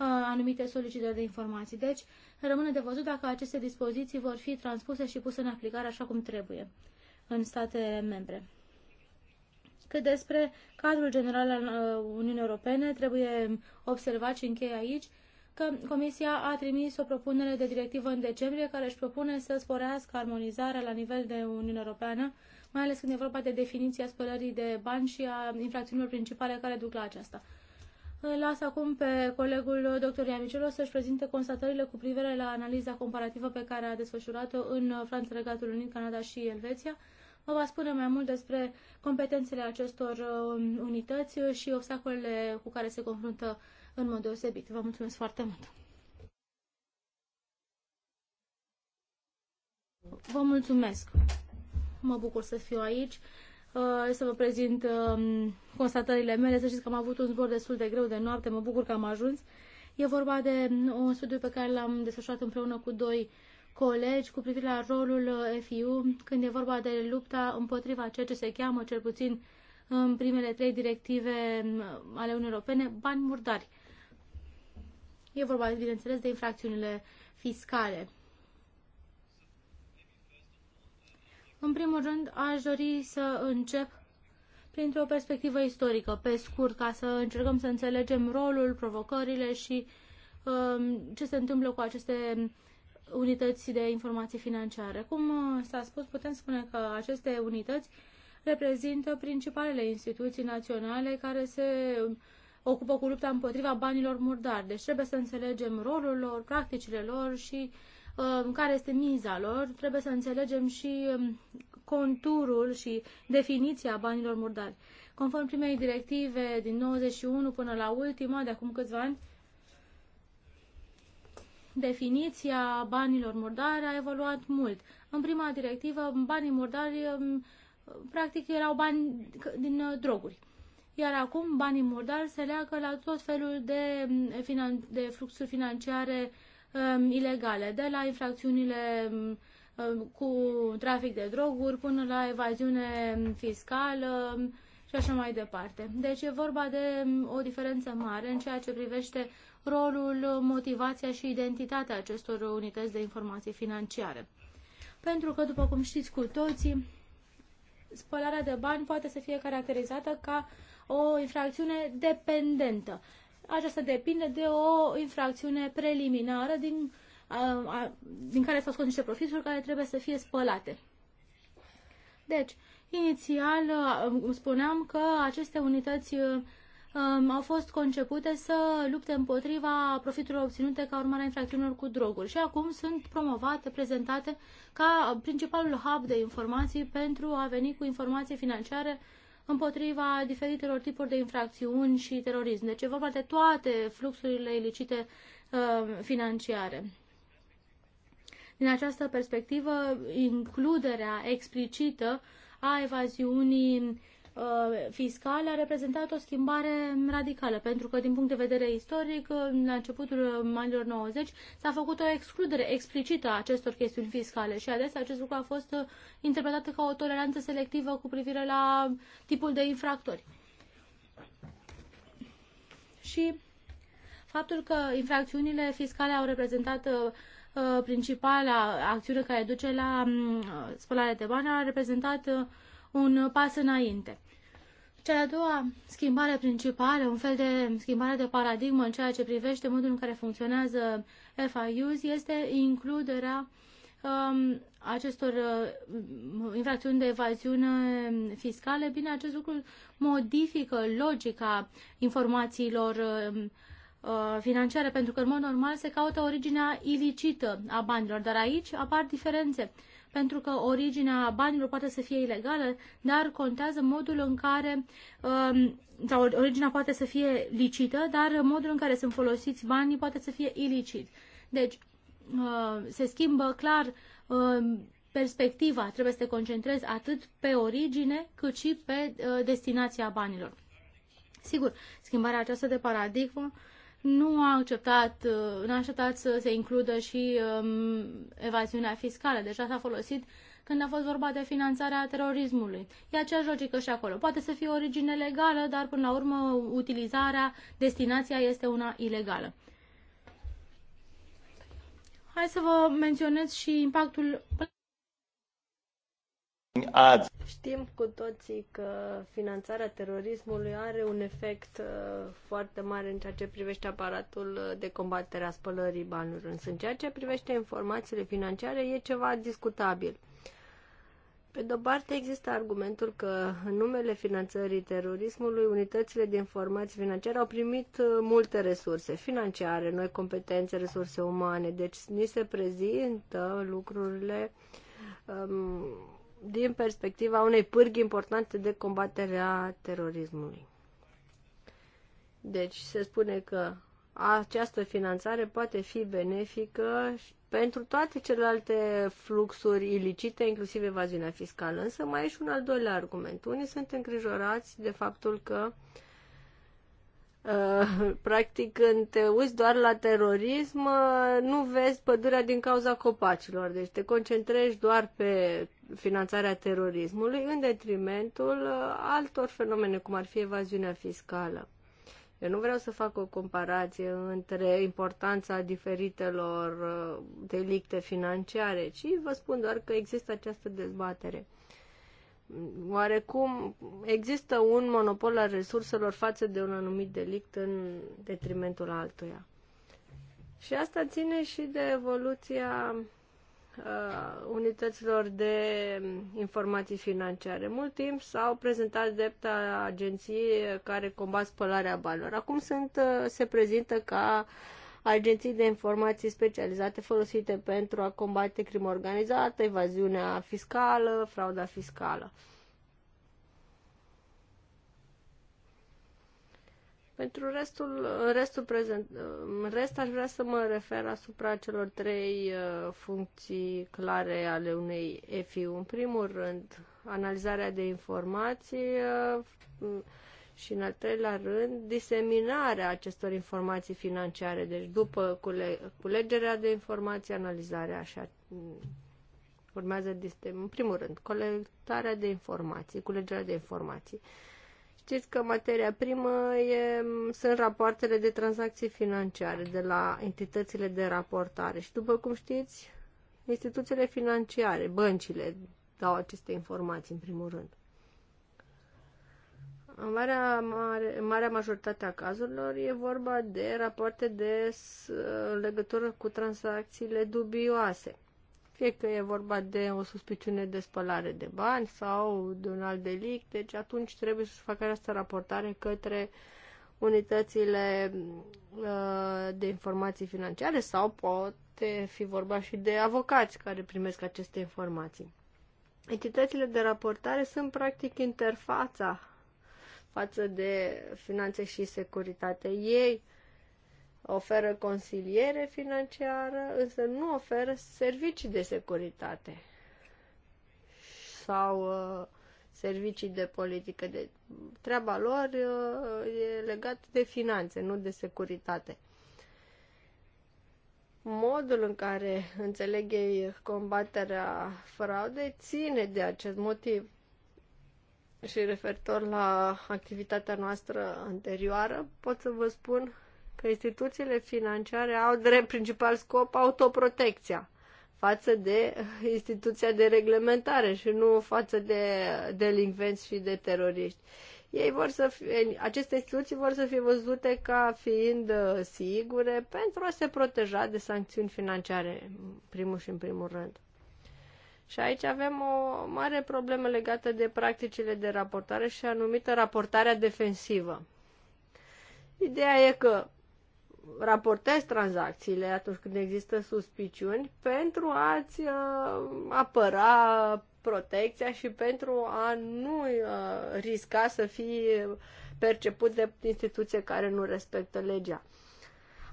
anumite solicitări de informații. Deci, rămâne de văzut dacă aceste dispoziții vor fi transpuse și puse în aplicare așa cum trebuie în statele membre. Cât despre cadrul general al uh, Uniunii Europene, trebuie observat și închei aici că Comisia a trimis o propunere de directivă în decembrie care își propune să sporească armonizarea la nivel de Uniune Europeană, mai ales când e vorba de definiția spălării de bani și a infracțiunilor principale care duc la aceasta. las acum pe colegul dr. Iamicelo să-și prezinte constatările cu privire la analiza comparativă pe care a desfășurat-o în Franța, Regatul Unit, Canada și Elveția. Vă va spune mai mult despre competențele acestor um, unități și obstacolele cu care se confruntă în mod deosebit. Vă mulțumesc foarte mult! Vă mulțumesc! Mă bucur să fiu aici uh, să vă prezint um, constatările mele. Să știți că am avut un zbor destul de greu de noapte, mă bucur că am ajuns. E vorba de un studiu pe care l-am desfășurat împreună cu doi colegi cu privire la rolul uh, FIU când e vorba de lupta împotriva ceea ce se cheamă, cel puțin în primele trei directive um, ale Uniunii Europene, bani murdari. E vorba, bineînțeles, de infracțiunile fiscale. În primul rând, aș dori să încep printr-o perspectivă istorică, pe scurt, ca să încercăm să înțelegem rolul, provocările și um, ce se întâmplă cu aceste unități de informații financiare. Cum uh, s-a spus, putem spune că aceste unități reprezintă principalele instituții naționale care se ocupă cu lupta împotriva banilor murdari. Deci trebuie să înțelegem rolul lor, practicile lor și uh, care este miza lor. Trebuie să înțelegem și um, conturul și definiția banilor murdari. Conform primei directive din 91 până la ultima, de acum câțiva ani, definiția banilor murdari a evoluat mult. În prima directivă, banii murdari um, practic erau bani din uh, droguri iar acum banii murdari se leagă la tot felul de, mm, finan- de fluxuri financiare um, ilegale, de la infracțiunile um, cu trafic de droguri până la evaziune fiscală um, și așa mai departe. Deci e vorba de o diferență mare în ceea ce privește rolul, motivația și identitatea acestor unități de informații financiare. Pentru că, după cum știți cu toții, spălarea de bani poate să fie caracterizată ca o infracțiune dependentă. Aceasta depinde de o infracțiune preliminară din, a, uh, a, din care s-au scos niște profituri care trebuie să fie spălate. Deci, inițial uh, spuneam că aceste unități uh, um, au fost concepute să lupte împotriva profiturilor obținute ca urmare a infracțiunilor cu droguri și acum sunt promovate, prezentate ca principalul hub de informații pentru a veni cu informații financiare împotriva diferitelor tipuri de infracțiuni și terorism. Deci e vorba de toate fluxurile ilicite uh, financiare. Din această perspectivă, includerea explicită a evaziunii Uh, fiscale a reprezentat o schimbare radicală, pentru că din punct de vedere istoric, uh, la începutul anilor 90 s-a făcut o excludere explicită a acestor chestiuni fiscale și adesea acest lucru a fost uh, interpretat ca o toleranță selectivă cu privire la tipul de infractori. Și faptul că infracțiunile fiscale au reprezentat uh, principala acțiune care duce la mm, spălare de bani a reprezentat un pas înainte. Cea de-a doua schimbare principală, un fel de schimbare de paradigmă în ceea ce privește modul în care funcționează FIUs, este includerea um, acestor uh, infracțiuni de evaziune fiscale. Bine, acest lucru modifică logica informațiilor um, uh, financiare, pentru că în mod normal se caută originea ilicită a banilor, dar aici apar diferențe pentru că originea banilor poate să fie ilegală, dar contează modul în care um, sau originea poate să fie licită, dar modul în care sunt folosiți banii poate să fie ilicit. Deci uh, se schimbă clar um, perspectiva, trebuie să te concentrezi atât pe origine cât și pe uh, destinația banilor. Sigur, schimbarea aceasta de paradigmă nu a acceptat, uh, nu a acceptat să se includă și um, evaziunea fiscală. Deja deci s-a folosit când a fost vorba de finanțarea terorismului. E aceeași logică și acolo. Poate să fie origine legală, dar până la urmă utilizarea, destinația este una ilegală. Hai să vă menționez și impactul azi. Știm cu toții că finanțarea terorismului are un efect uh, foarte mare în ceea ce privește aparatul uh, de combatere a spălării banilor. Însă în ceea ce privește informațiile financiare e ceva discutabil. Pe de-o parte există argumentul că în numele finanțării terorismului, unitățile de informații financiare au primit uh, multe resurse financiare, noi competențe, resurse umane. Deci ni se prezintă lucrurile um, din perspectiva unei pârghi importante de combatere a terorismului. Deci se spune că această finanțare poate fi benefică pentru toate celelalte fluxuri ilicite, inclusiv evaziunea fiscală. Însă mai e și un al doilea argument. Unii sunt îngrijorați de faptul că Uh, practic, când te uiți doar la terorism, uh, nu vezi pădurea din cauza copacilor. Deci te concentrezi doar pe finanțarea terorismului în detrimentul uh, altor fenomene, cum ar fi evaziunea fiscală. Eu nu vreau să fac o comparație între importanța diferitelor uh, delicte financiare, ci vă spun doar că există această dezbatere. Oarecum există un monopol al resurselor față de un anumit delict în detrimentul altuia. Și asta ține și de evoluția Uh, unităților de informații financiare. Mult timp s-au prezentat drept agenții care combat spălarea banilor. Acum sunt, uh, se prezintă ca agenții de informații specializate folosite pentru a combate crimă organizată, evaziunea fiscală, frauda fiscală. Uh, Pentru restul, restul prezent, rest aș vrea să mă refer asupra celor trei uh, funcții clare ale unei EFI. În primul rând, analizarea de informații uh, și în al treilea rând, diseminarea acestor informații financiare, deci după culegerea de informații, analizarea așa urmează, în primul rând, colectarea de informații, culegerea de informații. Uh, Știți că materia primă e, sunt rapoartele de tranzacții financiare de la entitățile de raportare și, după cum știți, instituțiile financiare, băncile dau aceste informații, în primul rând. În marea, mare, în marea majoritate a cazurilor e vorba de rapoarte de legătură cu tranzacțiile dubioase fie că e vorba de o suspiciune de spălare de bani sau de un alt delict, deci atunci trebuie să se facă această raportare către unitățile uh, de informații financiare sau poate fi vorba și de avocați care primesc aceste informații. Entitățile de raportare sunt practic interfața față de finanțe și securitate. Ei Oferă consiliere financiară, însă nu oferă servicii de securitate sau uh, servicii de politică. De... Treaba lor uh, e legată de finanțe, nu de securitate modul în care înțeleg ei combaterea fraudei ține de acest motiv. Și referitor la activitatea noastră anterioară, pot să vă spun că instituțiile financiare au drept principal scop autoprotecția față de instituția de reglementare și nu față de delinvenți și de teroriști. Ei vor să fie, aceste instituții vor să fie văzute ca fiind uh, sigure pentru a se proteja de sancțiuni financiare, primul și în primul rând. Și aici avem o mare problemă legată de practicile de raportare și anumită raportarea defensivă. Ideea e că raportezi tranzacțiile atunci când există suspiciuni pentru a-ți uh, apăra protecția și pentru a nu uh, risca să fii perceput de instituție care nu respectă legea.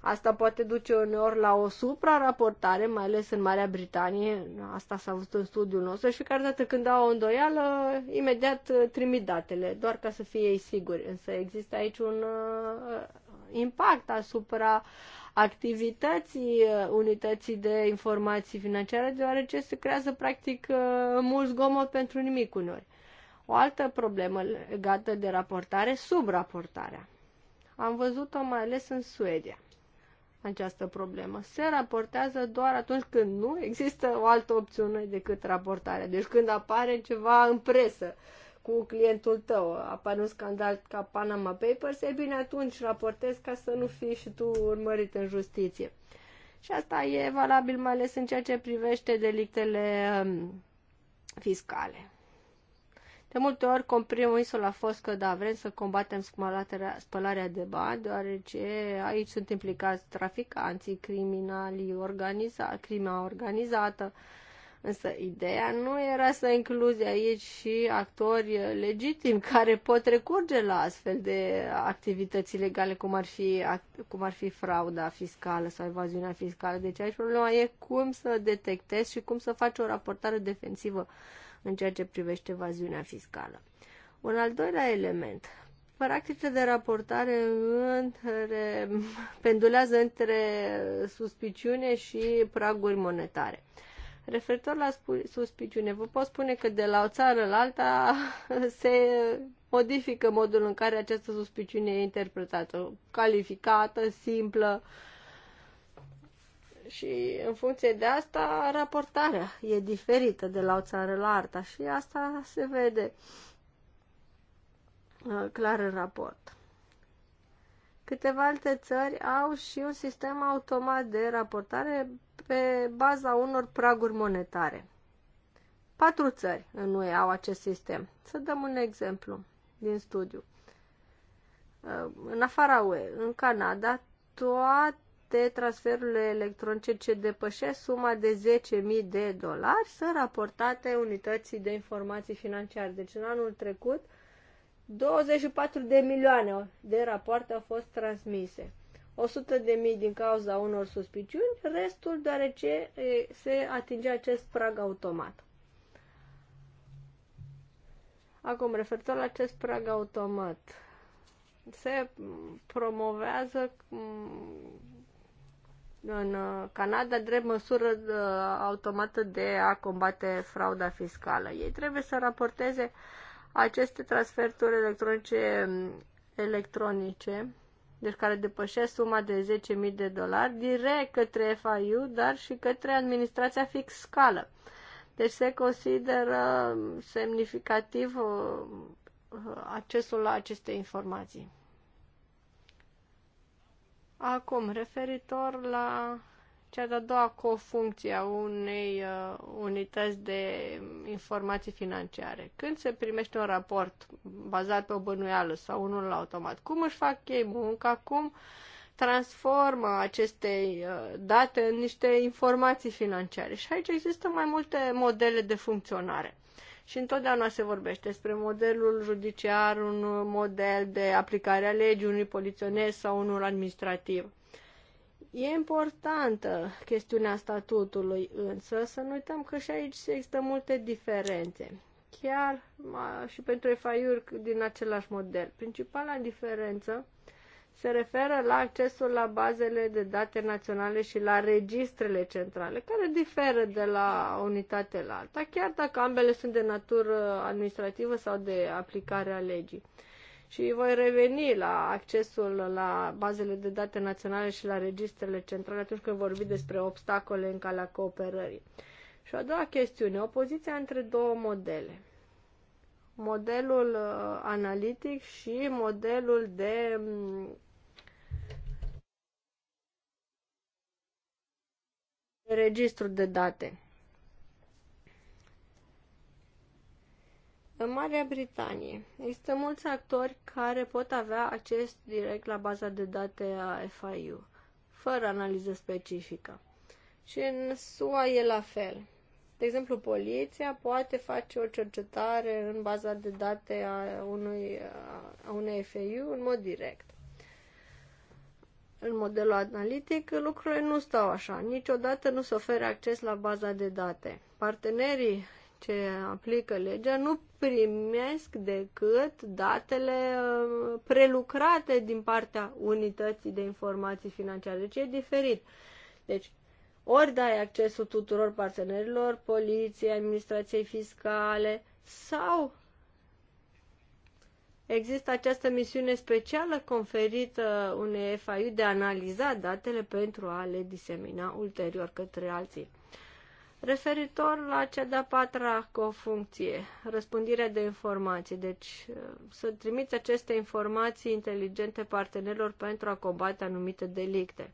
Asta poate duce uneori la o supraraportare, mai ales în Marea Britanie, asta s-a văzut în studiul nostru, și care dată când au o îndoială, imediat trimit datele, doar ca să fie ei siguri. Însă există aici un uh, impact asupra activității uh, unității de informații financiare, deoarece se creează practic uh, mult zgomot pentru nimic uneori. O altă problemă legată de raportare, subraportarea. Am văzut-o mai ales în Suedia, această problemă. Se raportează doar atunci când nu există o altă opțiune decât raportarea. Deci când apare ceva în presă, uh, cu clientul tău, apare un scandal ca Panama Papers, e bine atunci raportezi ca să nu fii și tu urmărit în justiție. Și asta e valabil mai ales în ceea ce privește delictele um, fiscale. De multe ori, insul a fost că da, vrem să combatem spălarea de bani, deoarece aici sunt implicați traficanții, criminalii, organiza, crima organizată, Însă ideea nu era să incluzi aici și actori legitimi care pot recurge la astfel de activități ilegale, cum ar fi, cum ar fi frauda fiscală sau evaziunea fiscală. Deci aici problema e cum să detectezi și cum să faci o raportare defensivă în ceea ce privește evaziunea fiscală. Un al doilea element. Practicile de raportare între, [laughs] pendulează între suspiciune și praguri monetare. Referitor la suspiciune, vă pot spune că de la o țară la alta [laughs] se modifică modul în care această suspiciune e interpretată, calificată, simplă. Și în funcție de asta, raportarea e diferită de la o țară la alta și asta se vede uh, clar în raport. Câteva alte țări au și un sistem automat de raportare pe baza unor praguri monetare. Patru țări în UE au acest sistem. Să dăm un exemplu din studiu. Uh, în afara UE, în Canada, toate transferurile electronice ce depășesc suma de 10.000 de dolari sunt raportate unității de informații financiare. Deci în anul trecut, 24 de milioane de rapoarte au fost transmise. 100 de mii din cauza unor suspiciuni, restul deoarece se atinge acest prag automat. Acum, referitor la acest prag automat, se promovează mm, în uh, Canada drept măsură uh, automată de a combate frauda fiscală. Ei trebuie să raporteze aceste transferuri electronice mm, electronice deci care depășesc suma de 10.000 de dolari, direct către FIU, dar și către administrația fiscală. Deci se consideră semnificativ uh, uh, accesul la aceste informații. Acum, referitor la cea de-a doua cofuncție a unei uh, unități de informații financiare. Când se primește un raport bazat pe o bănuială sau unul la automat, cum își fac ei munca, cum transformă aceste uh, date în niște informații financiare. Și aici există mai multe modele de funcționare. Și întotdeauna se vorbește despre modelul judiciar, un model de aplicare a legii, unui poliționist sau unul administrativ. E importantă chestiunea statutului, însă să nu uităm că și aici există multe diferențe. Chiar și pentru FIUR din același model. Principala diferență se referă la accesul la bazele de date naționale și la registrele centrale, care diferă de la unitate la alta, chiar dacă ambele sunt de natură administrativă sau de aplicare a legii. Și voi reveni la accesul la bazele de date naționale și la registrele centrale atunci când vorbi despre obstacole în calea cooperării. Și a doua chestiune, opoziția între două modele. Modelul uh, analitic și modelul de mm, registru de date. În Marea Britanie există mulți actori care pot avea acces direct la baza de date a FIU, fără analiză specifică. Și în SUA e la fel. De exemplu, poliția poate face o cercetare în baza de date a, unui, a unei FIU în mod direct. În modelul analitic, lucrurile nu stau așa. Niciodată nu se oferă acces la baza de date. Partenerii ce aplică legea nu primesc decât datele uh, prelucrate din partea unității de informații financiare. Deci e diferit. Deci, ori dai accesul tuturor partenerilor, poliției, administrației fiscale, sau există această misiune specială conferită unei FIU de a analiza datele pentru a le disemina ulterior către alții. Referitor la cea de-a patra cofuncție, răspândirea de informații, deci uh, să trimiți aceste informații inteligente partenerilor pentru a combate anumite delicte.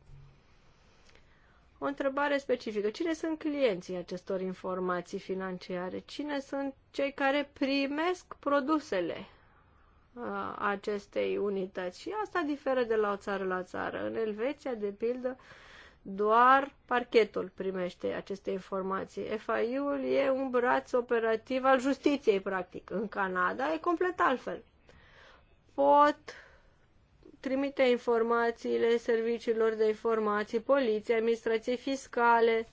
O întrebare specifică. Cine sunt clienții acestor informații financiare? Cine sunt cei care primesc produsele uh, acestei unități? Și asta diferă de la o țară la țară. În Elveția, de pildă, doar parchetul primește aceste informații. FIU-ul e un braț operativ al justiției, practic. În Canada e complet altfel. Pot trimite informațiile serviciilor de informații, poliție, administrație fiscale,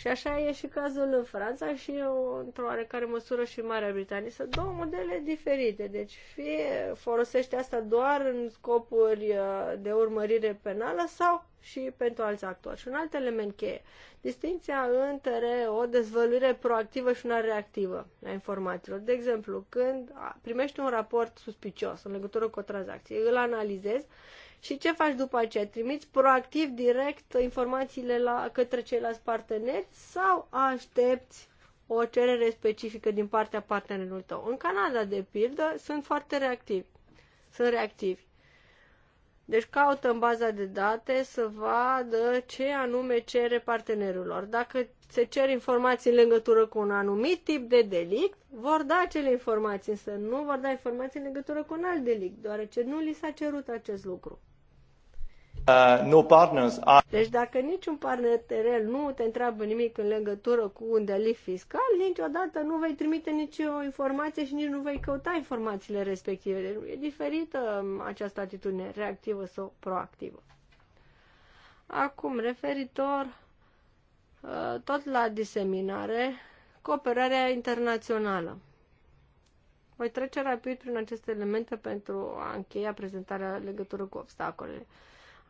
și așa e și cazul în Franța și într-o oarecare măsură și în Marea Britanie. Sunt două modele diferite. Deci fie folosește asta doar în scopuri uh, de urmărire penală sau și pentru alți actori. Și un alt element cheie. Distinția între o dezvăluire proactivă și una reactivă a informațiilor. De exemplu, când primești un raport suspicios în legătură cu o tranzacție, îl analizezi și ce faci după aceea? Trimiți proactiv, direct, informațiile la, către ceilalți parteneri sau aștepți o cerere specifică din partea partenerului tău? În Canada, de pildă, sunt foarte reactivi. Sunt reactivi. Deci caută în baza de date să vadă ce anume cere partenerilor. Dacă se cer informații în legătură cu un anumit tip de delict, vor da acele informații, însă nu vor da informații în legătură cu un alt delict, deoarece nu li s-a cerut acest lucru. Uh, deci dacă niciun partener nu te întreabă nimic în legătură cu un delict fiscal, niciodată nu vei trimite nicio informație și nici nu vei căuta informațiile respective. Deci e diferită um, această atitudine reactivă sau proactivă. Acum, referitor uh, tot la diseminare, cooperarea internațională. Voi trece rapid prin aceste elemente pentru a încheia prezentarea legătură cu obstacolele.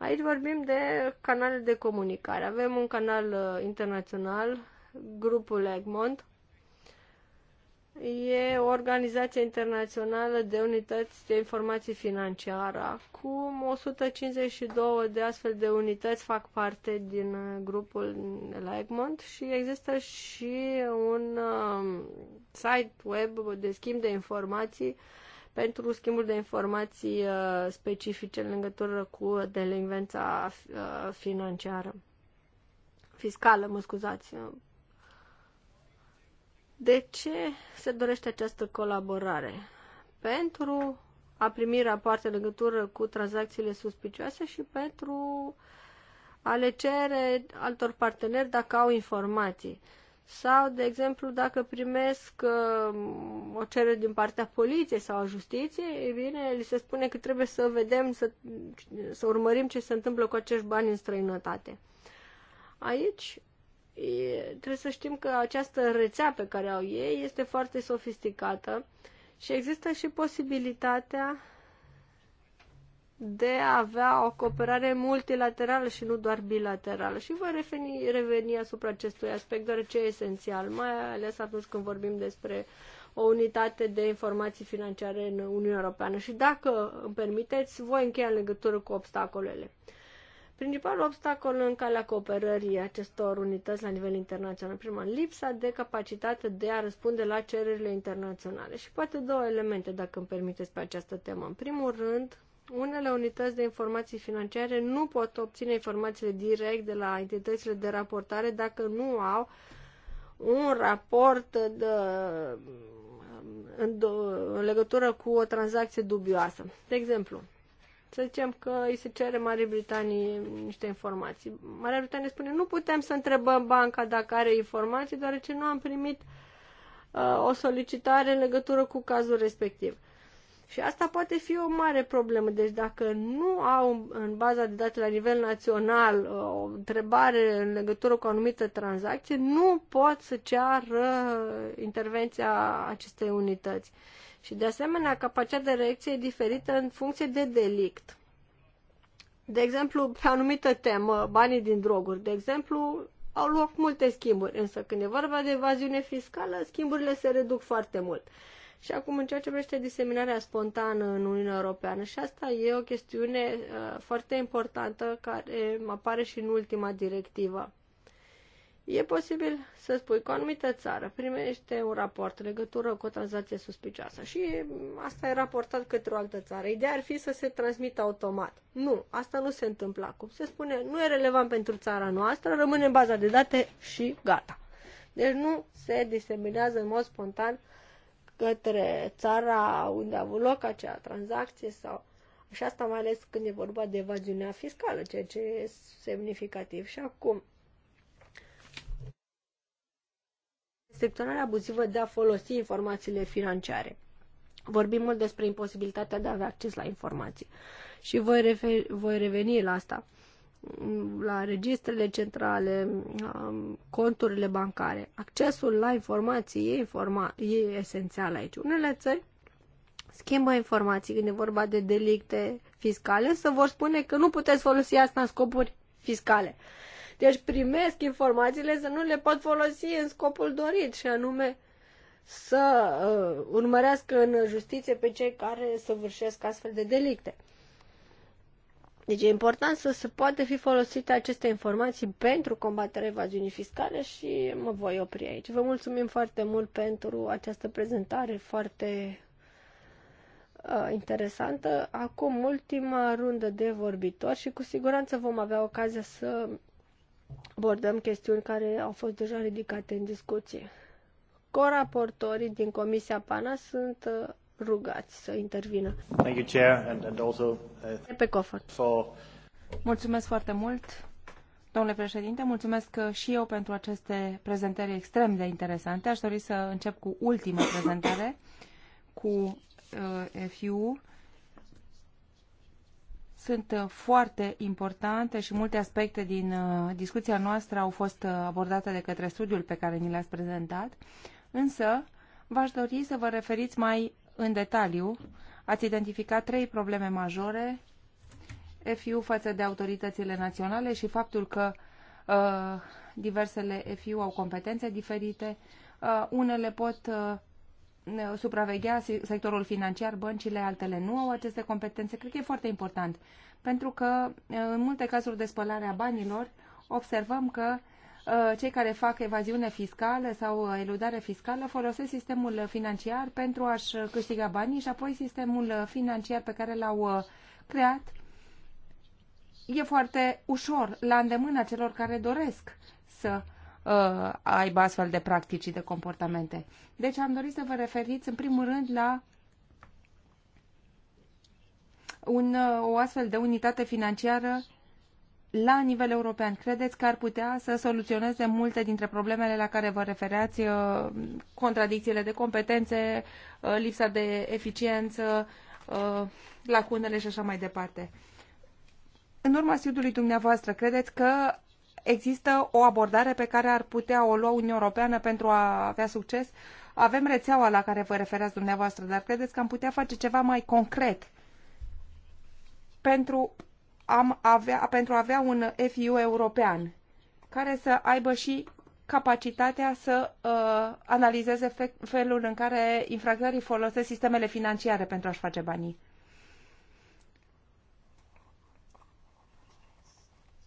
Aici vorbim de canale de comunicare. Avem un canal uh, internațional, grupul Egmont. E o organizație internațională de unități de informații financiară. Acum 152 de astfel de unități fac parte din uh, grupul la Egmont și există și un uh, site web de schimb de informații uh, pentru schimbul de informații uh, specifice în legătură cu delinvența uh, financiară, fiscală, mă scuzați. De ce se dorește această colaborare? Pentru a primi rapoarte în legătură cu tranzacțiile suspicioase și pentru a le cere altor parteneri dacă au informații sau, de exemplu, dacă primesc uh, o cerere din partea poliției sau a justiției, e bine, li se spune că trebuie să vedem, să, să urmărim ce se întâmplă cu acești bani în străinătate. Aici e, trebuie să știm că această rețea pe care au ei este foarte sofisticată și există și posibilitatea de a avea o cooperare multilaterală și nu doar bilaterală. Și voi reveni, reveni asupra acestui aspect, deoarece e esențial, mai ales atunci când vorbim despre o unitate de informații financiare în Uniunea Europeană. Și dacă îmi permiteți, voi încheia în legătură cu obstacolele. Principalul obstacol în calea cooperării acestor unități la nivel internațional, prima, lipsa de capacitate de a răspunde la cererile internaționale. Și poate două elemente, dacă îmi permiteți, pe această temă. În primul rând, unele unități de informații financiare nu pot obține informațiile direct de la entitățile de raportare dacă nu au un raport de, în, în legătură cu o tranzacție dubioasă. De exemplu, să zicem că îi se cere Marii Britanii niște informații. Marea Britanie spune, nu putem să întrebăm banca dacă are informații, deoarece nu am primit uh, o solicitare în legătură cu cazul respectiv. Uh, și asta poate fi o mare problemă. Deci dacă nu au în baza de date la nivel național uh, o întrebare în legătură cu o anumită tranzacție, nu pot să ceară intervenția acestei unități. Și de asemenea, capacitatea de reacție e diferită în funcție de delict. De exemplu, pe anumită temă, banii din droguri, de exemplu, au loc multe schimburi, însă când e vorba de evaziune fiscală, schimburile se reduc foarte mult. Și acum, în ceea ce privește diseminarea spontană în Uniunea Europeană, și asta e o chestiune uh, foarte importantă care apare și în ultima directivă. E posibil să spui că o anumită țară primește un raport în legătură cu o tranzacție suspicioasă și asta e raportat către o altă țară. Ideea ar fi să se transmită automat. Nu, asta nu se întâmplă acum. Se spune, nu e relevant pentru țara noastră, rămâne în baza de date și gata. Deci nu se diseminează în mod spontan către țara unde a avut loc acea tranzacție sau și asta mai ales când e vorba de evaziunea fiscală, ceea ce e semnificativ. Și acum, secționarea abuzivă de a folosi informațiile financiare. Vorbim mult despre imposibilitatea de a avea acces la informații. Și voi, refer, voi reveni la asta la registrele centrale, conturile bancare. Accesul la informații e, informa- e esențial aici. Unele țări schimbă informații când e vorba de delicte fiscale, să vor spune că nu puteți folosi asta în scopuri fiscale. Deci primesc informațiile să nu le pot folosi în scopul dorit și anume să uh, urmărească în justiție pe cei care săvârșesc astfel de delicte. Deci e important să se poată fi folosite aceste informații pentru combaterea evaziunii fiscale și mă voi opri aici. Vă mulțumim foarte mult pentru această prezentare foarte uh, interesantă. Acum ultima rundă de vorbitori și cu siguranță vom avea ocazia să abordăm chestiuni care au fost deja ridicate în discuție. Coraportorii din Comisia PANA sunt uh, rugați să intervină. Thank you, Chair, and, and also, uh, pe cofăr. For... Mulțumesc foarte mult, domnule președinte. Mulțumesc uh, și eu pentru aceste prezentări extrem de interesante. Aș dori să încep cu ultima prezentare, cu uh, FIU sunt uh, foarte importante și multe aspecte din uh, discuția noastră au fost abordate de către studiul pe care ni l-ați prezentat, însă v-aș dori să vă referiți mai în detaliu, ați identificat trei probleme majore, FIU față de autoritățile naționale și faptul că uh, diversele FIU au competențe diferite, uh, unele pot uh, supraveghea sectorul financiar, băncile, altele nu au aceste competențe. Cred că e foarte important, pentru că uh, în multe cazuri de spălare a banilor observăm că Uh, cei care fac evaziune fiscală sau uh, eludare fiscală folosesc sistemul financiar pentru a-și câștiga banii și apoi sistemul financiar pe care l-au uh, creat e foarte ușor la îndemâna celor care doresc să uh, aibă astfel de practici de comportamente. Deci am dorit să vă referiți în primul rând la un, o astfel de unitate financiară la nivel european, credeți că ar putea să soluționeze multe dintre problemele la care vă refereați, uh, contradicțiile de competențe, uh, lipsa de eficiență, uh, lacunele și așa mai departe? În urma studiului dumneavoastră, credeți că există o abordare pe care ar putea o lua Uniunea Europeană pentru a avea succes? Avem rețeaua la care vă referați dumneavoastră, dar credeți că am putea face ceva mai concret pentru am avea, pentru a avea un FIU european care să aibă și capacitatea să uh, analizeze fe- felul în care infractorii folosesc sistemele financiare pentru a-și face banii.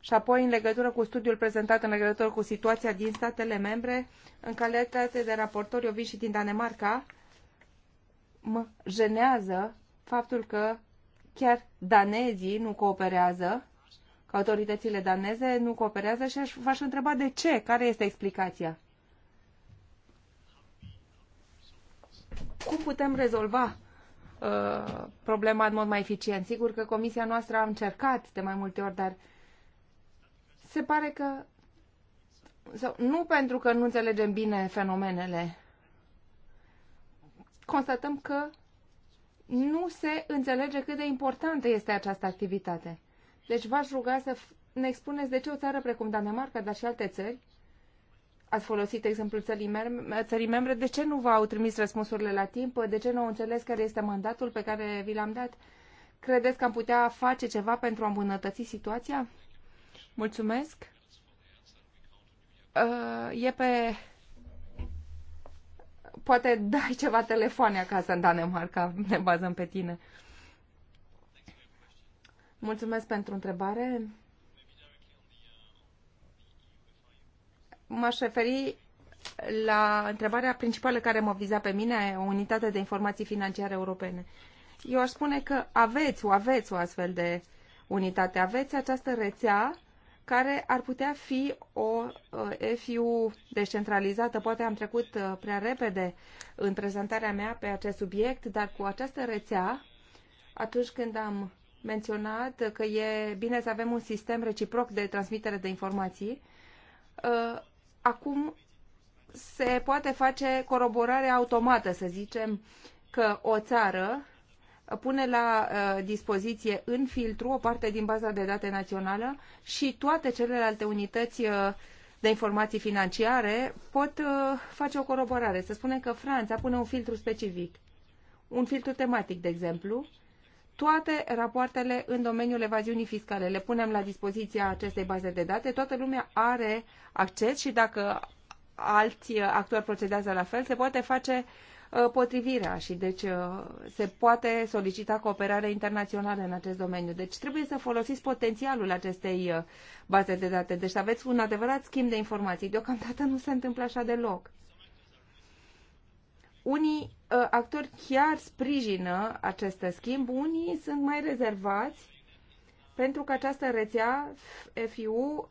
Și apoi, în legătură cu studiul prezentat în legătură cu situația din statele membre, în calitate de raportor, eu vin și din Danemarca, mă jenează faptul că chiar danezii nu cooperează, că autoritățile daneze nu cooperează și v-aș întreba de ce, care este explicația? Cum putem rezolva uh, problema în mod mai eficient? Sigur că comisia noastră a încercat de mai multe ori, dar se pare că sau, nu pentru că nu înțelegem bine fenomenele, constatăm că nu se înțelege cât de importantă este această activitate. Deci v-aș ruga să ne expuneți de ce o țară precum Danemarca, dar și alte țări, ați folosit exemplul țării, mem- țării membre, de ce nu v-au trimis răspunsurile la timp, de ce nu au înțeles care este mandatul pe care vi l-am dat? Credeți că am putea face ceva pentru a îmbunătăți situația? Mulțumesc! Uh, e pe poate dai ceva telefoane acasă în Danemarca, ne bazăm pe tine. Mulțumesc pentru întrebare. M-aș referi la întrebarea principală care mă viza pe mine, o unitate de informații financiare europene. Eu aș spune că aveți, o aveți o astfel de unitate, aveți această rețea care ar putea fi o uh, FIU descentralizată. Poate am trecut uh, prea repede în prezentarea mea pe acest subiect, dar cu această rețea, atunci când am menționat că e bine să avem un sistem reciproc de transmitere de informații, uh, acum se poate face coroborare automată, să zicem, că o țară pune la uh, dispoziție în filtru o parte din baza de date națională și toate celelalte unități uh, de informații financiare pot uh, face o coroborare. Să spunem că Franța pune un filtru specific, un filtru tematic, de exemplu, toate rapoartele în domeniul evaziunii fiscale. Le punem la dispoziția acestei baze de date. Toată lumea are acces și dacă alți actori procedează la fel, se poate face uh, Uh, potrivirea și deci uh, se poate solicita cooperare internațională în acest domeniu. Deci trebuie să folosiți potențialul acestei uh, baze de date. Deci aveți un adevărat schimb de informații. Deocamdată nu se întâmplă așa deloc unii actori chiar sprijină acest schimb, unii sunt mai rezervați pentru că această rețea FIU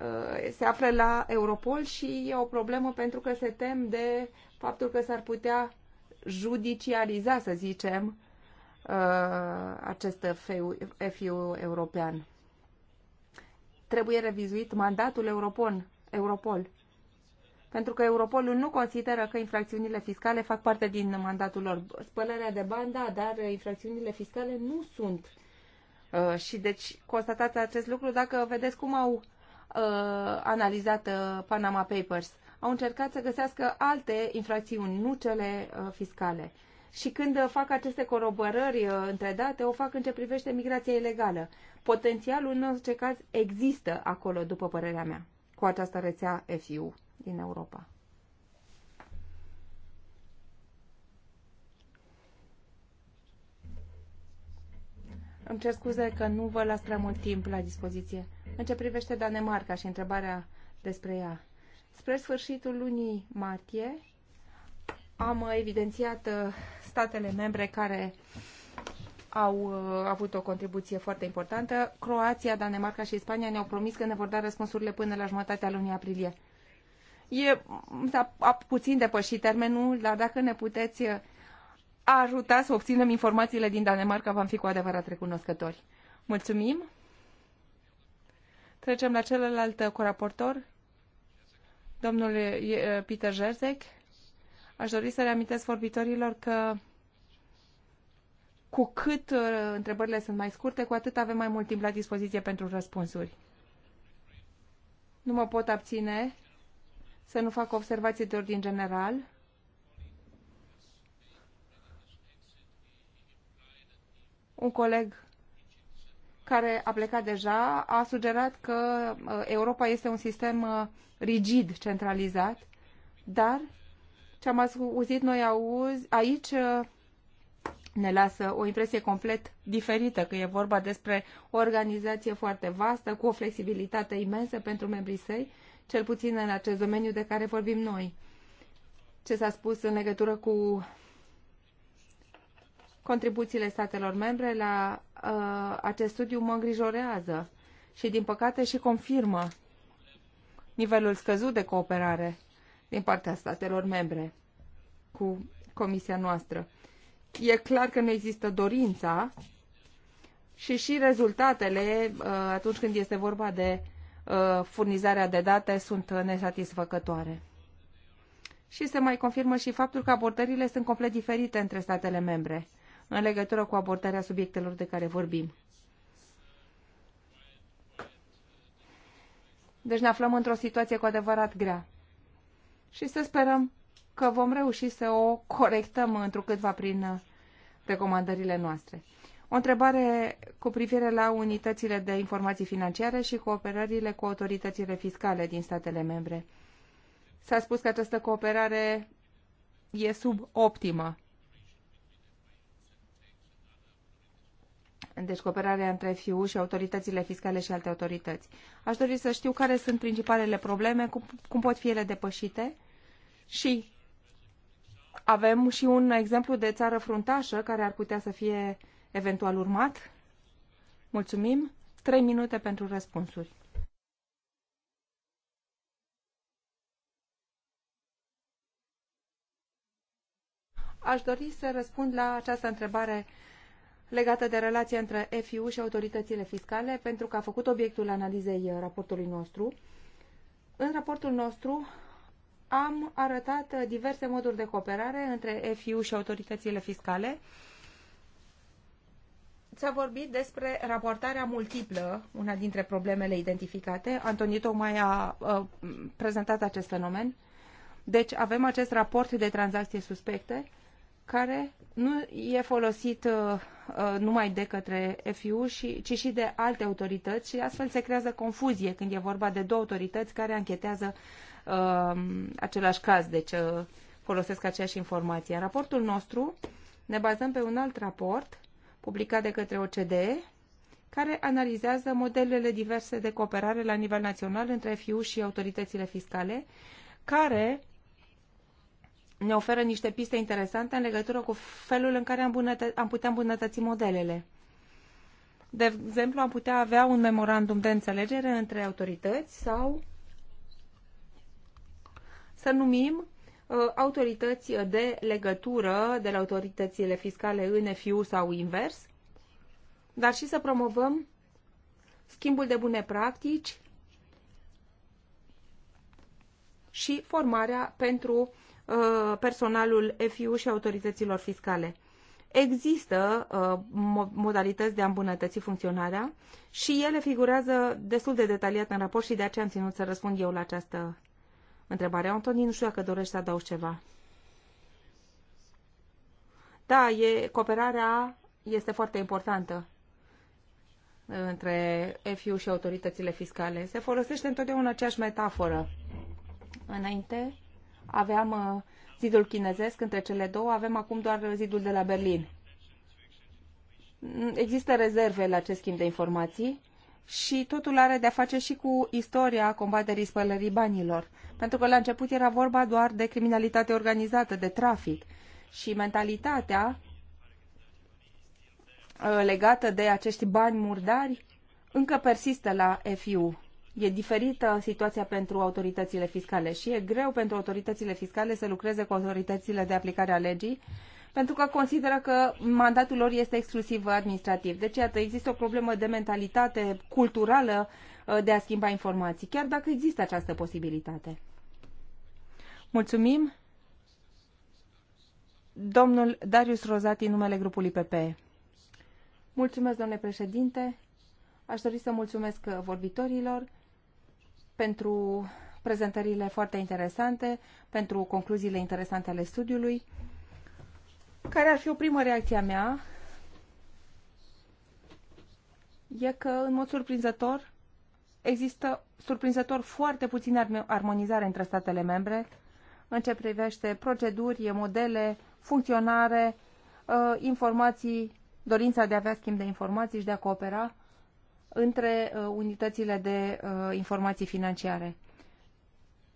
Uh, se află la Europol și e o problemă pentru că se tem de faptul că s-ar putea judicializa, să zicem, uh, acest FIU, european. Trebuie revizuit mandatul Europol, Europol. Pentru că Europolul nu consideră că infracțiunile fiscale fac parte din mandatul lor. Spălarea de bani, da, dar infracțiunile fiscale nu sunt. Uh, și deci constatați acest lucru dacă vedeți cum au Uh, analizată uh, Panama Papers. Au încercat să găsească alte infracțiuni, nu cele uh, fiscale. Și când fac aceste coroborări între date, o fac în ce privește migrația ilegală. Potențialul, în orice caz, există acolo, după părerea mea, cu această rețea FIU din Europa. Îmi cer scuze că nu vă las prea mult timp la dispoziție. În ce privește Danemarca și întrebarea despre ea. Spre sfârșitul lunii martie am evidențiat uh, statele membre care au uh, avut o contribuție foarte importantă. Croația, Danemarca și Spania ne-au promis că ne vor da răspunsurile până la jumătatea lunii aprilie. E da, a, puțin depășit termenul, dar dacă ne puteți uh, a ajuta să obținem informațiile din Danemarca, vom fi cu adevărat recunoscători. Mulțumim! Trecem la celălalt coraportor, domnul Peter Jerzek. Aș dori să reamintesc vorbitorilor că cu cât uh, întrebările sunt mai scurte, cu atât avem mai mult timp la dispoziție pentru răspunsuri. Nu mă pot abține să nu fac observații de ordin general Un coleg care a plecat deja a sugerat că uh, Europa este un sistem uh, rigid, centralizat, dar ce am auzit noi auzi, aici uh, ne lasă o impresie complet diferită, că e vorba despre o organizație foarte vastă, cu o flexibilitate imensă pentru membrii săi, cel puțin în acest domeniu de care vorbim noi. Ce s-a spus în legătură cu Contribuțiile statelor membre la uh, acest studiu mă îngrijorează și, din păcate, și confirmă nivelul scăzut de cooperare din partea statelor membre cu comisia noastră. E clar că nu există dorința și și rezultatele uh, atunci când este vorba de uh, furnizarea de date sunt nesatisfăcătoare. Și se mai confirmă și faptul că abordările sunt complet diferite între statele membre în legătură cu abordarea subiectelor de care vorbim. Deci ne aflăm într-o situație cu adevărat grea. Și să sperăm că vom reuși să o corectăm întrucâtva prin uh, recomandările noastre. O întrebare cu privire la unitățile de informații financiare și cooperările cu autoritățile fiscale din statele membre. S-a spus că această cooperare e suboptimă. deci între FIU și autoritățile fiscale și alte autorități. Aș dori să știu care sunt principalele probleme, cum, cum pot fi ele depășite și avem și un exemplu de țară fruntașă care ar putea să fie eventual urmat. Mulțumim. Trei minute pentru răspunsuri. Aș dori să răspund la această întrebare legată de relația între FIU și autoritățile fiscale, pentru că a făcut obiectul analizei uh, raportului nostru. În raportul nostru am arătat uh, diverse moduri de cooperare între FIU și autoritățile fiscale. S-a vorbit despre raportarea multiplă, una dintre problemele identificate. Antonio tocmai a, a uh, prezentat acest fenomen. Deci avem acest raport de tranzacție suspecte care nu e folosit uh, uh numai de către FIU, și, ci și de alte autorități și astfel se creează confuzie când e vorba de două autorități care anchetează uh, același caz, deci uh, folosesc aceeași informație. În raportul nostru ne bazăm pe un alt raport publicat de către OCDE, care analizează modelele diverse de cooperare la nivel național între FIU și autoritățile fiscale, care ne oferă niște piste interesante în legătură cu felul în care am, bunătă- am putea îmbunătăți modelele. De exemplu, am putea avea un memorandum de înțelegere între autorități sau să numim uh, autorități de legătură de la autoritățile fiscale în FIU sau invers, dar și să promovăm schimbul de bune practici și formarea pentru uh, Uh, personalul FIU și autorităților fiscale. Există uh, modalități de a îmbunătăți funcționarea și ele figurează destul de detaliat în raport și de aceea am ținut să răspund eu la această întrebare. Antonin, nu știu dacă dorești să adaugi ceva. Da, e, cooperarea este foarte importantă între FIU și autoritățile fiscale. Se folosește întotdeauna aceeași metaforă. Înainte aveam uh, zidul chinezesc între cele două, avem acum doar zidul de la Berlin. Mm, există rezerve la acest schimb de informații și totul are de-a face și cu istoria combaterii spălării banilor. Pentru că la început era vorba doar de criminalitate organizată, de trafic. Și mentalitatea uh, legată de acești bani murdari încă persistă la FIU. E diferită situația pentru autoritățile fiscale și e greu pentru autoritățile fiscale să lucreze cu autoritățile de aplicare a legii pentru că consideră că mandatul lor este exclusiv administrativ. Deci, iată, există o problemă de mentalitate culturală uh, de a schimba informații, chiar dacă există această posibilitate. Mulțumim. Domnul Darius Rozati, numele grupului PPE. Mulțumesc, domnule președinte. Aș dori să mulțumesc uh, vorbitorilor pentru prezentările foarte interesante, pentru concluziile interesante ale studiului. Care ar fi o primă reacție a mea? E că, în mod surprinzător, există surprinzător foarte puțină armonizare între statele membre în ce privește proceduri, modele, funcționare, uh, informații, dorința de a avea schimb de informații și de a coopera între uh, unitățile de uh, informații financiare.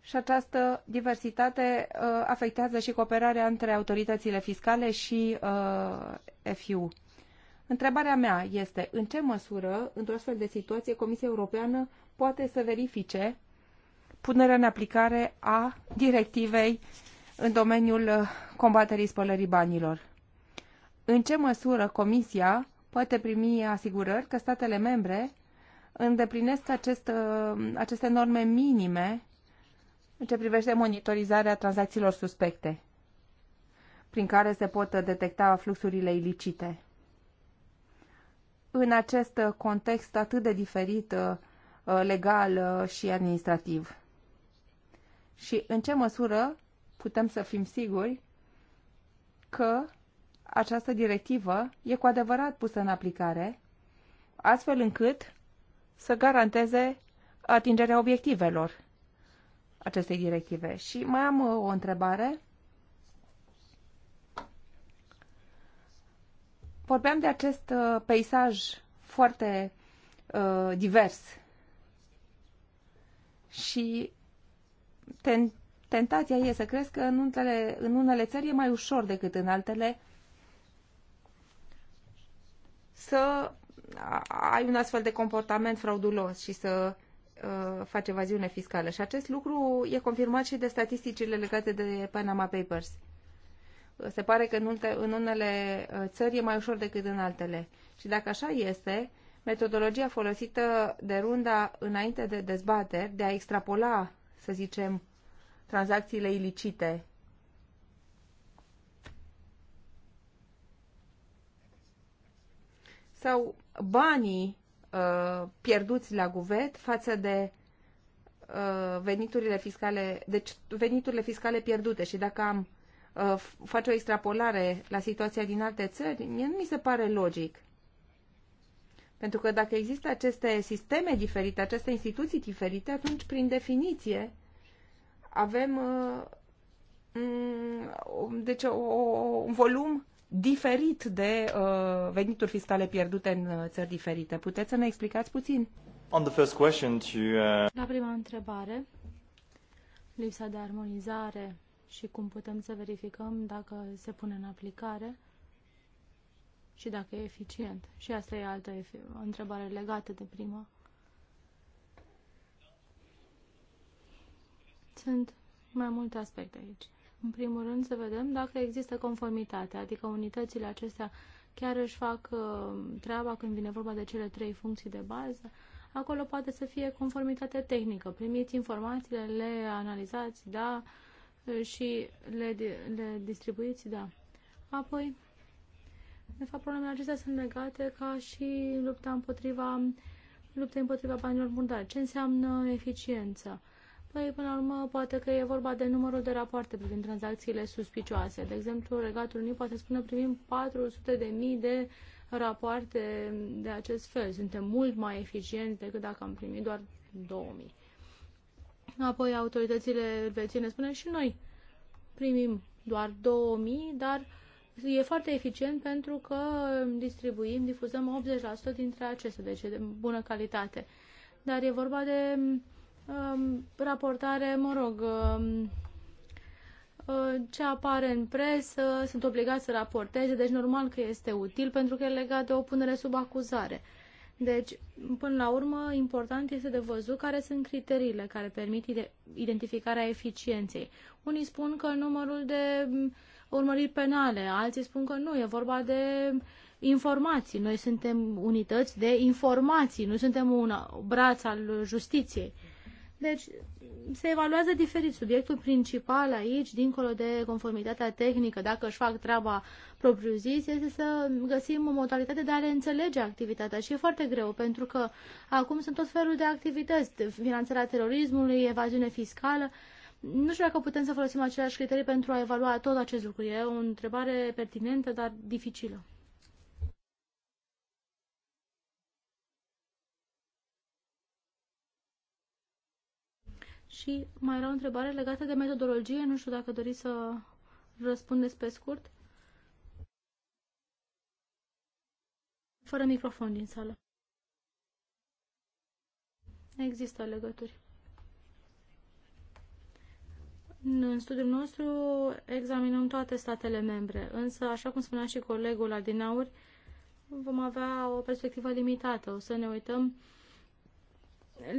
Și această diversitate uh, afectează și cooperarea între autoritățile fiscale și FIU. Întrebarea mea este, în ce măsură, într-o astfel de situație, Comisia Europeană poate să verifice punerea în aplicare a directivei în domeniul combaterii spălării banilor? În ce măsură Comisia poate primi asigurări că statele membre îndeplinesc acest, uh, aceste norme minime în ce privește monitorizarea tranzacțiilor suspecte, prin care se pot detecta fluxurile ilicite. În acest context atât de diferit uh, legal uh, și administrativ. Și în ce măsură putem să fim siguri că această directivă e cu adevărat pusă în aplicare, astfel încât să garanteze atingerea obiectivelor acestei directive. Și mai am uh, o întrebare. Vorbeam de acest uh, peisaj foarte uh, divers și ten, tentația e să crezi că în unele, în unele țări e mai ușor decât în altele să ai un astfel de comportament fraudulos și să uh, faci evaziune fiscală. Și acest lucru e confirmat și de statisticile legate de Panama Papers. Se pare că în unele uh, țări e mai ușor decât în altele. Și dacă așa este, metodologia folosită de runda înainte de dezbateri, de a extrapola, să zicem, tranzacțiile ilicite sau banii uh, pierduți la guvet față de uh, veniturile fiscale, deci veniturile fiscale pierdute și dacă am uh, face o extrapolare la situația din alte țări, mie nu mi se pare logic. Pentru că dacă există aceste sisteme diferite, aceste instituții diferite, atunci, prin definiție, avem uh, mm, deci, o, un volum diferit de uh, venituri fiscale pierdute în uh, țări diferite. Puteți să ne explicați puțin? On the first question to, uh... La prima întrebare, lipsa de armonizare și cum putem să verificăm dacă se pune în aplicare și dacă e eficient. Și asta e altă întrebare legată de prima. Sunt mai multe aspecte aici. În primul rând să vedem dacă există conformitate, adică unitățile acestea chiar își fac uh, treaba când vine vorba de cele trei funcții de bază. Acolo poate să fie conformitate tehnică. Primiți informațiile, le analizați, da, uh, și le, le distribuiți, da. Apoi, de fapt, problemele acestea sunt legate ca și lupta împotriva lupta împotriva banilor murdari. Ce înseamnă eficiență? Păi, până la urmă, poate că e vorba de numărul de rapoarte privind tranzacțiile suspicioase. De exemplu, Regatul Unit poate spune primim 400 de mii de rapoarte de acest fel. Suntem mult mai eficienți decât dacă am primit doar 2000. Apoi autoritățile elvețiene spune și noi primim doar 2000, dar e foarte eficient pentru că distribuim, difuzăm 80% dintre acestea, deci e de bună calitate. Dar e vorba de raportare, mă rog, um, uh, ce apare în presă, sunt obligați să raporteze, deci normal că este util pentru că e legat de o punere sub acuzare. Deci, până la urmă, important este de văzut care sunt criteriile care permit identificarea eficienței. Unii spun că numărul de um, urmăriri penale, alții spun că nu, e vorba de informații. Noi suntem unități de informații, nu suntem un braț al justiției. Deci se evaluează diferit. Subiectul principal aici, dincolo de conformitatea tehnică, dacă își fac treaba propriu-zis, este să găsim o modalitate de a le înțelege activitatea și e foarte greu, pentru că acum sunt tot felul de activități, finanțarea terorismului, evaziune fiscală. Nu știu dacă putem să folosim aceleași criterii pentru a evalua tot acest lucru. E o întrebare pertinentă, dar dificilă. Și mai era o întrebare legată de metodologie, nu știu dacă doriți să răspundeți pe scurt. Fără microfon din sală. Există legături. În studiul nostru examinăm toate statele membre, însă, așa cum spunea și colegul Adinauri, vom avea o perspectivă limitată. O să ne uităm uh,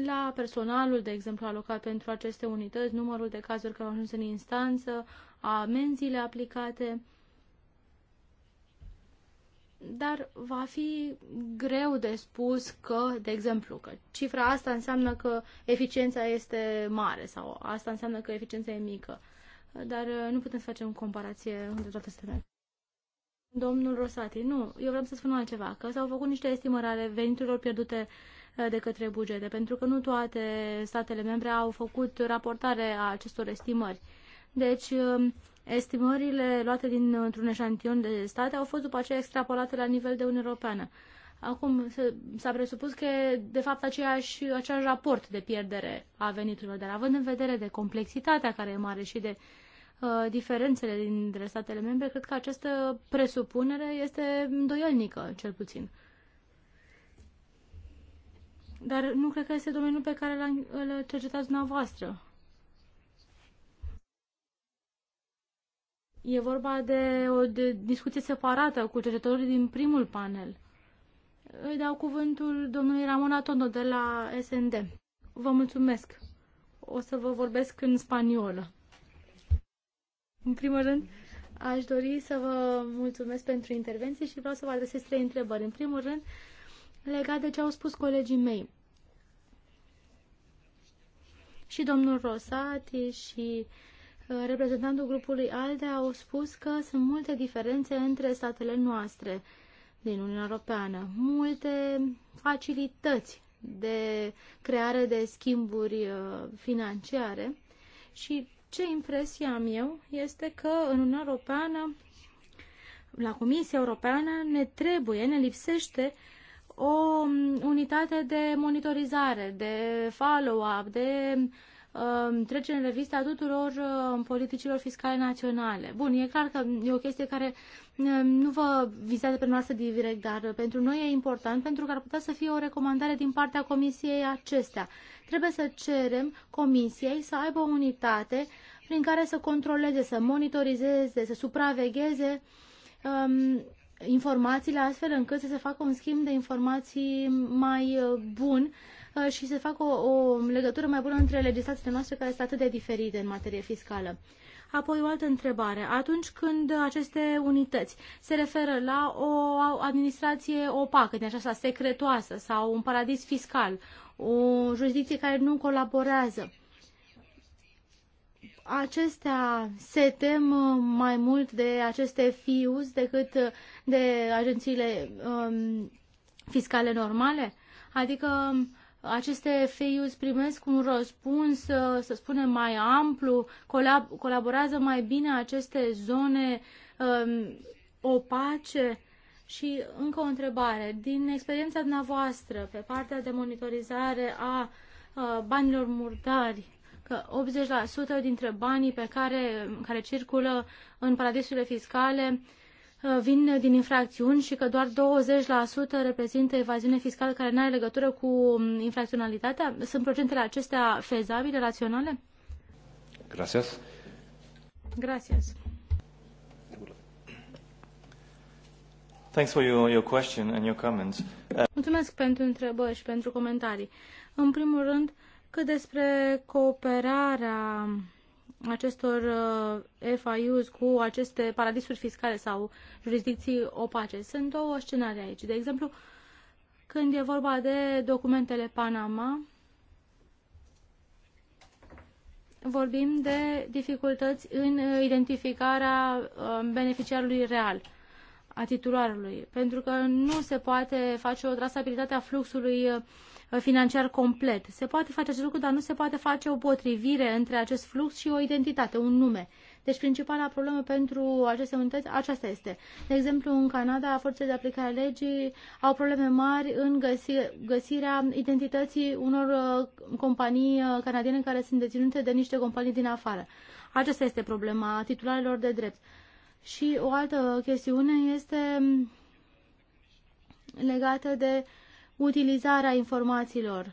la personalul, de exemplu, alocat pentru aceste unități, numărul de cazuri care au ajuns în instanță, amenziile aplicate, dar va fi greu de spus că, de exemplu, că cifra asta înseamnă că eficiența este mare sau asta înseamnă că eficiența e mică. Dar uh, nu putem să facem comparație între toate statele. Domnul Rosati, nu, eu vreau să spun altceva, că s-au făcut niște estimări ale veniturilor pierdute uh, Eh, de către bugete, pentru că nu toate statele membre au făcut raportare a acestor estimări. Deci, eh, estimările luate dintr-un eșantion de state au fost după aceea extrapolate la nivel de Uniune Europeană. Acum s-a presupus că, de fapt, aceeași, același raport de pierdere a veniturilor, dar având în vedere de complexitatea care e mare și de uh, diferențele dintre statele membre, cred că această presupunere este îndoielnică, cel puțin. Dar nu cred că este domeniul pe care îl cercetați dumneavoastră. E vorba de o de discuție separată cu cercetătorii din primul panel. Îi dau cuvântul domnului Ramon Atondo de la SND. Vă mulțumesc. O să vă vorbesc în spaniolă. În primul rând, aș dori să vă mulțumesc pentru intervenție și vreau să vă adresez trei întrebări. În primul rând, uh, legat de ce au spus colegii mei. Și domnul Rosati și uh, reprezentantul grupului ALDE au spus că sunt multe diferențe între statele noastre din Uniunea Europeană, multe facilități de creare de schimburi uh, financiare și ce impresie am eu este că în Uniunea Europeană, la Comisia Europeană, ne trebuie, ne lipsește uh, o um, unitate de monitorizare, de follow-up, de um, trece în revista tuturor um, politicilor fiscale naționale. Bun, e clar că e o chestie care nu vă vizează pe noastră direct, dar pentru noi e important pentru că ar putea să fie o recomandare din partea comisiei acestea. Trebuie să cerem comisiei să aibă o unitate prin care să controleze, să monitorizeze, să supravegheze informațiile astfel încât să se facă un schimb de informații mai uh, bun uh, și să facă o, o legătură mai bună între legislațiile noastre care sunt atât de diferite în materie fiscală. Apoi o altă întrebare. Atunci când aceste unități se referă la o administrație opacă, de aceasta secretoasă sau un paradis fiscal, o jurisdicție care nu colaborează, acestea se tem uh, mai mult de aceste fius decât de agențiile um, fiscale normale? Adică um, aceste fius primesc un răspuns, uh, să spunem, mai amplu, colab- colaborează mai bine aceste zone um, opace? Și încă o întrebare. Din experiența dumneavoastră pe partea de monitorizare a uh, banilor murdari, că 80% dintre banii pe care, care circulă în paradisurile fiscale uh, vin din infracțiuni și că doar 20% reprezintă evaziune fiscală care nu are legătură cu um, infracționalitatea? Sunt procentele acestea fezabile, raționale? Gracias. Gracias. Thanks for your, your question and your comments. Mulțumesc pentru întrebări și pentru comentarii. În primul rând, cât despre cooperarea acestor uh, FIUs cu aceste paradisuri fiscale sau jurisdicții opace. Sunt două scenarii aici. De exemplu, când e vorba de documentele Panama, vorbim de dificultăți în identificarea uh, beneficiarului real, a titularului, pentru că nu se poate face o trasabilitate a fluxului uh, Uh, financiar complet. Se poate face acest lucru, dar nu se poate face o potrivire între acest flux și o identitate, un nume. Deci principala problemă pentru aceste unități aceasta este. De exemplu, în Canada, forțele de aplicare a legii au probleme mari în găsi, găsirea identității unor uh, companii uh, canadiene care sunt deținute de niște companii din afară. Aceasta este problema titularilor de drept. Și o altă chestiune este mm, legată de uh, utilizarea informațiilor.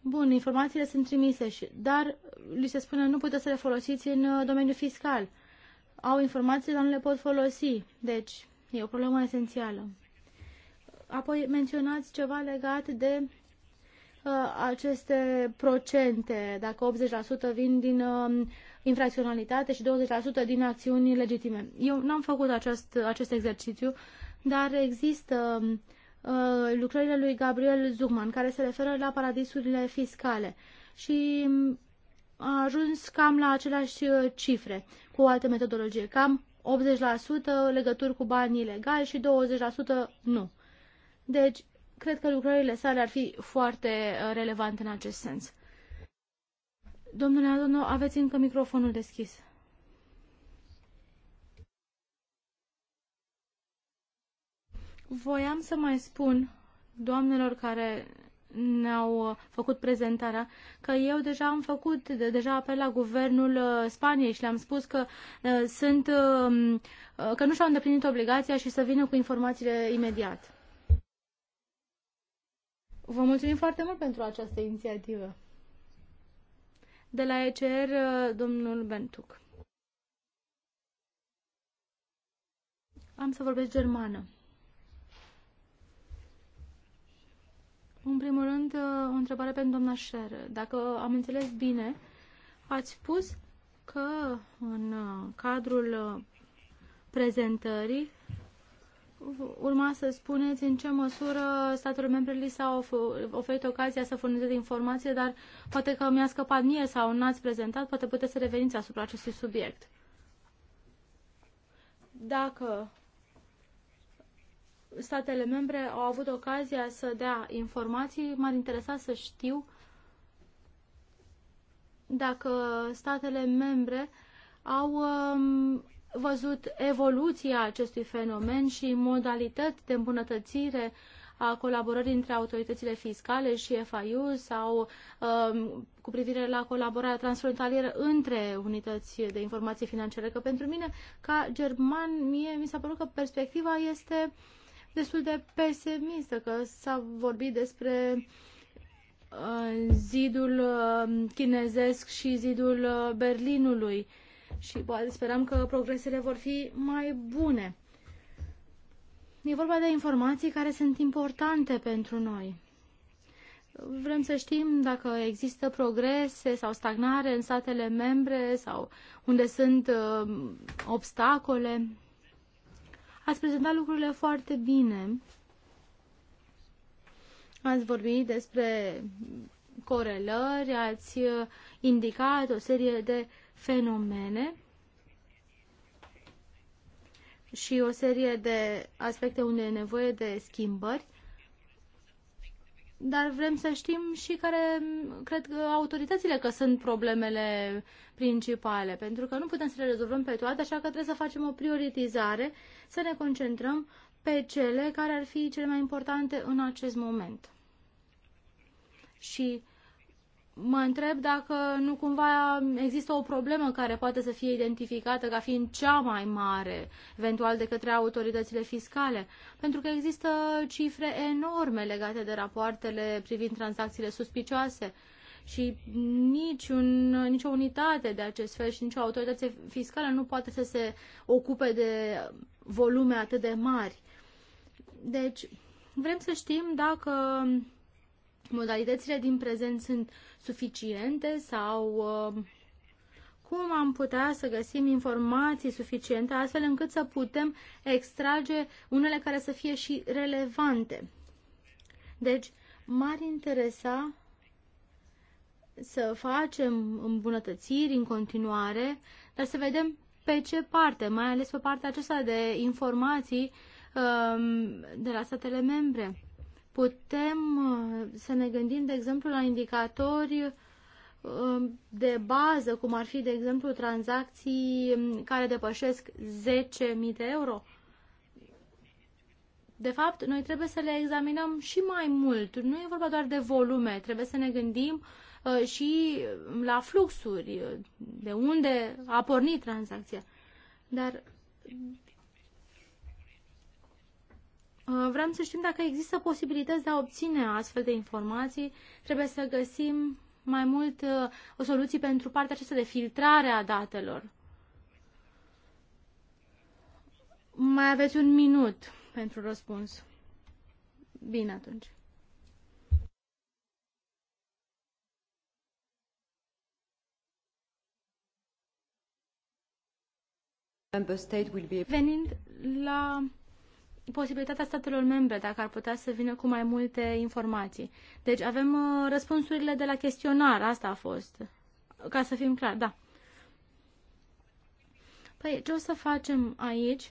Bun, informațiile sunt trimise, și, dar li se spune nu puteți să le folosiți în uh, domeniul fiscal. Au informații, dar nu le pot folosi. Deci, e o problemă esențială. Apoi menționați ceva legat de uh, aceste procente, dacă 80% vin din uh, infracționalitate și 20% din acțiuni legitime. Eu n-am făcut acest, acest exercițiu, dar există uh, Uh, lucrările lui Gabriel Zuman, care se referă la paradisurile fiscale și mm, a ajuns cam la aceleași uh, cifre cu o altă metodologie, cam 80% legături cu bani ilegali și 20% nu. Deci, cred că lucrările sale ar fi foarte uh, relevante în acest sens. Domnule Adono, aveți încă microfonul deschis. Voiam să mai spun doamnelor care ne-au uh, făcut prezentarea, că eu deja am făcut de, deja apel la guvernul uh, Spaniei și le-am spus că uh, sunt um, uh, că nu și-au îndeplinit obligația și să vină cu informațiile imediat. Vă mulțumim foarte mult pentru această inițiativă. De la ECR, uh, domnul Bentuc. Am să vorbesc germană. În primul rând, uh, o întrebare pentru doamna Șer. Dacă am înțeles bine, ați spus că în uh, cadrul uh, prezentării urma să spuneți în ce măsură statele membre li s-au oferit ocazia să furnizeze informație, dar poate că mi-a scăpat mie sau n-ați prezentat, poate puteți să reveniți asupra acestui subiect. Dacă statele membre au avut ocazia să dea informații. M-ar interesa să știu dacă statele membre au um, văzut evoluția acestui fenomen și modalități de îmbunătățire a colaborării între autoritățile fiscale și FIU sau um, cu privire la colaborarea transfrontalieră între unități de informații financiare. Că pentru mine, ca german, mie mi s-a părut că perspectiva este uh, destul de pesimistă, că s-a vorbit despre uh, zidul uh, chinezesc și zidul uh, Berlinului și poate sperăm că progresele vor fi mai bune. E vorba de informații care sunt importante pentru noi. Vrem să știm dacă există progrese sau stagnare în statele membre sau unde sunt uh, obstacole. Ați prezentat lucrurile foarte bine. Ați vorbit despre corelări, ați uh, indicat o serie de fenomene și o serie de aspecte unde e nevoie de schimbări, dar vrem să știm și care cred că autoritățile că sunt problemele principale, pentru că nu putem să le rezolvăm pe toate, așa că trebuie să facem o prioritizare să ne concentrăm pe cele care ar fi cele mai importante în acest moment. Și mă întreb dacă nu cumva există o problemă care poate să fie identificată ca fiind cea mai mare, eventual de către autoritățile fiscale, pentru că există cifre enorme legate de rapoartele privind tranzacțiile suspicioase și niciun, nicio unitate de acest fel și nicio autoritate fiscală nu poate să se ocupe de volume atât de mari. Deci, vrem să știm dacă modalitățile din prezent sunt suficiente sau uh, cum am putea să găsim informații suficiente astfel încât să putem extrage unele care să fie și relevante. Deci, m-ar interesa să facem îmbunătățiri în continuare, dar să vedem pe ce parte, mai ales pe partea aceasta de informații um, de la statele membre. Putem uh, să ne gândim, de exemplu, la indicatori um, de bază, cum ar fi, de exemplu, tranzacții um, care depășesc 10.000 de euro. De fapt, noi trebuie să le examinăm și mai mult. Nu e vorba doar de volume, trebuie să ne gândim uh, Uh, și la fluxuri, uh, de unde a pornit tranzacția. Dar uh, vreau să știm dacă există posibilități de a obține astfel de informații. Trebuie să găsim mai mult o soluție pentru partea aceasta de filtrare a datelor. Mai aveți un minut pentru răspuns. Bine atunci. Venind la posibilitatea statelor membre, dacă ar putea să vină cu mai multe informații. Deci avem uh, răspunsurile de la chestionar, asta a fost. Ca să fim clar, da. Păi ce o să facem aici?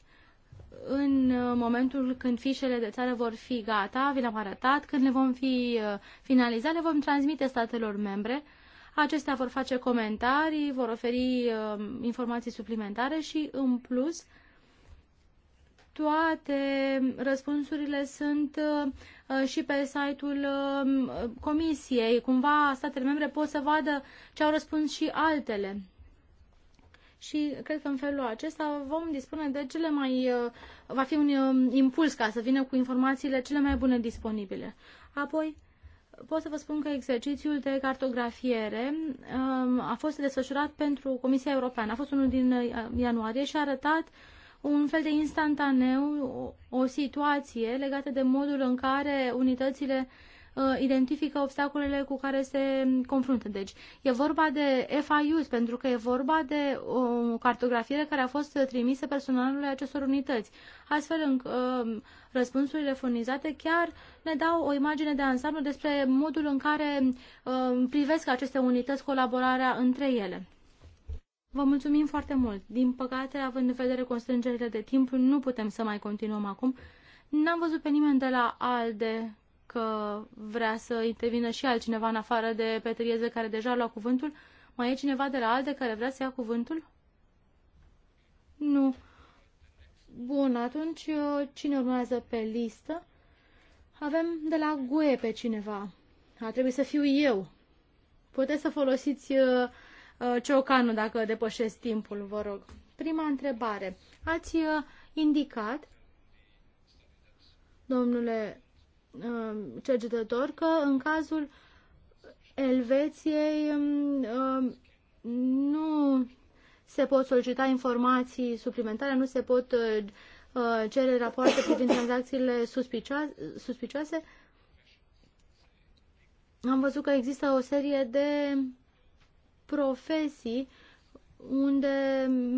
În uh, momentul când fișele de țară vor fi gata, vi le-am arătat, când le vom fi uh, finalizate, le vom transmite statelor membre Acestea vor face comentarii, vor oferi uh, informații suplimentare și, în plus, toate răspunsurile sunt uh, și pe site-ul uh, comisiei. Cumva statele membre pot să vadă ce au răspuns și altele. Și cred că în felul acesta vom dispune de cele mai... Uh, va fi un uh, impuls ca să vină cu informațiile cele mai bune disponibile. Apoi, pot să vă spun că exercițiul de cartografiere um, a fost desfășurat pentru Comisia Europeană. A fost unul din uh, ianuarie și a arătat un fel de instantaneu, o situație legată de modul în care unitățile Uh, identifică obstacolele cu care se confruntă. Deci e vorba de FIUs, pentru că e vorba de o cartografiere care a fost trimisă personalului acestor unități. Astfel, în, uh, răspunsurile furnizate chiar ne dau o imagine de ansamblu despre modul în care uh, privesc aceste unități colaborarea între ele. Vă mulțumim foarte mult. Din păcate, având în vedere constrângerile de timp, nu putem să mai continuăm acum. N-am văzut pe nimeni de la ALDE că vrea să intervină și altcineva în afară de Petrieze care deja lua cuvântul. Mai e cineva de la alte care vrea să ia cuvântul? Nu. Bun, atunci uh, cine urmează pe listă? Avem de la GUE pe cineva. A trebuit să fiu eu. Puteți să folosiți uh, uh ciocanul dacă depășesc timpul, vă rog. Prima întrebare. Ați uh, indicat, domnule Uh, cercetător că în cazul Elveției um, uh, nu se pot solicita informații suplimentare, nu se pot uh, cere rapoarte privind tranzacțiile suspicioase. Am văzut că există o serie de profesii uh, unde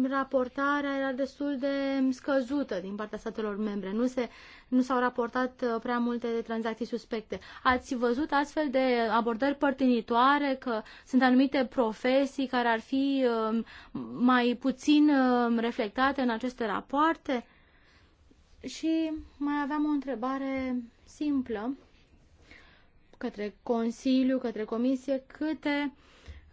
raportarea era destul de scăzută din partea statelor membre. Nu, se, nu s-au raportat uh, prea multe tranzacții suspecte. Ați văzut astfel de abordări părtinitoare că sunt anumite profesii care ar fi um, mai puțin um, reflectate în aceste rapoarte? Și mai aveam o întrebare simplă către Consiliu, către Comisie, câte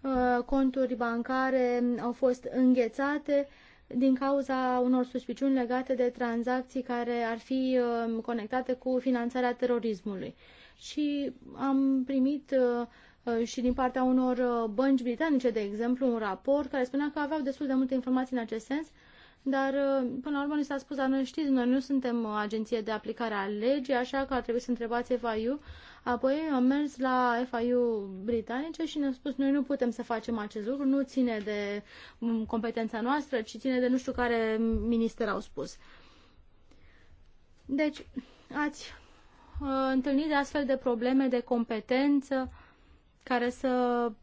Uh, conturi bancare au fost înghețate din cauza unor suspiciuni legate de tranzacții care ar fi uh, conectate cu finanțarea terorismului. Și am primit uh, și din partea unor bănci britanice, de exemplu, un raport care spunea că aveau destul de multe informații în acest sens, dar până la urmă ni s-a spus, dar noi știți, noi nu suntem agenție de aplicare a legii, așa că ar trebui să întrebați FIU Apoi am mers la FIU britanice și ne-au spus noi nu putem să facem acest lucru, nu ține de mm, competența noastră, ci ține de nu știu care minister au spus. Deci, ați uh, întâlnit astfel de probleme de competență care să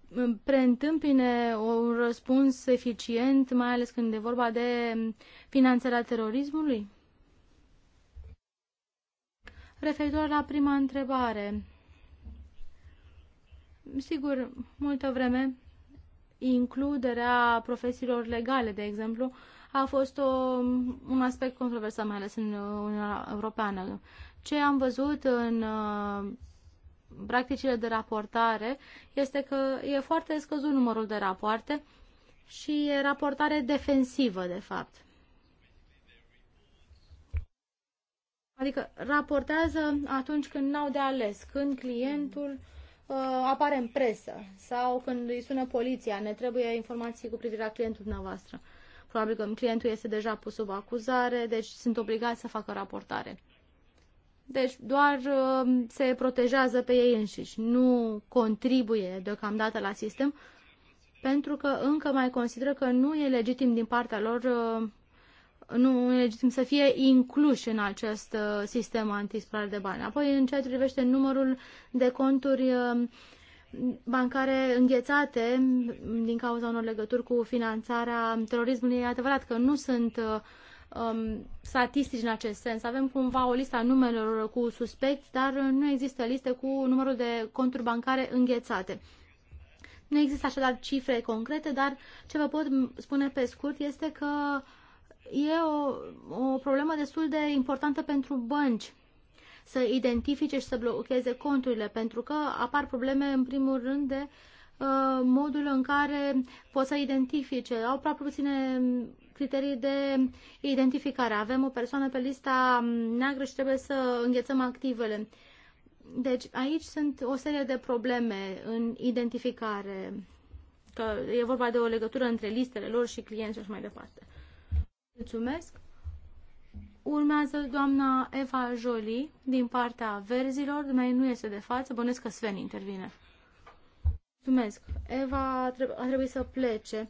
mm, preîntâmpine un răspuns eficient, mai ales când e vorba de mm, finanțarea terorismului? Referitor la prima întrebare, sigur, multă vreme includerea profesiilor legale, de exemplu, a fost o, un aspect controversat, mai ales în Uniunea Europeană. Ce am văzut în uh, practicile de raportare este că e foarte scăzut numărul de rapoarte și e raportare defensivă, de fapt. Adică raportează atunci când n-au de ales, când clientul uh, apare în presă sau când îi sună poliția, ne trebuie informații cu privire la clientul dumneavoastră. Probabil că clientul este deja pus sub acuzare, deci sunt obligați să facă raportare. Deci doar uh, se protejează pe ei înșiși, nu contribuie deocamdată la sistem, pentru că încă mai consideră că nu e legitim din partea lor uh, nu legitim să fie incluși în acest uh, sistem antispălare de bani. Apoi, în ceea ce privește numărul de conturi uh, bancare înghețate din cauza unor legături cu finanțarea terorismului, e adevărat că nu sunt uh, um, statistici în acest sens. Avem cumva o listă a numelor cu suspecți, dar nu există liste cu numărul de conturi bancare înghețate. Nu există așadar cifre concrete, dar ce vă pot spune pe scurt este că uh, e o, o problemă destul de importantă pentru bănci să identifice și să blocheze conturile, pentru că apar probleme în primul rând de uh, modul în care pot să identifice. Au prea puține criterii de identificare. Avem o persoană pe lista neagră și trebuie să înghețăm activele. Deci aici sunt o serie de probleme în identificare, că e vorba de o legătură între listele lor și clienți și așa mai departe. Mulțumesc. Urmează doamna Eva Jolie din partea verzilor, mai nu este de față, bănesc că Sven intervine. Mulțumesc. Eva a trebuit să plece.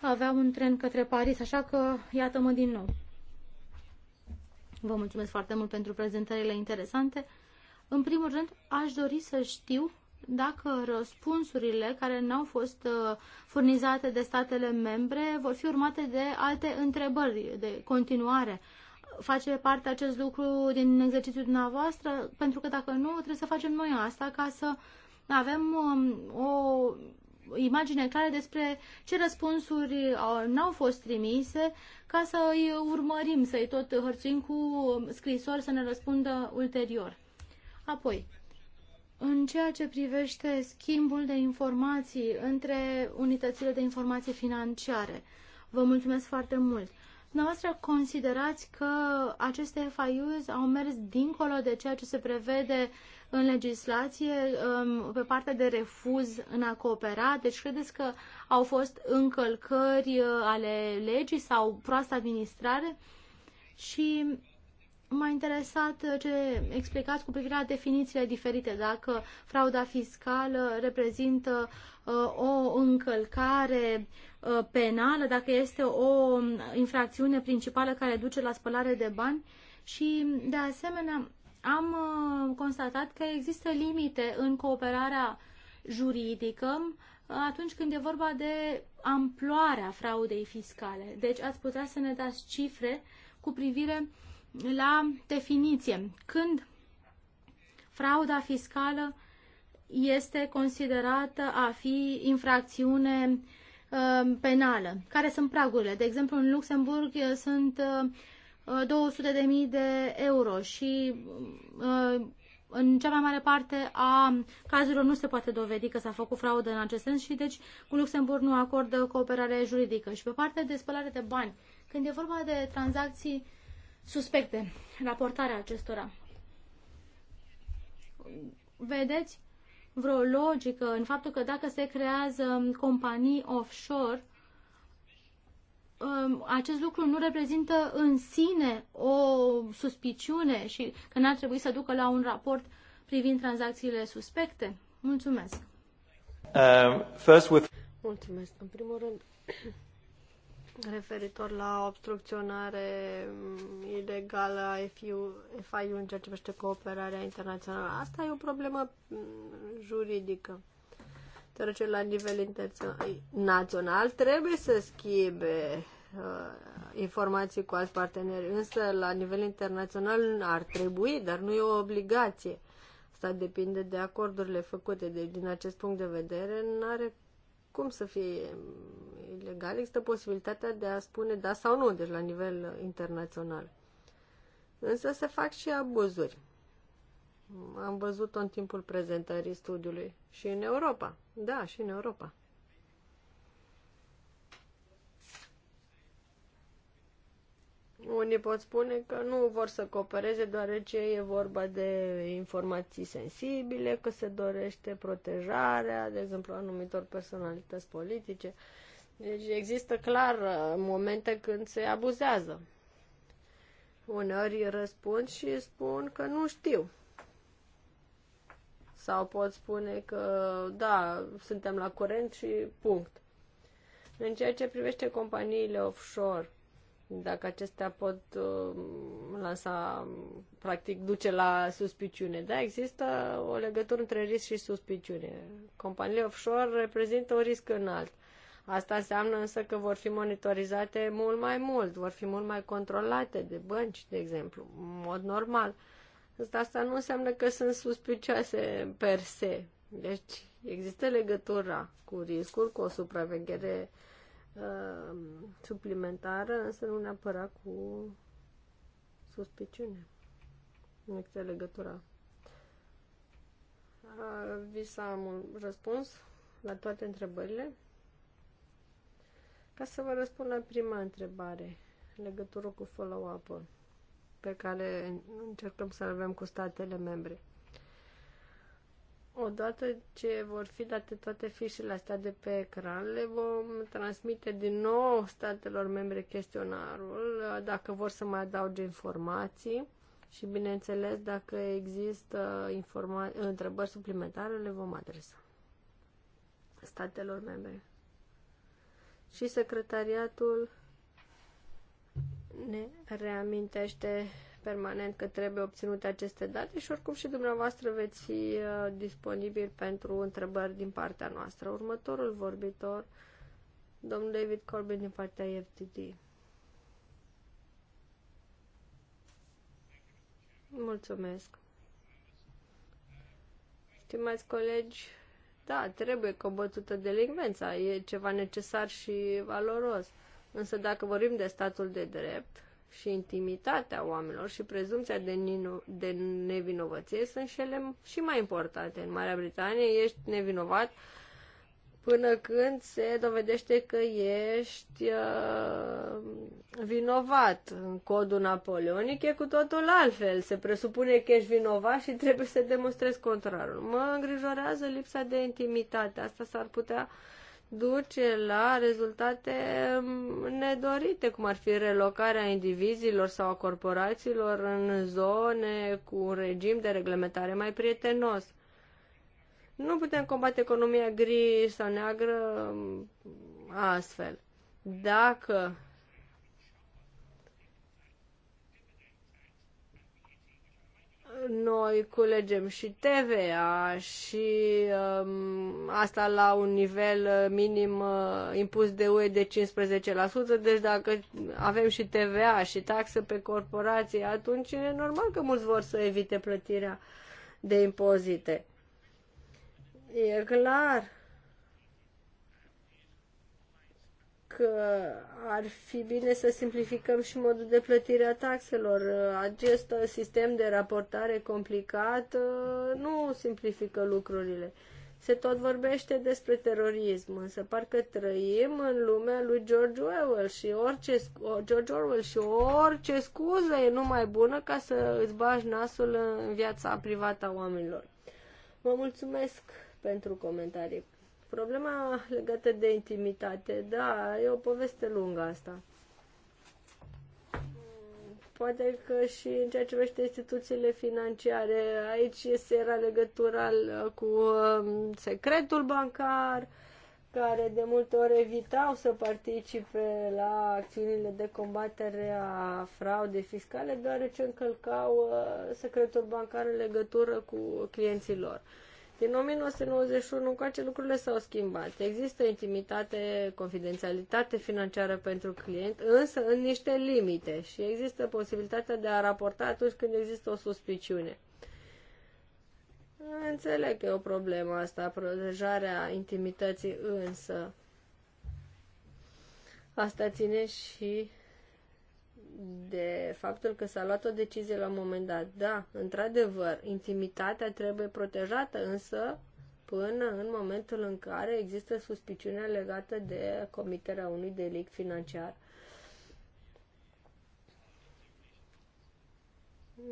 Avea un tren către Paris, așa că iată-mă din nou. Vă mulțumesc foarte mult pentru prezentările interesante. În primul rând, aș dori să știu dacă răspunsurile care n-au fost uh, furnizate de statele membre vor fi urmate de alte întrebări de continuare. Face parte acest lucru din exercițiul dumneavoastră? Pentru că dacă nu, trebuie să facem noi asta ca să avem um, o imagine clară despre ce răspunsuri uh, n-au fost trimise ca să îi urmărim, să-i tot hărțuim cu scrisori să ne răspundă ulterior. Apoi, în ceea ce privește schimbul de informații între unitățile de informații financiare, vă mulțumesc foarte mult. Noastră considerați că aceste FIUs au mers dincolo de ceea ce se prevede în legislație um, pe partea de refuz în a coopera? Deci credeți că au fost încălcări uh, ale legii sau proastă administrare? Și M-a interesat uh, ce explicați cu privire la definițiile diferite, dacă frauda fiscală reprezintă uh, o încălcare uh, penală, dacă este o infracțiune principală care duce la spălare de bani și, de asemenea, am uh, constatat că există limite în cooperarea juridică uh, atunci când e vorba de amploarea fraudei fiscale. Deci ați putea să ne dați cifre cu privire uh, la definiție. Când frauda fiscală este considerată a fi infracțiune uh, penală. Care sunt pragurile? De exemplu, în Luxemburg uh, sunt 200.000 uh, de euro și în cea mai mare parte a cazurilor nu se poate dovedi că s-a făcut fraudă în acest sens și deci cu Luxemburg nu acordă cooperare juridică. Și pe partea de spălare de bani, când e vorba de tranzacții suspecte, raportarea acestora. Vedeți vreo logică în faptul că dacă se creează companii offshore, um, acest lucru nu reprezintă în sine o suspiciune și că n-ar trebui să ducă la un raport privind tranzacțiile suspecte? Mulțumesc! Um, first with... Mulțumesc! În primul rând, referitor la obstrucționare ilegală a FIU, în ceea ce privește cooperarea internațională. Asta e o problemă mm, juridică. Deoarece la nivel național trebuie să schimbe uh, informații cu alți parteneri, însă la nivel internațional ar trebui, dar nu e o obligație. Asta depinde de acordurile făcute. Deci, din acest punct de vedere, nu are cum să fie ilegal, există posibilitatea de a spune da sau nu, deci la nivel internațional. Însă se fac și abuzuri. Am văzut-o în timpul prezentării studiului și în Europa. Da, și în Europa. Unii pot spune că nu vor să coopereze deoarece e vorba de informații sensibile, că se dorește protejarea, de exemplu, anumitor personalități politice. Deci există clar uh, momente când se abuzează. Uneori răspund și spun că nu știu. Sau pot spune că da, suntem la curent și punct. În ceea ce privește companiile offshore, dacă acestea pot uh, lansa, practic, duce la suspiciune. Da, există o legătură între risc și suspiciune. Companiile offshore reprezintă un risc înalt. Asta înseamnă însă că vor fi monitorizate mult mai mult, vor fi mult mai controlate de bănci, de exemplu, în mod normal. Dar asta nu înseamnă că sunt suspicioase per se. Deci există legătura cu riscul, cu o supraveghere uh, uh, suplimentară, însă nu neapărat cu suspiciune. Nu există legătura. Uh, vi s un răspuns la toate întrebările. Ca să vă răspund la prima întrebare, în legătură cu follow-up-ul pe care încercăm să-l avem cu statele membre. Odată ce vor fi date toate fișele astea de pe ecran, le vom transmite din nou statelor membre chestionarul, dacă vor să mai adauge informații și, bineînțeles, dacă există întrebări suplimentare, le vom adresa statelor membre. Și secretariatul ne reamintește permanent că trebuie obținute aceste date și oricum și dumneavoastră veți fi uh, disponibil pentru întrebări din partea noastră. Următorul vorbitor, domnul David Corbin din partea FTD. Mulțumesc. Stimați colegi, da, trebuie combătută delinvența, e ceva necesar și valoros. Însă dacă vorbim de statul de drept, și intimitatea oamenilor și prezumția de, nino- de nevinovăție sunt cele și mai importante. În Marea Britanie ești nevinovat până când se dovedește că ești uh, vinovat. În codul napoleonic e cu totul altfel. Se presupune că ești vinovat și trebuie să demonstrezi contrarul. Mă îngrijorează lipsa de intimitate. Asta s-ar putea uh, duce la rezultate nedorite, cum ar fi relocarea indivizilor sau a corporațiilor în zone cu un regim de reglementare mai prietenos. Nu putem combate economia gri sau neagră astfel. Dacă noi culegem și TVA și um, asta la un nivel uh, minim uh, impus de UE de 15%, deci dacă avem și TVA și taxă pe corporații, atunci e normal că mulți vor să evite plătirea de impozite. E clar ar fi bine să simplificăm și modul de plătire a taxelor. Acest sistem de raportare complicat nu simplifică lucrurile. Se tot vorbește despre terorism, însă parcă trăim în lumea lui George Orwell și orice, George Orwell și orice scuză e numai bună ca să îți bagi nasul în viața privată a oamenilor. Vă mulțumesc pentru comentarii. Problema legată de intimitate, da, e o poveste lungă asta. Poate că și în ceea ce vește instituțiile financiare, aici era legătura uh, cu um, secretul bancar, care de multe ori evitau să participe la acțiunile de combatere a fraudei fiscale, deoarece încălcau uh, secretul bancar în legătură cu clienții lor. Din 1991 încoace lucrurile s-au schimbat. Există intimitate, confidențialitate financiară pentru client, însă în niște limite și există posibilitatea de a raporta atunci când există o suspiciune. Înțeleg că e o problemă asta, protejarea intimității, însă asta ține și de faptul că s-a luat o decizie la un moment dat. Da, într-adevăr, intimitatea trebuie protejată, însă până în momentul în care există suspiciunea legată de comiterea unui delict financiar.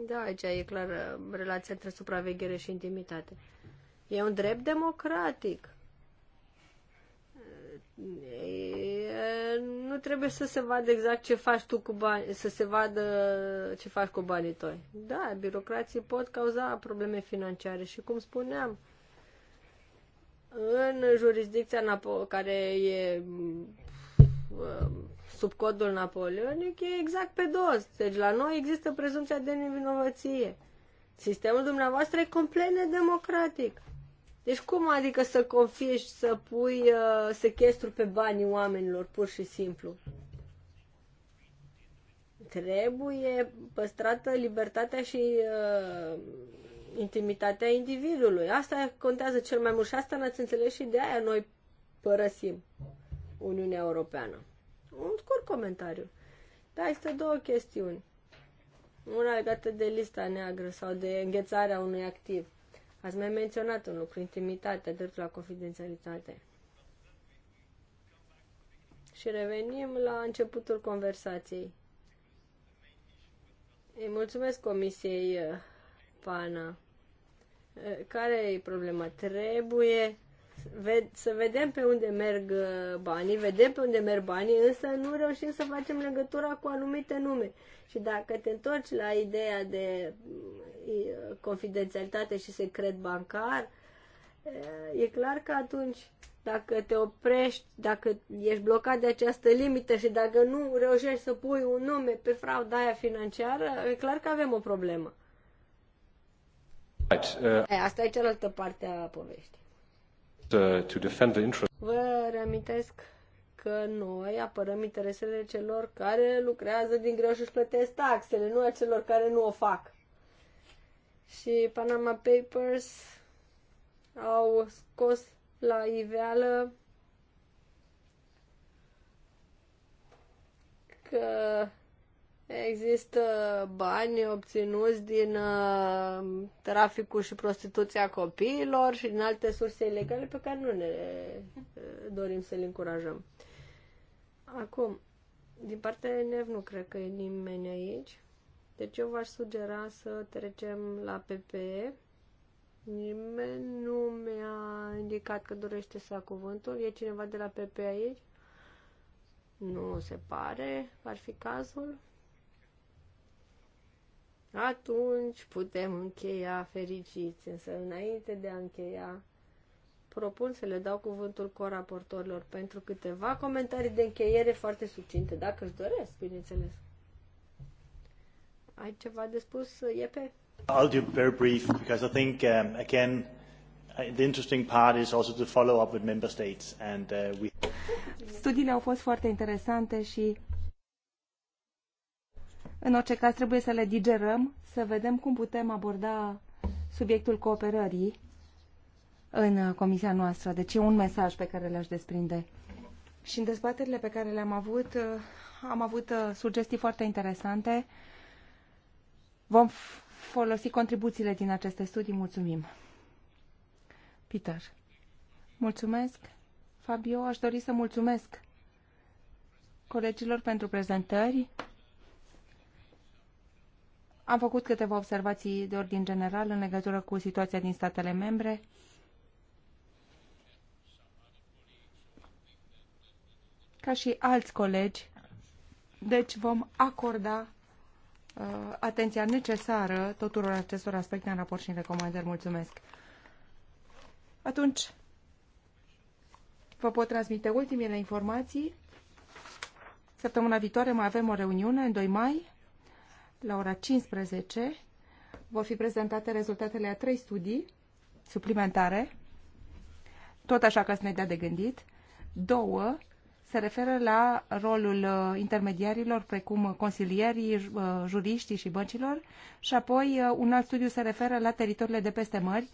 Da, aici e clar relația între supraveghere și intimitate. E un drept democratic. E nu trebuie să se vadă exact ce faci tu cu bani, să se vadă ce faci cu banii tăi. Da, birocrații pot cauza probleme financiare și cum spuneam, în jurisdicția Napo- care e sub codul napoleonic e exact pe dos. Deci la noi există prezumția de nevinovăție. Sistemul dumneavoastră e complet nedemocratic. Deci cum adică să confiști, să pui uh, sechestru pe banii oamenilor, pur și simplu? Trebuie păstrată libertatea și uh, intimitatea individului. Asta contează cel mai mult și asta n-ați înțeles și de aia noi părăsim Uniunea Europeană. Un scurt comentariu. Da, există două chestiuni. Una legată de lista neagră sau de înghețarea unui activ. Ați mai menționat un lucru, intimitate, dreptul la confidențialitate. Și revenim la începutul conversației. Îi mulțumesc Comisiei eh, Pana. Eh, care e problema? Trebuie să vedem pe unde merg uh, banii, vedem pe unde merg banii, însă nu reușim să facem legătura cu anumite nume. Și dacă te întorci la ideea de mm, confidențialitate și secret bancar, uh, e clar că atunci dacă te oprești, dacă ești blocat de această limită și dacă nu reușești să pui un nume pe frauda aia financiară, e clar că avem o problemă. Uh, asta e cealaltă parte a poveștii. Uh, to defend the interest. Vă reamintesc că noi apărăm interesele celor care lucrează din greu și își plătesc taxele, nu a celor care nu o fac. Și Panama Papers au scos la iveală că Există bani obținuți din uh, traficul și prostituția copiilor și din alte surse ilegale pe care nu ne uh, dorim să le încurajăm. Acum, din partea NEV nu cred că e nimeni aici. Deci eu v-aș sugera să trecem la PPE. Nimeni nu mi-a indicat că dorește să ia cuvântul. E cineva de la PP aici? Nu se pare. Ar fi cazul atunci putem încheia fericiți. Însă înainte de a încheia, propun să le dau cuvântul coraportorilor pentru câteva comentarii de încheiere foarte subținte, dacă își doresc, bineînțeles. Ai ceva de spus, Iepe? I'll do very brief because I think um, again uh, the interesting part is also to follow up with member states and uh, we Studiile au fost foarte interesante și în orice caz, trebuie să le digerăm, să vedem cum putem aborda subiectul cooperării în comisia noastră. Deci e un mesaj pe care l-aș desprinde. Și în dezbaterile pe care le-am avut, uh, am avut uh, sugestii foarte interesante. Vom folosi contribuțiile din aceste studii. Mulțumim. Peter. Mulțumesc. Fabio, aș dori să mulțumesc colegilor pentru prezentări. Am făcut câteva observații de ordin general în legătură cu situația din statele membre. Ca și alți colegi, deci vom acorda uh, atenția necesară tuturor acestor aspecte în raport și în recomandări. Mulțumesc! Atunci, vă pot transmite ultimele informații. Săptămâna viitoare mai avem o reuniune, în 2 mai, la ora 15, vor fi prezentate rezultatele a trei studii suplimentare, tot așa ca să ne dea de gândit. Două se referă la rolul uh, intermediarilor, precum consilierii, uh, juriștii și băncilor, și apoi uh, un alt studiu se referă la teritoriile de peste mări,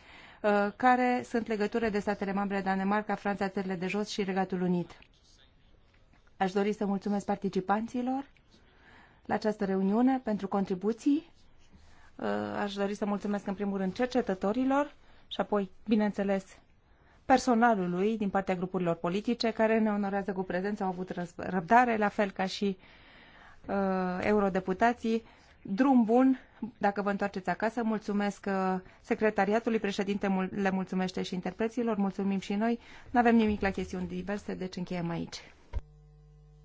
care sunt legăture de statele membre Danemarca, Franța, țările de jos și Regatul Unit. Aș dori să mulțumesc participanților la această reuniune pentru contribuții. Uh, aș dori să mulțumesc în primul rând cercetătorilor și apoi, bineînțeles, personalului din partea grupurilor politice care ne onorează cu prezența, au avut răbdare, la fel ca și uh, eurodeputații. Drum bun, dacă vă întoarceți acasă, mulțumesc uh, secretariatului, președinte le mulțumește și interpreților, mulțumim și noi. Nu avem nimic la chestiuni diverse, deci încheiem aici.